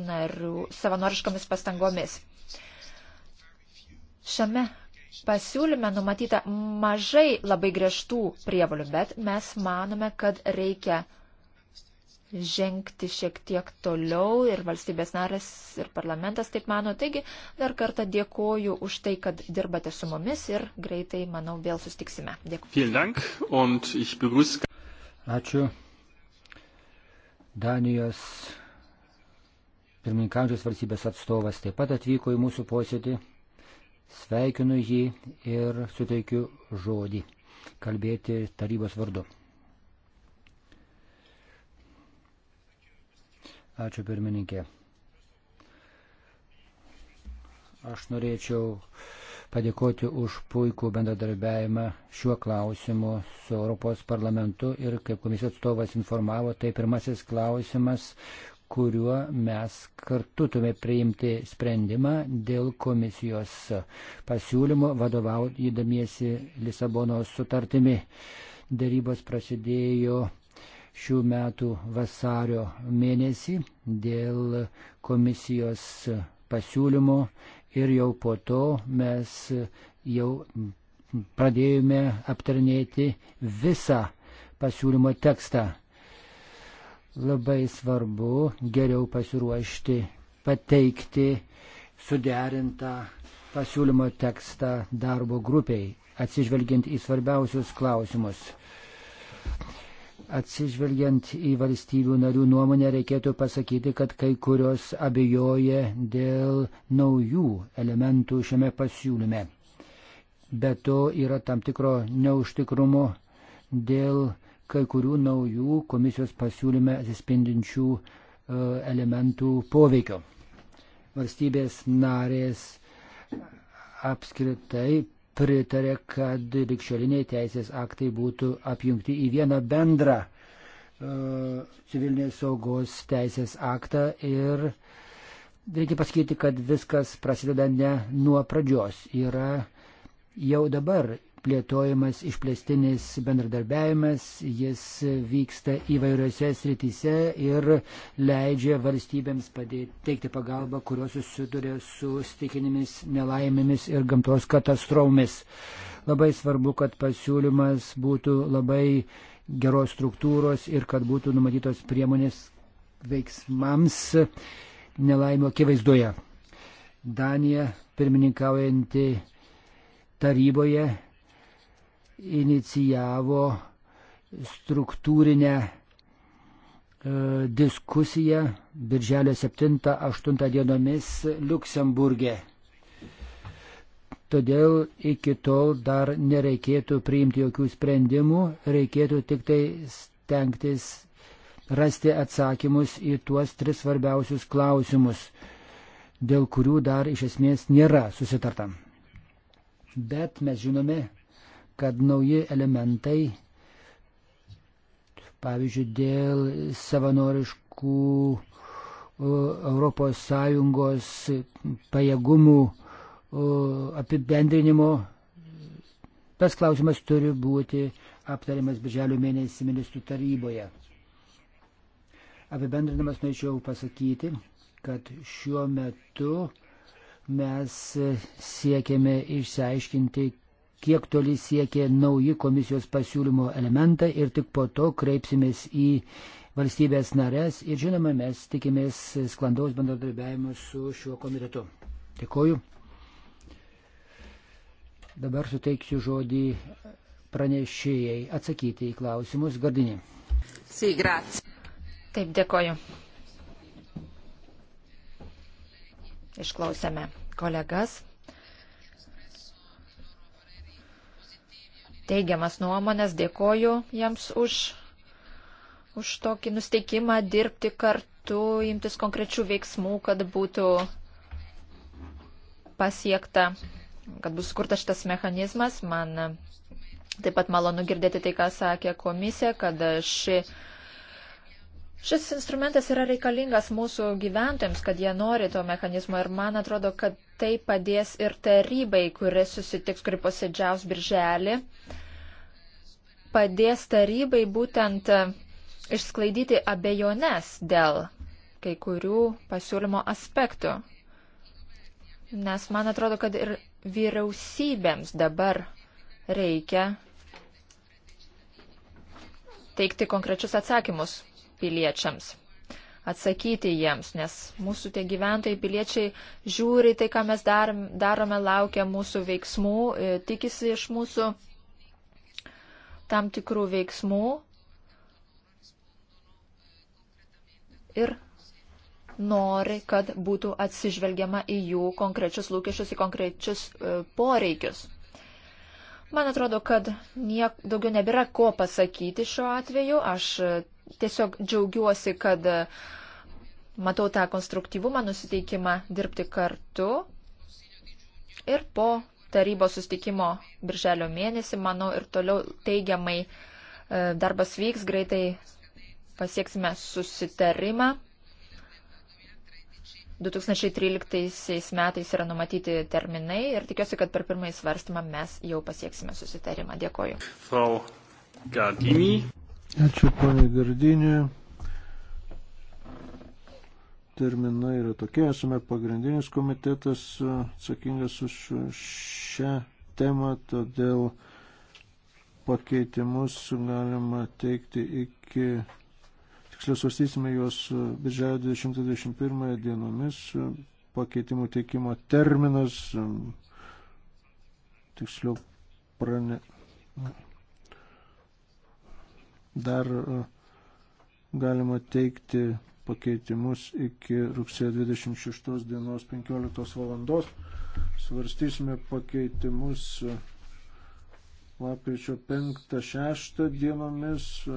S2: narių, savanoriškomis pastangomis. Šiame pasiūlyme numatyta mažai labai griežtų prievalių, bet mes manome, kad reikia žengti šiek tiek toliau ir valstybės narės ir parlamentas taip mano. Taigi dar kartą dėkoju už tai, kad dirbate su mumis ir greitai, manau, vėl sustiksime. Dėkui.
S3: Ačiū. Danijos pirmininkaujančios valstybės atstovas taip pat atvyko į mūsų posėdį. Sveikinu jį ir suteikiu žodį kalbėti tarybos vardu. Ačiū pirmininkė. Aš norėčiau padėkoti už puikų bendradarbiavimą šiuo klausimu su Europos parlamentu ir kaip komisijos atstovas informavo, tai pirmasis klausimas, kuriuo mes kartu turime priimti sprendimą dėl komisijos pasiūlymo vadovaujydamiesi Lisabonos sutartimi. Darybos prasidėjo šių metų vasario mėnesį dėl komisijos pasiūlymo ir jau po to mes jau pradėjome aptarnėti visą pasiūlymo tekstą. Labai svarbu geriau pasiruošti, pateikti suderintą pasiūlymo tekstą darbo grupiai, atsižvelgiant į svarbiausius klausimus. Atsižvelgiant į valstybių narių nuomonę, reikėtų pasakyti, kad kai kurios abejoja dėl naujų elementų šiame pasiūlyme. Be to yra tam tikro neužtikrumo dėl kai kurių naujų komisijos pasiūlyme atsispindinčių e, elementų poveikio. Valstybės narės apskritai pritarė, kad likščioliniai teisės aktai būtų apjungti į vieną bendrą e, civilinės saugos teisės aktą ir reikia pasakyti, kad viskas prasideda ne nuo pradžios. Yra jau dabar plėtojimas išplėstinis bendradarbiavimas, jis vyksta įvairiose srityse ir leidžia valstybėms padėti, teikti pagalbą, kurios susiduria su stikinėmis nelaimėmis ir gamtos katastrofomis. Labai svarbu, kad pasiūlymas būtų labai geros struktūros ir kad būtų numatytos priemonės veiksmams nelaimio akivaizdoje. Danija, pirmininkaujanti taryboje, inicijavo struktūrinę e, diskusiją birželio 7-8 dienomis Luksemburgė. Todėl iki tol dar nereikėtų priimti jokių sprendimų, reikėtų tik tai stengtis rasti atsakymus į tuos tris svarbiausius klausimus, dėl kurių dar iš esmės nėra susitarta. Bet mes žinome, kad nauji elementai, pavyzdžiui, dėl savanoriškų ES pajėgumų apibendrinimo, tas klausimas turi būti aptariamas birželio mėnesį ministrų taryboje. Apibendrinamas norėčiau pasakyti, kad šiuo metu mes siekiame išsiaiškinti, kiek toli siekia nauji komisijos pasiūlymo elementai ir tik po to kreipsimės į valstybės narės ir žinoma mes tikimės sklandaus bendradarbiavimo su šiuo komitetu. Dėkoju. Dabar suteiksiu žodį pranešėjai atsakyti į klausimus. Gardinė.
S2: Sì, grazie. Taip, dėkoju. Išklausėme kolegas. teigiamas nuomonės. Dėkoju jiems už, už tokį nusteikimą dirbti kartu, imtis konkrečių veiksmų, kad būtų pasiekta, kad bus skurtas šitas mechanizmas. Man taip pat malonu girdėti tai, ką sakė komisija, kad ši. Šį Šis instrumentas yra reikalingas mūsų gyventojams, kad jie nori to mechanizmo ir man atrodo, kad tai padės ir tarybai, kuri susitiks, kuri posėdžiaus birželį, padės tarybai būtent e, išsklaidyti abejones dėl kai kurių pasiūlymo aspektų. Nes man atrodo, kad ir vyriausybėms dabar reikia teikti konkrečius atsakymus piliečiams, atsakyti jiems, nes mūsų tie gyventojai, piliečiai žiūri tai, ką mes darome, laukia mūsų veiksmų, e, tikisi iš mūsų tam tikrų veiksmų ir nori, kad būtų atsižvelgiama į jų konkrečius lūkesčius, į konkrečius e, poreikius. Man atrodo, kad niek, daugiau nebėra ko pasakyti šiuo atveju. Aš e, tiesiog džiaugiuosi, kad e, matau tą konstruktyvumą, nusiteikimą dirbti kartu. Ir po tarybos sustikimo birželio mėnesį, manau, ir toliau teigiamai e, darbas vyks, greitai pasieksime susitarimą. 2013 metais yra numatyti terminai ir tikiuosi, kad per pirmąjį svarstymą mes jau pasieksime susitarimą. Dėkoju.
S3: Frau Gardini.
S1: Ačiū, ponė Gardinė. Terminai yra tokie, esame pagrindinis komitetas e, atsakingas už šią temą, todėl pakeitimus galima teikti iki tiksliau svarstysime juos e, birželio 2021 dienomis, e, pakeitimų teikimo terminas, tiksliau prane, dar e, galima teikti pakeitimus iki rugsėjo 26 dienos 15 valandos. Svarstysime pakeitimus e, lapkričio 5-6 dienomis. E,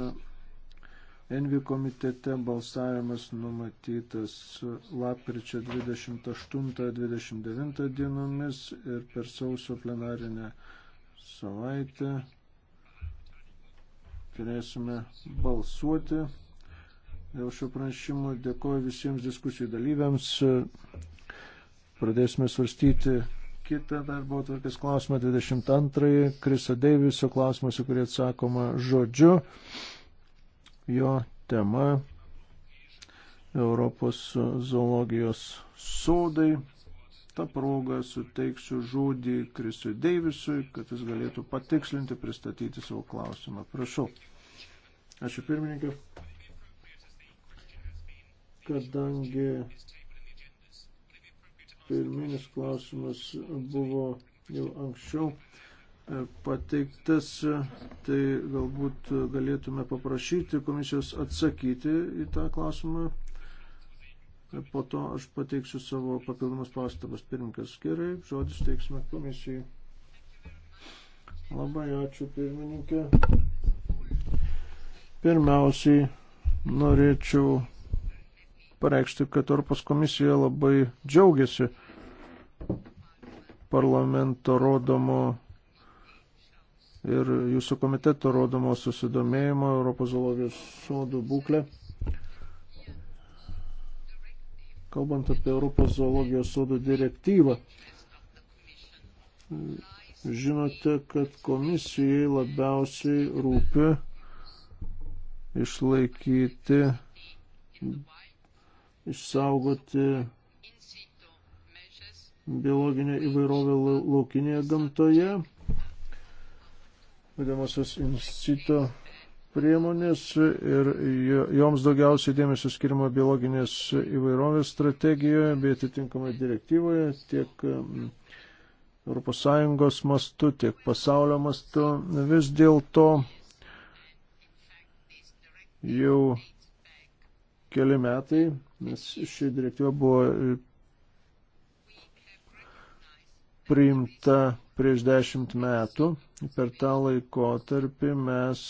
S1: Envi komitete balsavimas numatytas lapkričio 28-29 dienomis ir per sausio plenarinę savaitę galėsime balsuoti dėl šio pranešimo. Dėkuoju visiems diskusijų dalyviams. Pradėsime svarstyti kitą darbo atvarkės klausimą 22. Krisa Deiviso klausimas, į kurį atsakoma žodžiu. Jo tema Europos zoologijos sodai. Ta proga suteiksiu žodį Kristui Deivisui, kad jis galėtų patikslinti, pristatyti savo klausimą. Prašau. Ačiū pirmininkė. Kadangi pirminis klausimas buvo jau anksčiau e, pateiktas, tai galbūt galėtume paprašyti komisijos atsakyti į tą klausimą Po to aš pateiksiu savo papildomas pastabas. Pirmininkas, gerai, žodis teiksime komisijai. Labai ačiū, pirmininkė. Pirmiausiai norėčiau pareikšti, kad Europos komisija labai džiaugiasi parlamento rodomo ir jūsų komiteto rodomo susidomėjimo Europos zoologijos sodų būklė. kalbant apie Europos zoologijos sodo direktyvą. Žinote, kad komisijai labiausiai rūpi išlaikyti, išsaugoti biologinę įvairovę laukinėje gamtoje, vadinamosios insito priemonės ir joms daugiausiai dėmesio skirimo biologinės įvairovės strategijoje bei atitinkamai direktyvoje tiek mm, ES mastu, tiek pasaulio mastu. Vis dėlto jau keli metai, nes ši direktyva buvo priimta prieš dešimt metų. Per tą laikotarpį mes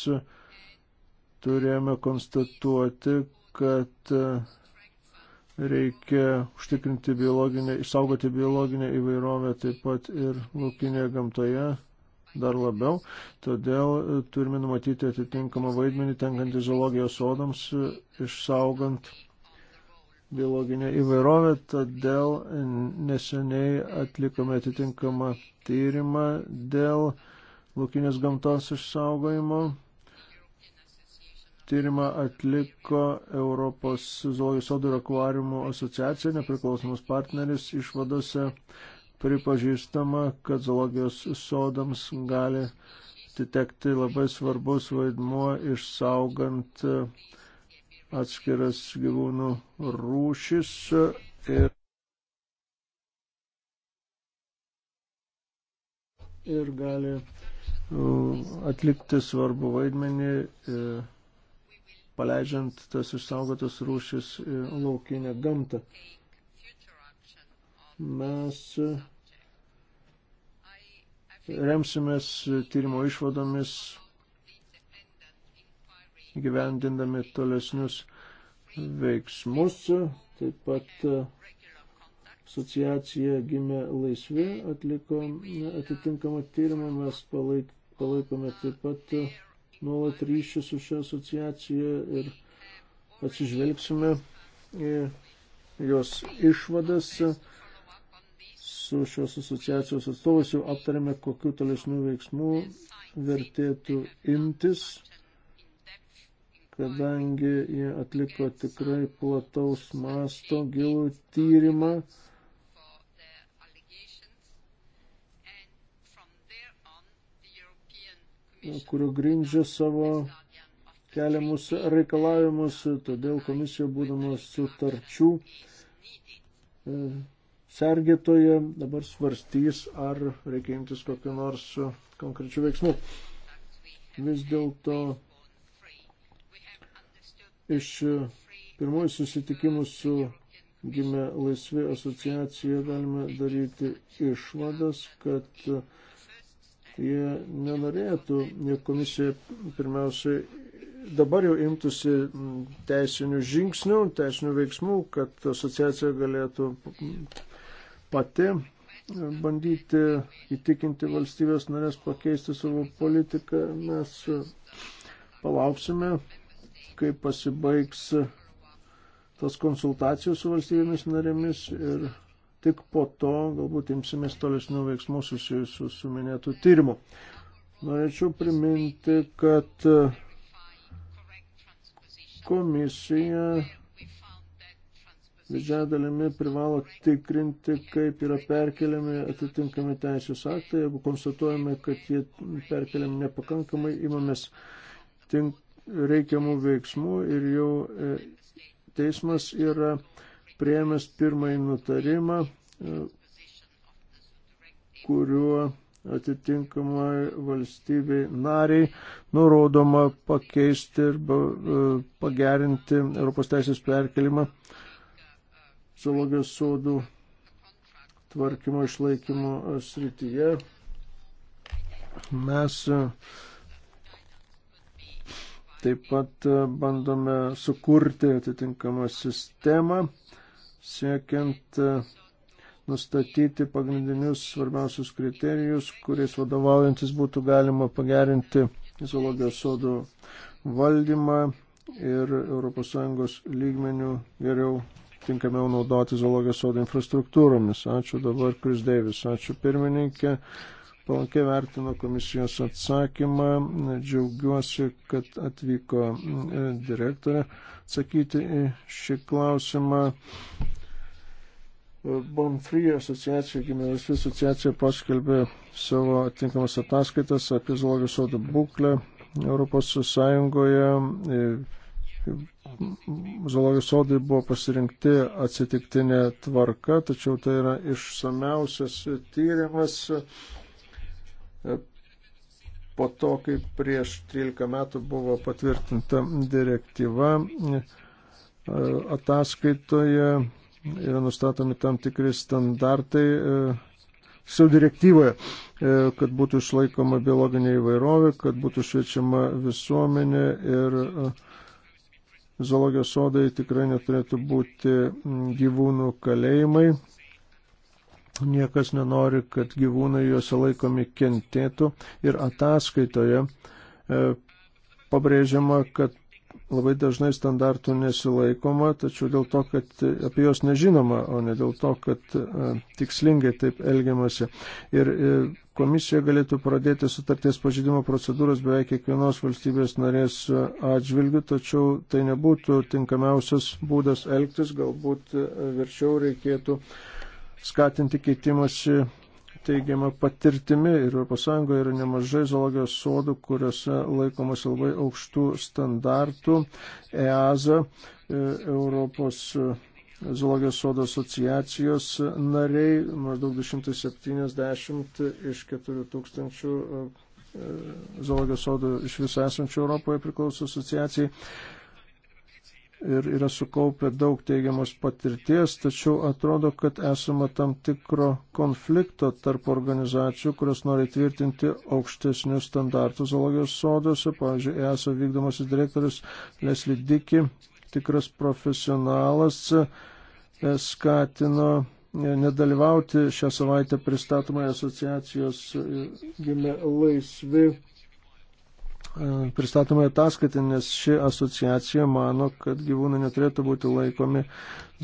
S1: turėjome konstatuoti, kad e, reikia užtikrinti biologinę, išsaugoti biologinę įvairovę taip pat ir laukinėje gamtoje dar labiau. Todėl e, turime numatyti atitinkamą vaidmenį tenkantį zoologijos sodams, e, išsaugant biologinę įvairovę. Todėl neseniai atlikome atitinkamą tyrimą dėl laukinės gamtos išsaugojimo Tyrimą atliko Europos zoologijos sodų ir akvariumų asociacija, nepriklausomas partneris. Išvadose pripažįstama, kad zoologijos sodams gali atitekti labai svarbus vaidmuo išsaugant atskiras gyvūnų rūšis. Ir ir gali uh, atlikti svarbu vaidmenį uh, paleidžiant tas išsaugotas rūšis į laukinę gamtą. Mes e, remsimės tyrimo išvadomis, gyvendindami tolesnius veiksmus. Taip pat e, asociacija gimė laisvi, atliko atitinkamą tyrimą, mes palaikome taip pat e, nuolat ryšį su šia asociacija ir atsižvelgsime į jos išvadas. Su šios asociacijos atstovais jau aptarėme, kokiu tolesnių veiksmų vertėtų imtis, kadangi jie atliko tikrai plataus masto gilų tyrimą kuriuo grindžia savo keliamus reikalavimus, todėl komisija būdama sutarčių e, sergėtoje dabar svarstys, ar reikia imtis kokiu nors konkrečiu veiksmu. Vis dėlto iš pirmųjų susitikimų su gimė laisvi asociacija galime daryti išvadas, kad Jie nenorėtų, jog komisija pirmiausiai dabar jau imtųsi teisinių žingsnių, teisinių veiksmų, kad asociacija galėtų pati bandyti įtikinti valstybės narės pakeisti savo politiką. Mes palauksime, kai pasibaigs tos konsultacijos su valstybėmis narėmis ir tik po to galbūt imsimės tolesnių veiksmų susijusių su minėtų tyrimu. Norėčiau priminti, kad uh, komisija didžiąją dalimi privalo tikrinti, kaip yra perkeliami atitinkami teisės aktai. Jeigu konstatuojame, kad jie perkeliami nepakankamai, imamės tink, reikiamų veiksmų ir jau uh, teismas yra prieimęs pirmąjį nutarimą, e, kuriuo atitinkamai valstybei nariai nurodoma pakeisti ir e, pagerinti Europos teisės perkelimą zoologijos sodų tvarkymo išlaikymo srityje. Mes e, taip pat bandome sukurti atitinkamą sistemą siekiant e, nustatyti pagrindinius svarbiausius kriterijus, kuriais vadovaujantis būtų galima pagerinti zoologijos sodų valdymą ir ES lygmenių geriau tinkamiau naudoti zoologijos sodo infrastruktūromis. Ačiū dabar Kris Deivis, ačiū pirmininkė. Palankiai vertinu komisijos atsakymą. Džiaugiuosi, kad atvyko e, direktorė atsakyti į šį klausimą. Bonfree asociacija, giminėsvių asociacija paskelbė savo atinkamas ataskaitas apie zoologijos sodų būklę Europos Sąjungoje. Zoologijos sodai buvo pasirinkti atsitiktinė tvarka, tačiau tai yra išsameusias tyrimas po to, kai prieš 13 metų buvo patvirtinta direktyva ataskaitoje yra nustatomi tam tikri standartai e, su direktyvoje, e, kad būtų išlaikoma biologinė įvairovė, kad būtų šviečiama visuomenė ir e, zoologijos sodai tikrai neturėtų būti gyvūnų kalėjimai. Niekas nenori, kad gyvūnai juose laikomi kentėtų ir ataskaitoje pabrėžiama, kad labai dažnai standartų nesilaikoma, tačiau dėl to, kad apie juos nežinoma, o ne dėl to, kad e, tikslingai taip elgiamasi. Ir e, komisija galėtų pradėti sutarties pažydimo procedūros beveik kiekvienos valstybės narės e, atžvilgių, tačiau tai nebūtų tinkamiausias būdas elgtis, galbūt verčiau reikėtų skatinti keitimasi teigiama patirtimi ir ES yra nemažai zoologijos sodų, kuriuose laikomas labai aukštų standartų. EASA, e, e, Europos e, zoologijos sodo asociacijos nariai, maždaug 270 iš 4000 zoologijos sodų iš viso esančių Europoje priklauso asociacijai ir yra sukaupę daug teigiamos patirties, tačiau atrodo, kad esama tam tikro konflikto tarp organizacijų, kurios nori tvirtinti aukštesnius standartus zoologijos sodose. Pavyzdžiui, ESO vykdomasis direktorius Leslie Diki, tikras profesionalas, e, skatino e, nedalyvauti šią savaitę pristatomai asociacijos e, gimė laisvi pristatomai ataskaitė, nes ši asociacija mano, kad gyvūnai neturėtų būti laikomi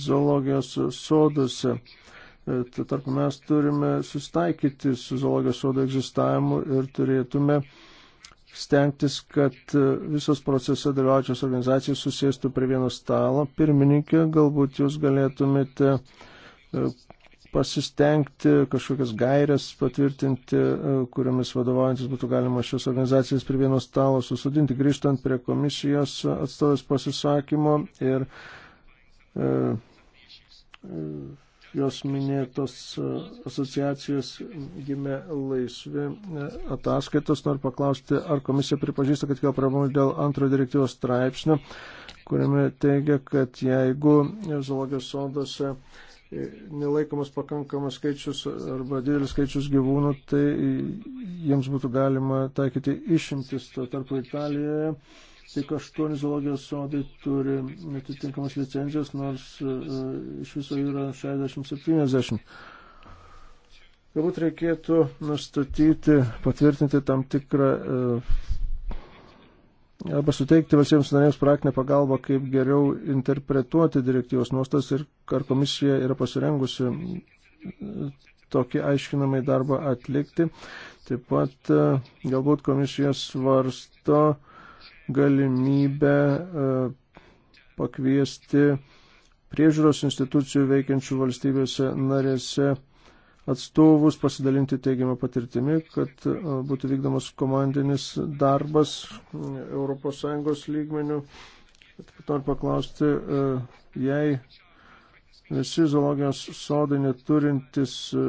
S1: zoologijos soduose. Tuo tarpu mes turime sustaikyti su zoologijos sodo egzistavimu ir turėtume stengtis, kad visos procese dalyvaujančios organizacijos susėstų prie vieno stalo. Pirmininkė, galbūt jūs galėtumėte pasistengti kažkokias gairias patvirtinti, e, kuriamis vadovaujantis būtų galima šios organizacijas prie vieno stalo susodinti, grįžtant prie komisijos atstovės pasisakymo ir e, e jos minėtos e, asociacijos gimė laisvi ataskaitos. Noriu paklausti, ar komisija pripažįsta, kad kėl problemų dėl antrojo direktyvos straipsnio, kuriame teigia, kad jeigu zoologijos sodose e, nelaikomas pakankamas skaičius arba didelis skaičius gyvūnų, tai jiems būtų galima taikyti išimtis. Tuo tarpu Italijoje tik aštuoni zoologijos sodai turi atitinkamas licenzijas, nors e, iš viso yra 60-70. Galbūt reikėtų nustatyti, patvirtinti tam tikrą uh, arba suteikti valstybėms narėms praktinę pagalbą, kaip geriau interpretuoti direktyvos nuostas ir ar komisija yra pasirengusi e, tokį aiškinamai darbą atlikti. Taip pat e, galbūt komisija svarsto galimybę e, pakviesti priežiūros institucijų veikiančių valstybėse narėse atstovus, pasidalinti teigiamą patirtimį, kad e, būtų vykdomas komandinis darbas mm, ES lygmenių. Noriu paklausti, e, jei visi zoologijos sodai neturintis e,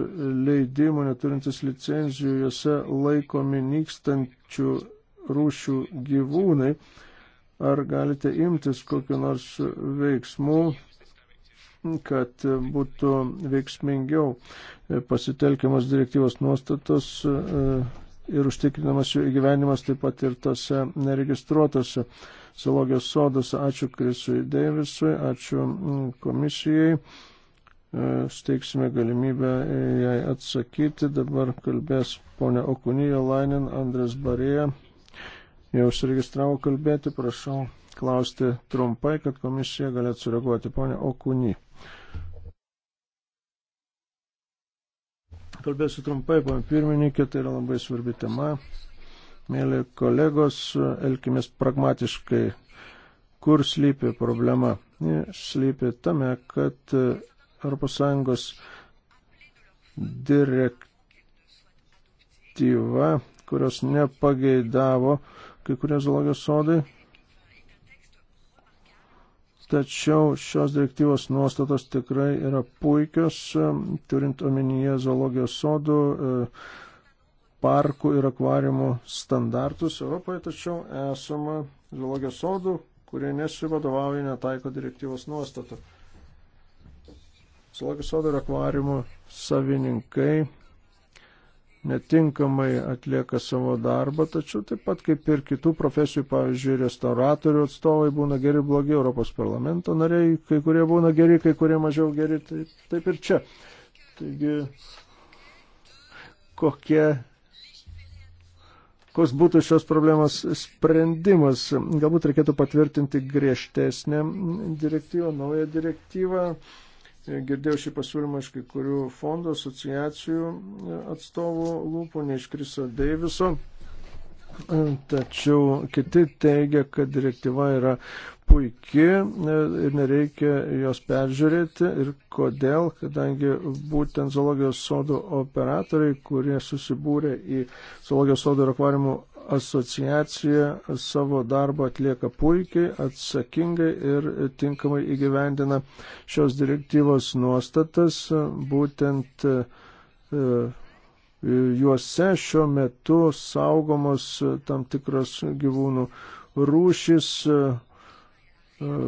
S1: leidimų, neturintis licenzijų, juose laikomi nykstančių rūšių gyvūnai, ar galite imtis kokiu nors veiksmu kad būtų veiksmingiau pasitelkiamas direktyvos nuostatos e, ir užtikrinamas jų įgyvenimas taip pat ir tose neregistruotose zoologijos sodose. Ačiū Krisui Deivisui, ačiū mm, komisijai. E, steiksime galimybę jai atsakyti. Dabar kalbės ponia Okunijo Lainin, Andres Barėja. Jau užsiregistravo kalbėti, prašau klausti trumpai, kad komisija galėtų sureaguoti. Pone Okunijo. Kalbėsiu trumpai, pan pirmininkė, tai yra labai svarbi tema. Mėly kolegos, elkimės pragmatiškai. Kur slypi problema? Slypi tame, kad ES direktyva, kurios nepageidavo kai kurie zoologijos sodai, Tačiau šios direktyvos nuostatos tikrai yra puikios, turint omenyje zoologijos sodų, e, parkų ir akvariumų standartus Europoje, tačiau esama zoologijos sodų, kurie nesivadovauja netaiko direktyvos nuostatų. Zoologijos sodų ir akvariumų savininkai netinkamai atlieka savo darbą, tačiau taip pat kaip ir kitų profesijų, pavyzdžiui, restauratorių atstovai būna geri, blogi, Europos parlamento nariai, kai kurie būna geri, kai kurie mažiau geri, taip, taip ir čia. Taigi, kokie, koks būtų šios problemos sprendimas? Galbūt reikėtų patvirtinti griežtesnę direktyvą, naują direktyvą Girdėjau šį pasiūlymą iš kai kurių fondų, asociacijų e, atstovų lūpų, ne iš Kriso Deiviso. E, tačiau kiti teigia, kad direktyva yra puikia e, ir nereikia jos peržiūrėti. Ir kodėl? Kadangi būtent zoologijos sodų operatoriai, kurie susibūrė į zoologijos sodų ir akvariumų asociacija savo darbą atlieka puikiai, atsakingai ir tinkamai įgyvendina šios direktyvos nuostatas. Būtent e, juose šiuo metu saugomos tam tikros gyvūnų rūšis, e, e,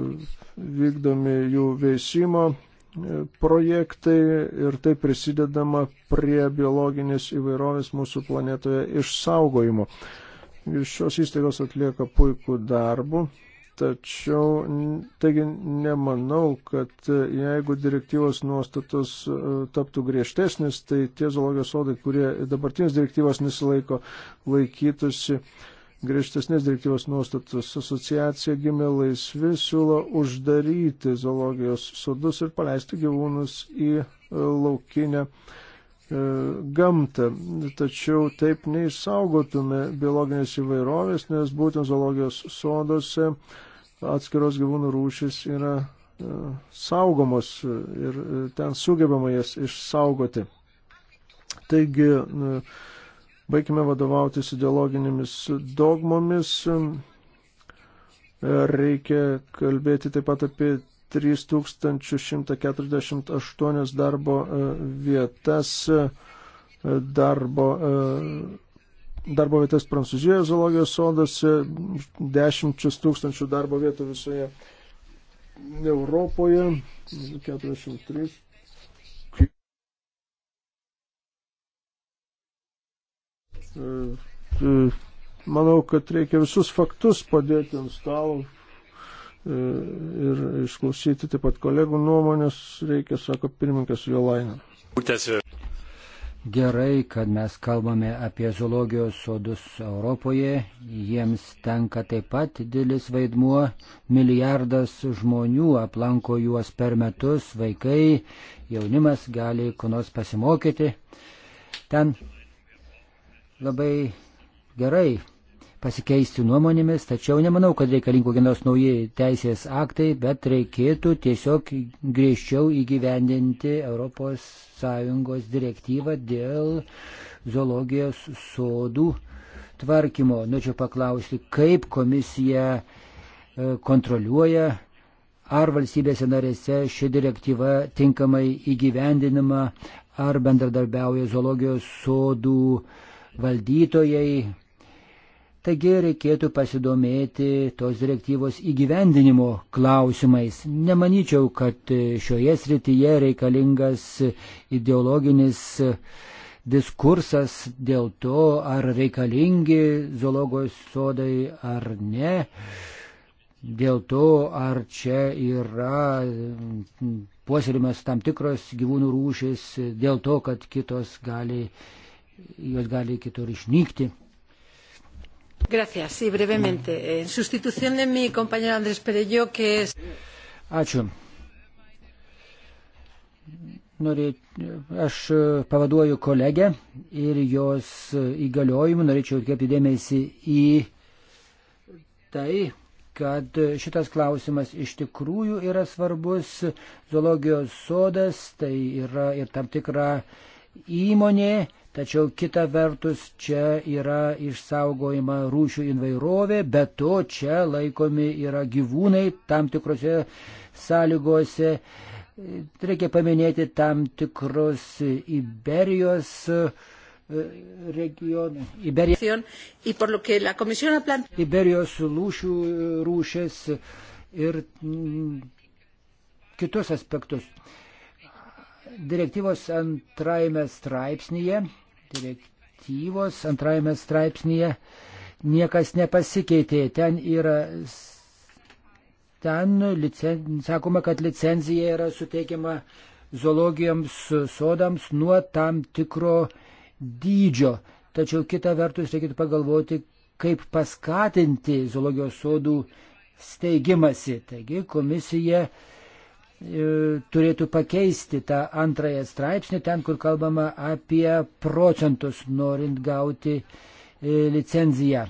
S1: vykdomi jų veisimo projektai ir tai prisidedama prie biologinės įvairovės mūsų planetoje išsaugojimo. Šios įstaigos atlieka puikų darbų, tačiau taigi nemanau, kad e, jeigu direktyvos nuostatos e, taptų griežtesnis, tai tie zoologijos sodai, kurie dabartinės direktyvos nesilaiko, laikytųsi griežtesnės direktyvos nuostatus. Asociacija gimė laisvi, siūlo uždaryti zoologijos sodus ir paleisti gyvūnus į e, laukinę E, gamtą. Tačiau taip neišsaugotume biologinės įvairovės, nes būtent zoologijos sodose atskiros gyvūnų rūšis yra e, saugomos ir e, ten sugebama jas išsaugoti. Taigi, baigime vadovautis ideologinėmis dogmomis. Reikia kalbėti taip pat apie 3148 darbo e, vietas, e, darbo, e, darbo vietas Prancūzijoje zoologijos sodose, dešimčius tūkstančių darbo vietų visoje Europoje, 43. Manau, kad reikia visus faktus padėti ant stalo, E, ir išklausyti taip pat kolegų nuomonės reikia, sako
S3: pirmininkas Jolaina. Gerai, kad mes kalbame apie zoologijos sodus Europoje, jiems tenka taip pat didelis vaidmuo, milijardas žmonių aplanko juos per metus, vaikai, jaunimas gali kunos pasimokyti. Ten labai gerai pasikeisti nuomonėmis, tačiau nemanau, kad reikalingi kokie nors nauji teisės aktai, bet reikėtų tiesiog griežčiau įgyvendinti ES direktyvą dėl zoologijos sodų tvarkymo. Norėčiau paklausti, kaip komisija e, kontroliuoja, ar valstybėse narėse ši direktyva tinkamai įgyvendinama, ar bendradarbiauja zoologijos sodų valdytojai, Taigi reikėtų pasidomėti tos direktyvos įgyvendinimo klausimais. Nemanyčiau, kad šioje srityje reikalingas ideologinis diskursas dėl to, ar reikalingi zoologos sodai ar ne dėl to, ar čia yra puoselimas tam tikros gyvūnų rūšis, dėl to, kad kitos gali, jos gali kitur išnykti.
S2: Gracias, sí, brevemente. En sustitución de mi compañero Andrés Perello, que es.
S3: Ačiū. Norė... Aš pavaduoju kolegę ir jos įgaliojimų norėčiau atkreipti dėmesį į tai, kad šitas klausimas iš tikrųjų yra svarbus. Zoologijos sodas tai yra ir tam tikra įmonė, Tačiau kita vertus čia yra išsaugojama rūšių įvairovė, bet to čia laikomi yra gyvūnai tam tikrose sąlygose. Reikia paminėti tam tikrus Iberijos e, regioną. Iberija, Iberijos lūšių e, rūšės ir mm, kitus aspektus. Direktyvos antrajame straipsnėje direktyvos antrajame straipsnėje niekas nepasikeitė. Ten yra. Ten licen, sakoma, kad licenzija yra suteikiama zoologijoms sodams nuo tam tikro dydžio. Tačiau kita vertus reikėtų pagalvoti, kaip paskatinti zoologijos sodų steigimasi. Taigi komisija uh, E, turėtų pakeisti tą antrąją straipsnį, ten, kur kalbama apie procentus, norint gauti e, licenciją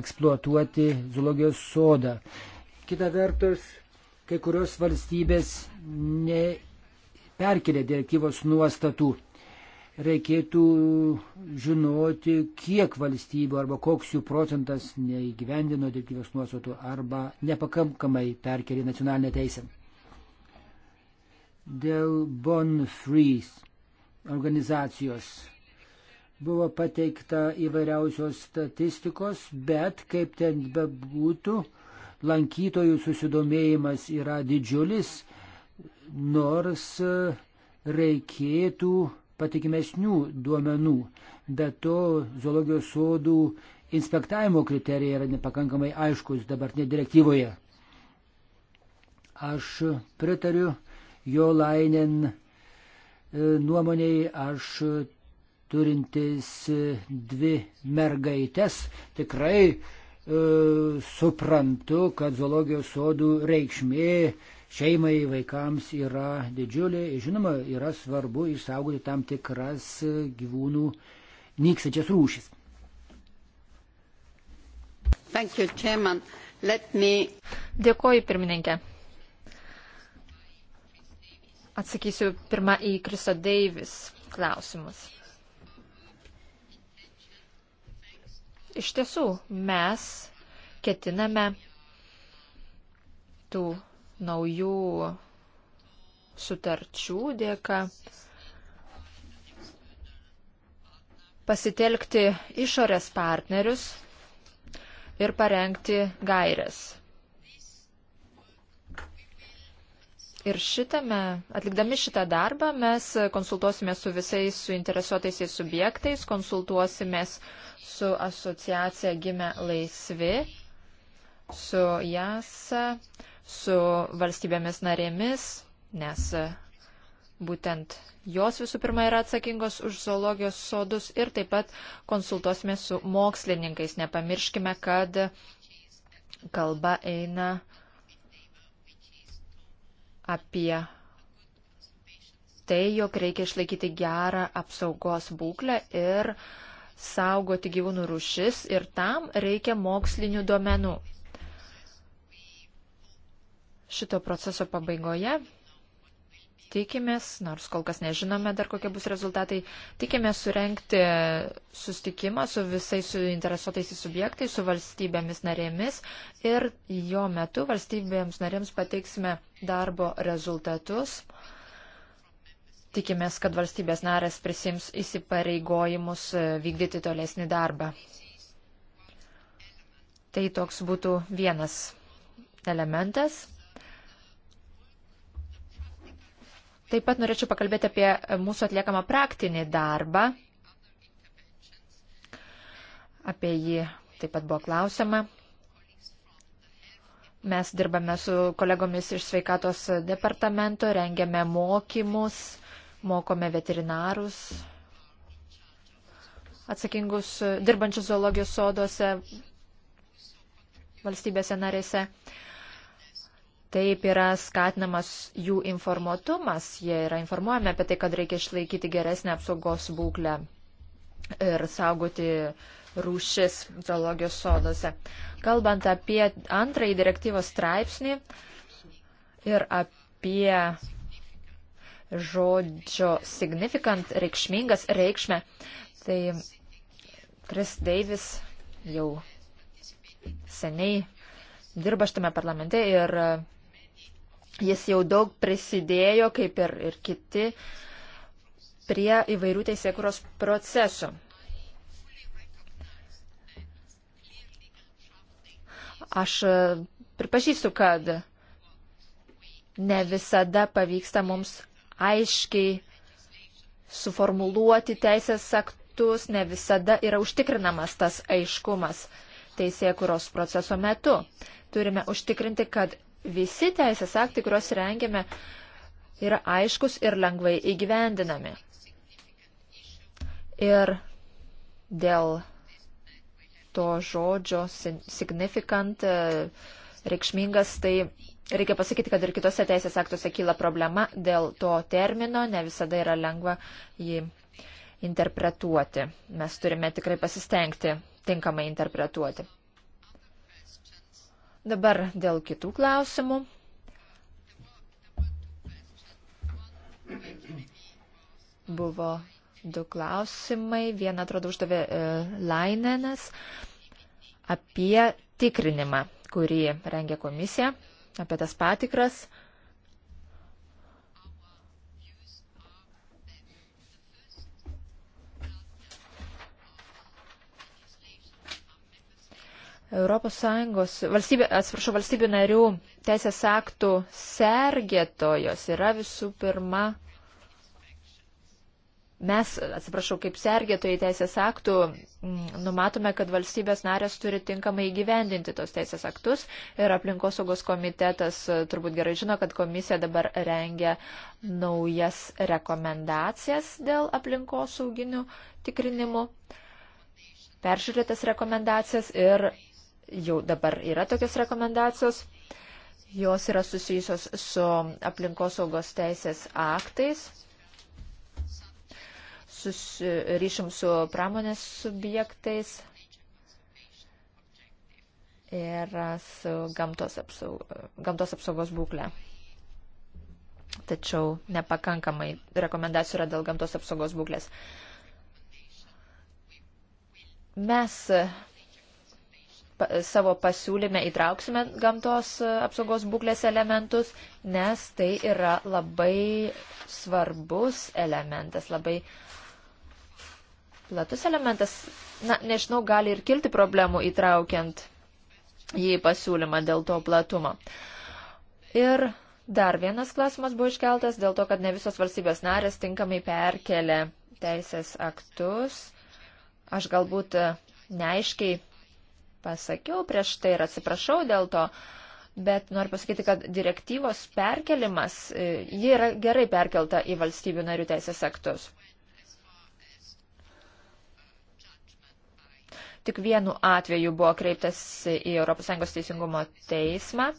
S3: eksploatuoti zoologijos sodą. Kita vertus, kai kurios valstybės neperkelė direktyvos nuostatų. Reikėtų žinoti, kiek valstybių arba koks jų procentas neįgyvendino direktyvos nuostatų arba nepakankamai perkelė nacionalinę teisę dėl Bonfrees organizacijos. Buvo pateikta įvairiausios statistikos, bet kaip ten bebūtų, lankytojų susidomėjimas yra didžiulis, nors reikėtų patikimesnių duomenų. Be to, zoologijos sodų inspektavimo kriterijai yra nepakankamai aiškus dabartinėje direktyvoje. Aš pritariu jo lainin e, nuomoniai aš turintis dvi mergaitės tikrai e, suprantu, kad zoologijos sodų reikšmė šeimai, vaikams yra didžiulė. Žinoma, yra svarbu išsaugoti tam tikras gyvūnų nyksačias rūšis.
S2: You, me... Dėkoju, pirmininkė. Atsakysiu pirmą į Kriso Deivis klausimus. Iš tiesų, mes ketiname tų naujų sutarčių dėka pasitelkti išorės partnerius ir parengti gairias. Ir šitame, atlikdami šitą darbą, mes konsultuosime su visais suinteresuotaisiais subjektais, konsultuosimės su asociacija Gime Laisvi, su JAS, su valstybėmis narėmis, nes būtent jos visų pirma yra atsakingos už zoologijos sodus ir taip pat konsultuosime su mokslininkais. Nepamirškime, kad kalba eina apie tai, jog reikia išlaikyti gerą apsaugos būklę ir saugoti gyvūnų rušis ir tam reikia mokslinių duomenų. Šito proceso pabaigoje tikimės, nors kol kas nežinome dar kokie bus rezultatai, tikimės surenkti sustikimą su visais suinteresuotais subjektais, su valstybėmis narėmis ir jo metu valstybėms narėms pateiksime darbo rezultatus. Tikimės, kad valstybės narės prisims įsipareigojimus e, vykdyti tolesnį darbą. Tai toks būtų vienas elementas. Taip pat norėčiau pakalbėti apie mūsų atliekamą praktinį darbą. Apie jį taip pat buvo klausima. Mes dirbame su kolegomis iš sveikatos departamento, rengiame mokymus, mokome veterinarus, atsakingus dirbančius zoologijos soduose valstybėse narėse. Uh, Taip yra skatinamas jų informatumas, jie yra informuojami apie tai, kad reikia išlaikyti geresnę apsaugos būklę ir saugoti rūšis zoologijos sodose. Kalbant apie antrąjį direktyvos straipsnį ir apie žodžio significant, reikšmingas reikšmę, tai Chris Davis jau seniai dirba šitame parlamente ir Jis jau daug prisidėjo, kaip ir, ir kiti, prie įvairių teisėkuros procesų. Aš pripažįstu, kad ne visada pavyksta mums aiškiai suformuluoti teisės aktus, ne visada yra užtikrinamas tas aiškumas teisėkuros proceso metu. Turime užtikrinti, kad visi teisės aktai, kuriuos rengiame, yra aiškus ir lengvai įgyvendinami. Ir dėl to žodžio significant, e, reikšmingas, tai reikia pasakyti, kad ir kitose teisės aktuose kyla problema dėl to termino, ne visada yra lengva jį interpretuoti. Mes turime tikrai pasistengti tinkamai interpretuoti. Dabar dėl kitų klausimų. Buvo du klausimai. Vieną, atrodo, uždavė e, Lainenas apie tikrinimą, kurį rengia komisija, apie tas patikras. E, ES valstybė, atsiprašau, valstybių narių teisės aktų sergėtojos yra visų pirma. Mes, atsiprašau, kaip sergėtojai teisės aktų mm, numatome, kad valstybės narės turi tinkamai įgyvendinti tos teisės aktus ir aplinkosaugos komitetas e, turbūt gerai žino, kad komisija dabar rengia naujas rekomendacijas dėl aplinkosauginių tikrinimų peržiūrėtas rekomendacijas ir jau dabar yra tokios rekomendacijos. Jos yra susijusios su aplinkosaugos teisės aktais, sus, ryšim su pramonės subjektais ir su gamtos, apsaug, gamtos apsaugos būklė. Tačiau nepakankamai rekomendacijų yra dėl gamtos apsaugos būklės. Mes savo pasiūlyme įtrauksime gamtos e, apsaugos būklės elementus, nes tai yra labai svarbus elementas, labai platus elementas. Na, nežinau, gali ir kilti problemų įtraukiant jį pasiūlymą dėl to platumo. Ir dar vienas klausimas buvo iškeltas dėl to, kad ne visos valstybės narės tinkamai perkelė teisės aktus. Aš galbūt e, neaiškiai pasakiau prieš tai ir atsiprašau dėl to, bet noriu pasakyti, kad direktyvos perkelimas, e, ji yra gerai perkelta į valstybių narių teisės aktus. Tik vienu atveju buvo kreiptas į ES teisingumo teismą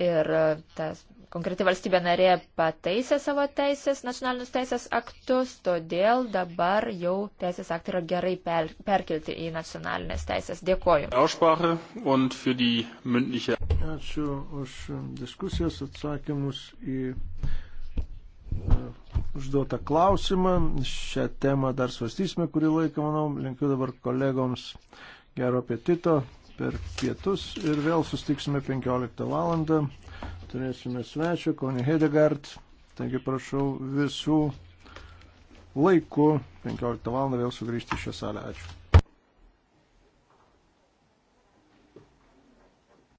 S2: ir tas konkreti valstybė narė pataisė savo teisės, nacionalinius teisės aktus, todėl dabar jau teisės aktai yra gerai per, perkelti į nacionalinės teisės. Dėkoju.
S1: Ačiū už diskusijas, atsakymus į e, užduotą klausimą. Šią temą dar svarstysime kurį laiką, manau. Linkiu dabar kolegoms gero apetito per pietus ir vėl sustiksime 15 valandą turėsime svečių, Koni Hedegard. Taigi prašau visų laiku 15 val. vėl
S3: sugrįžti į šią salę. Ačiū.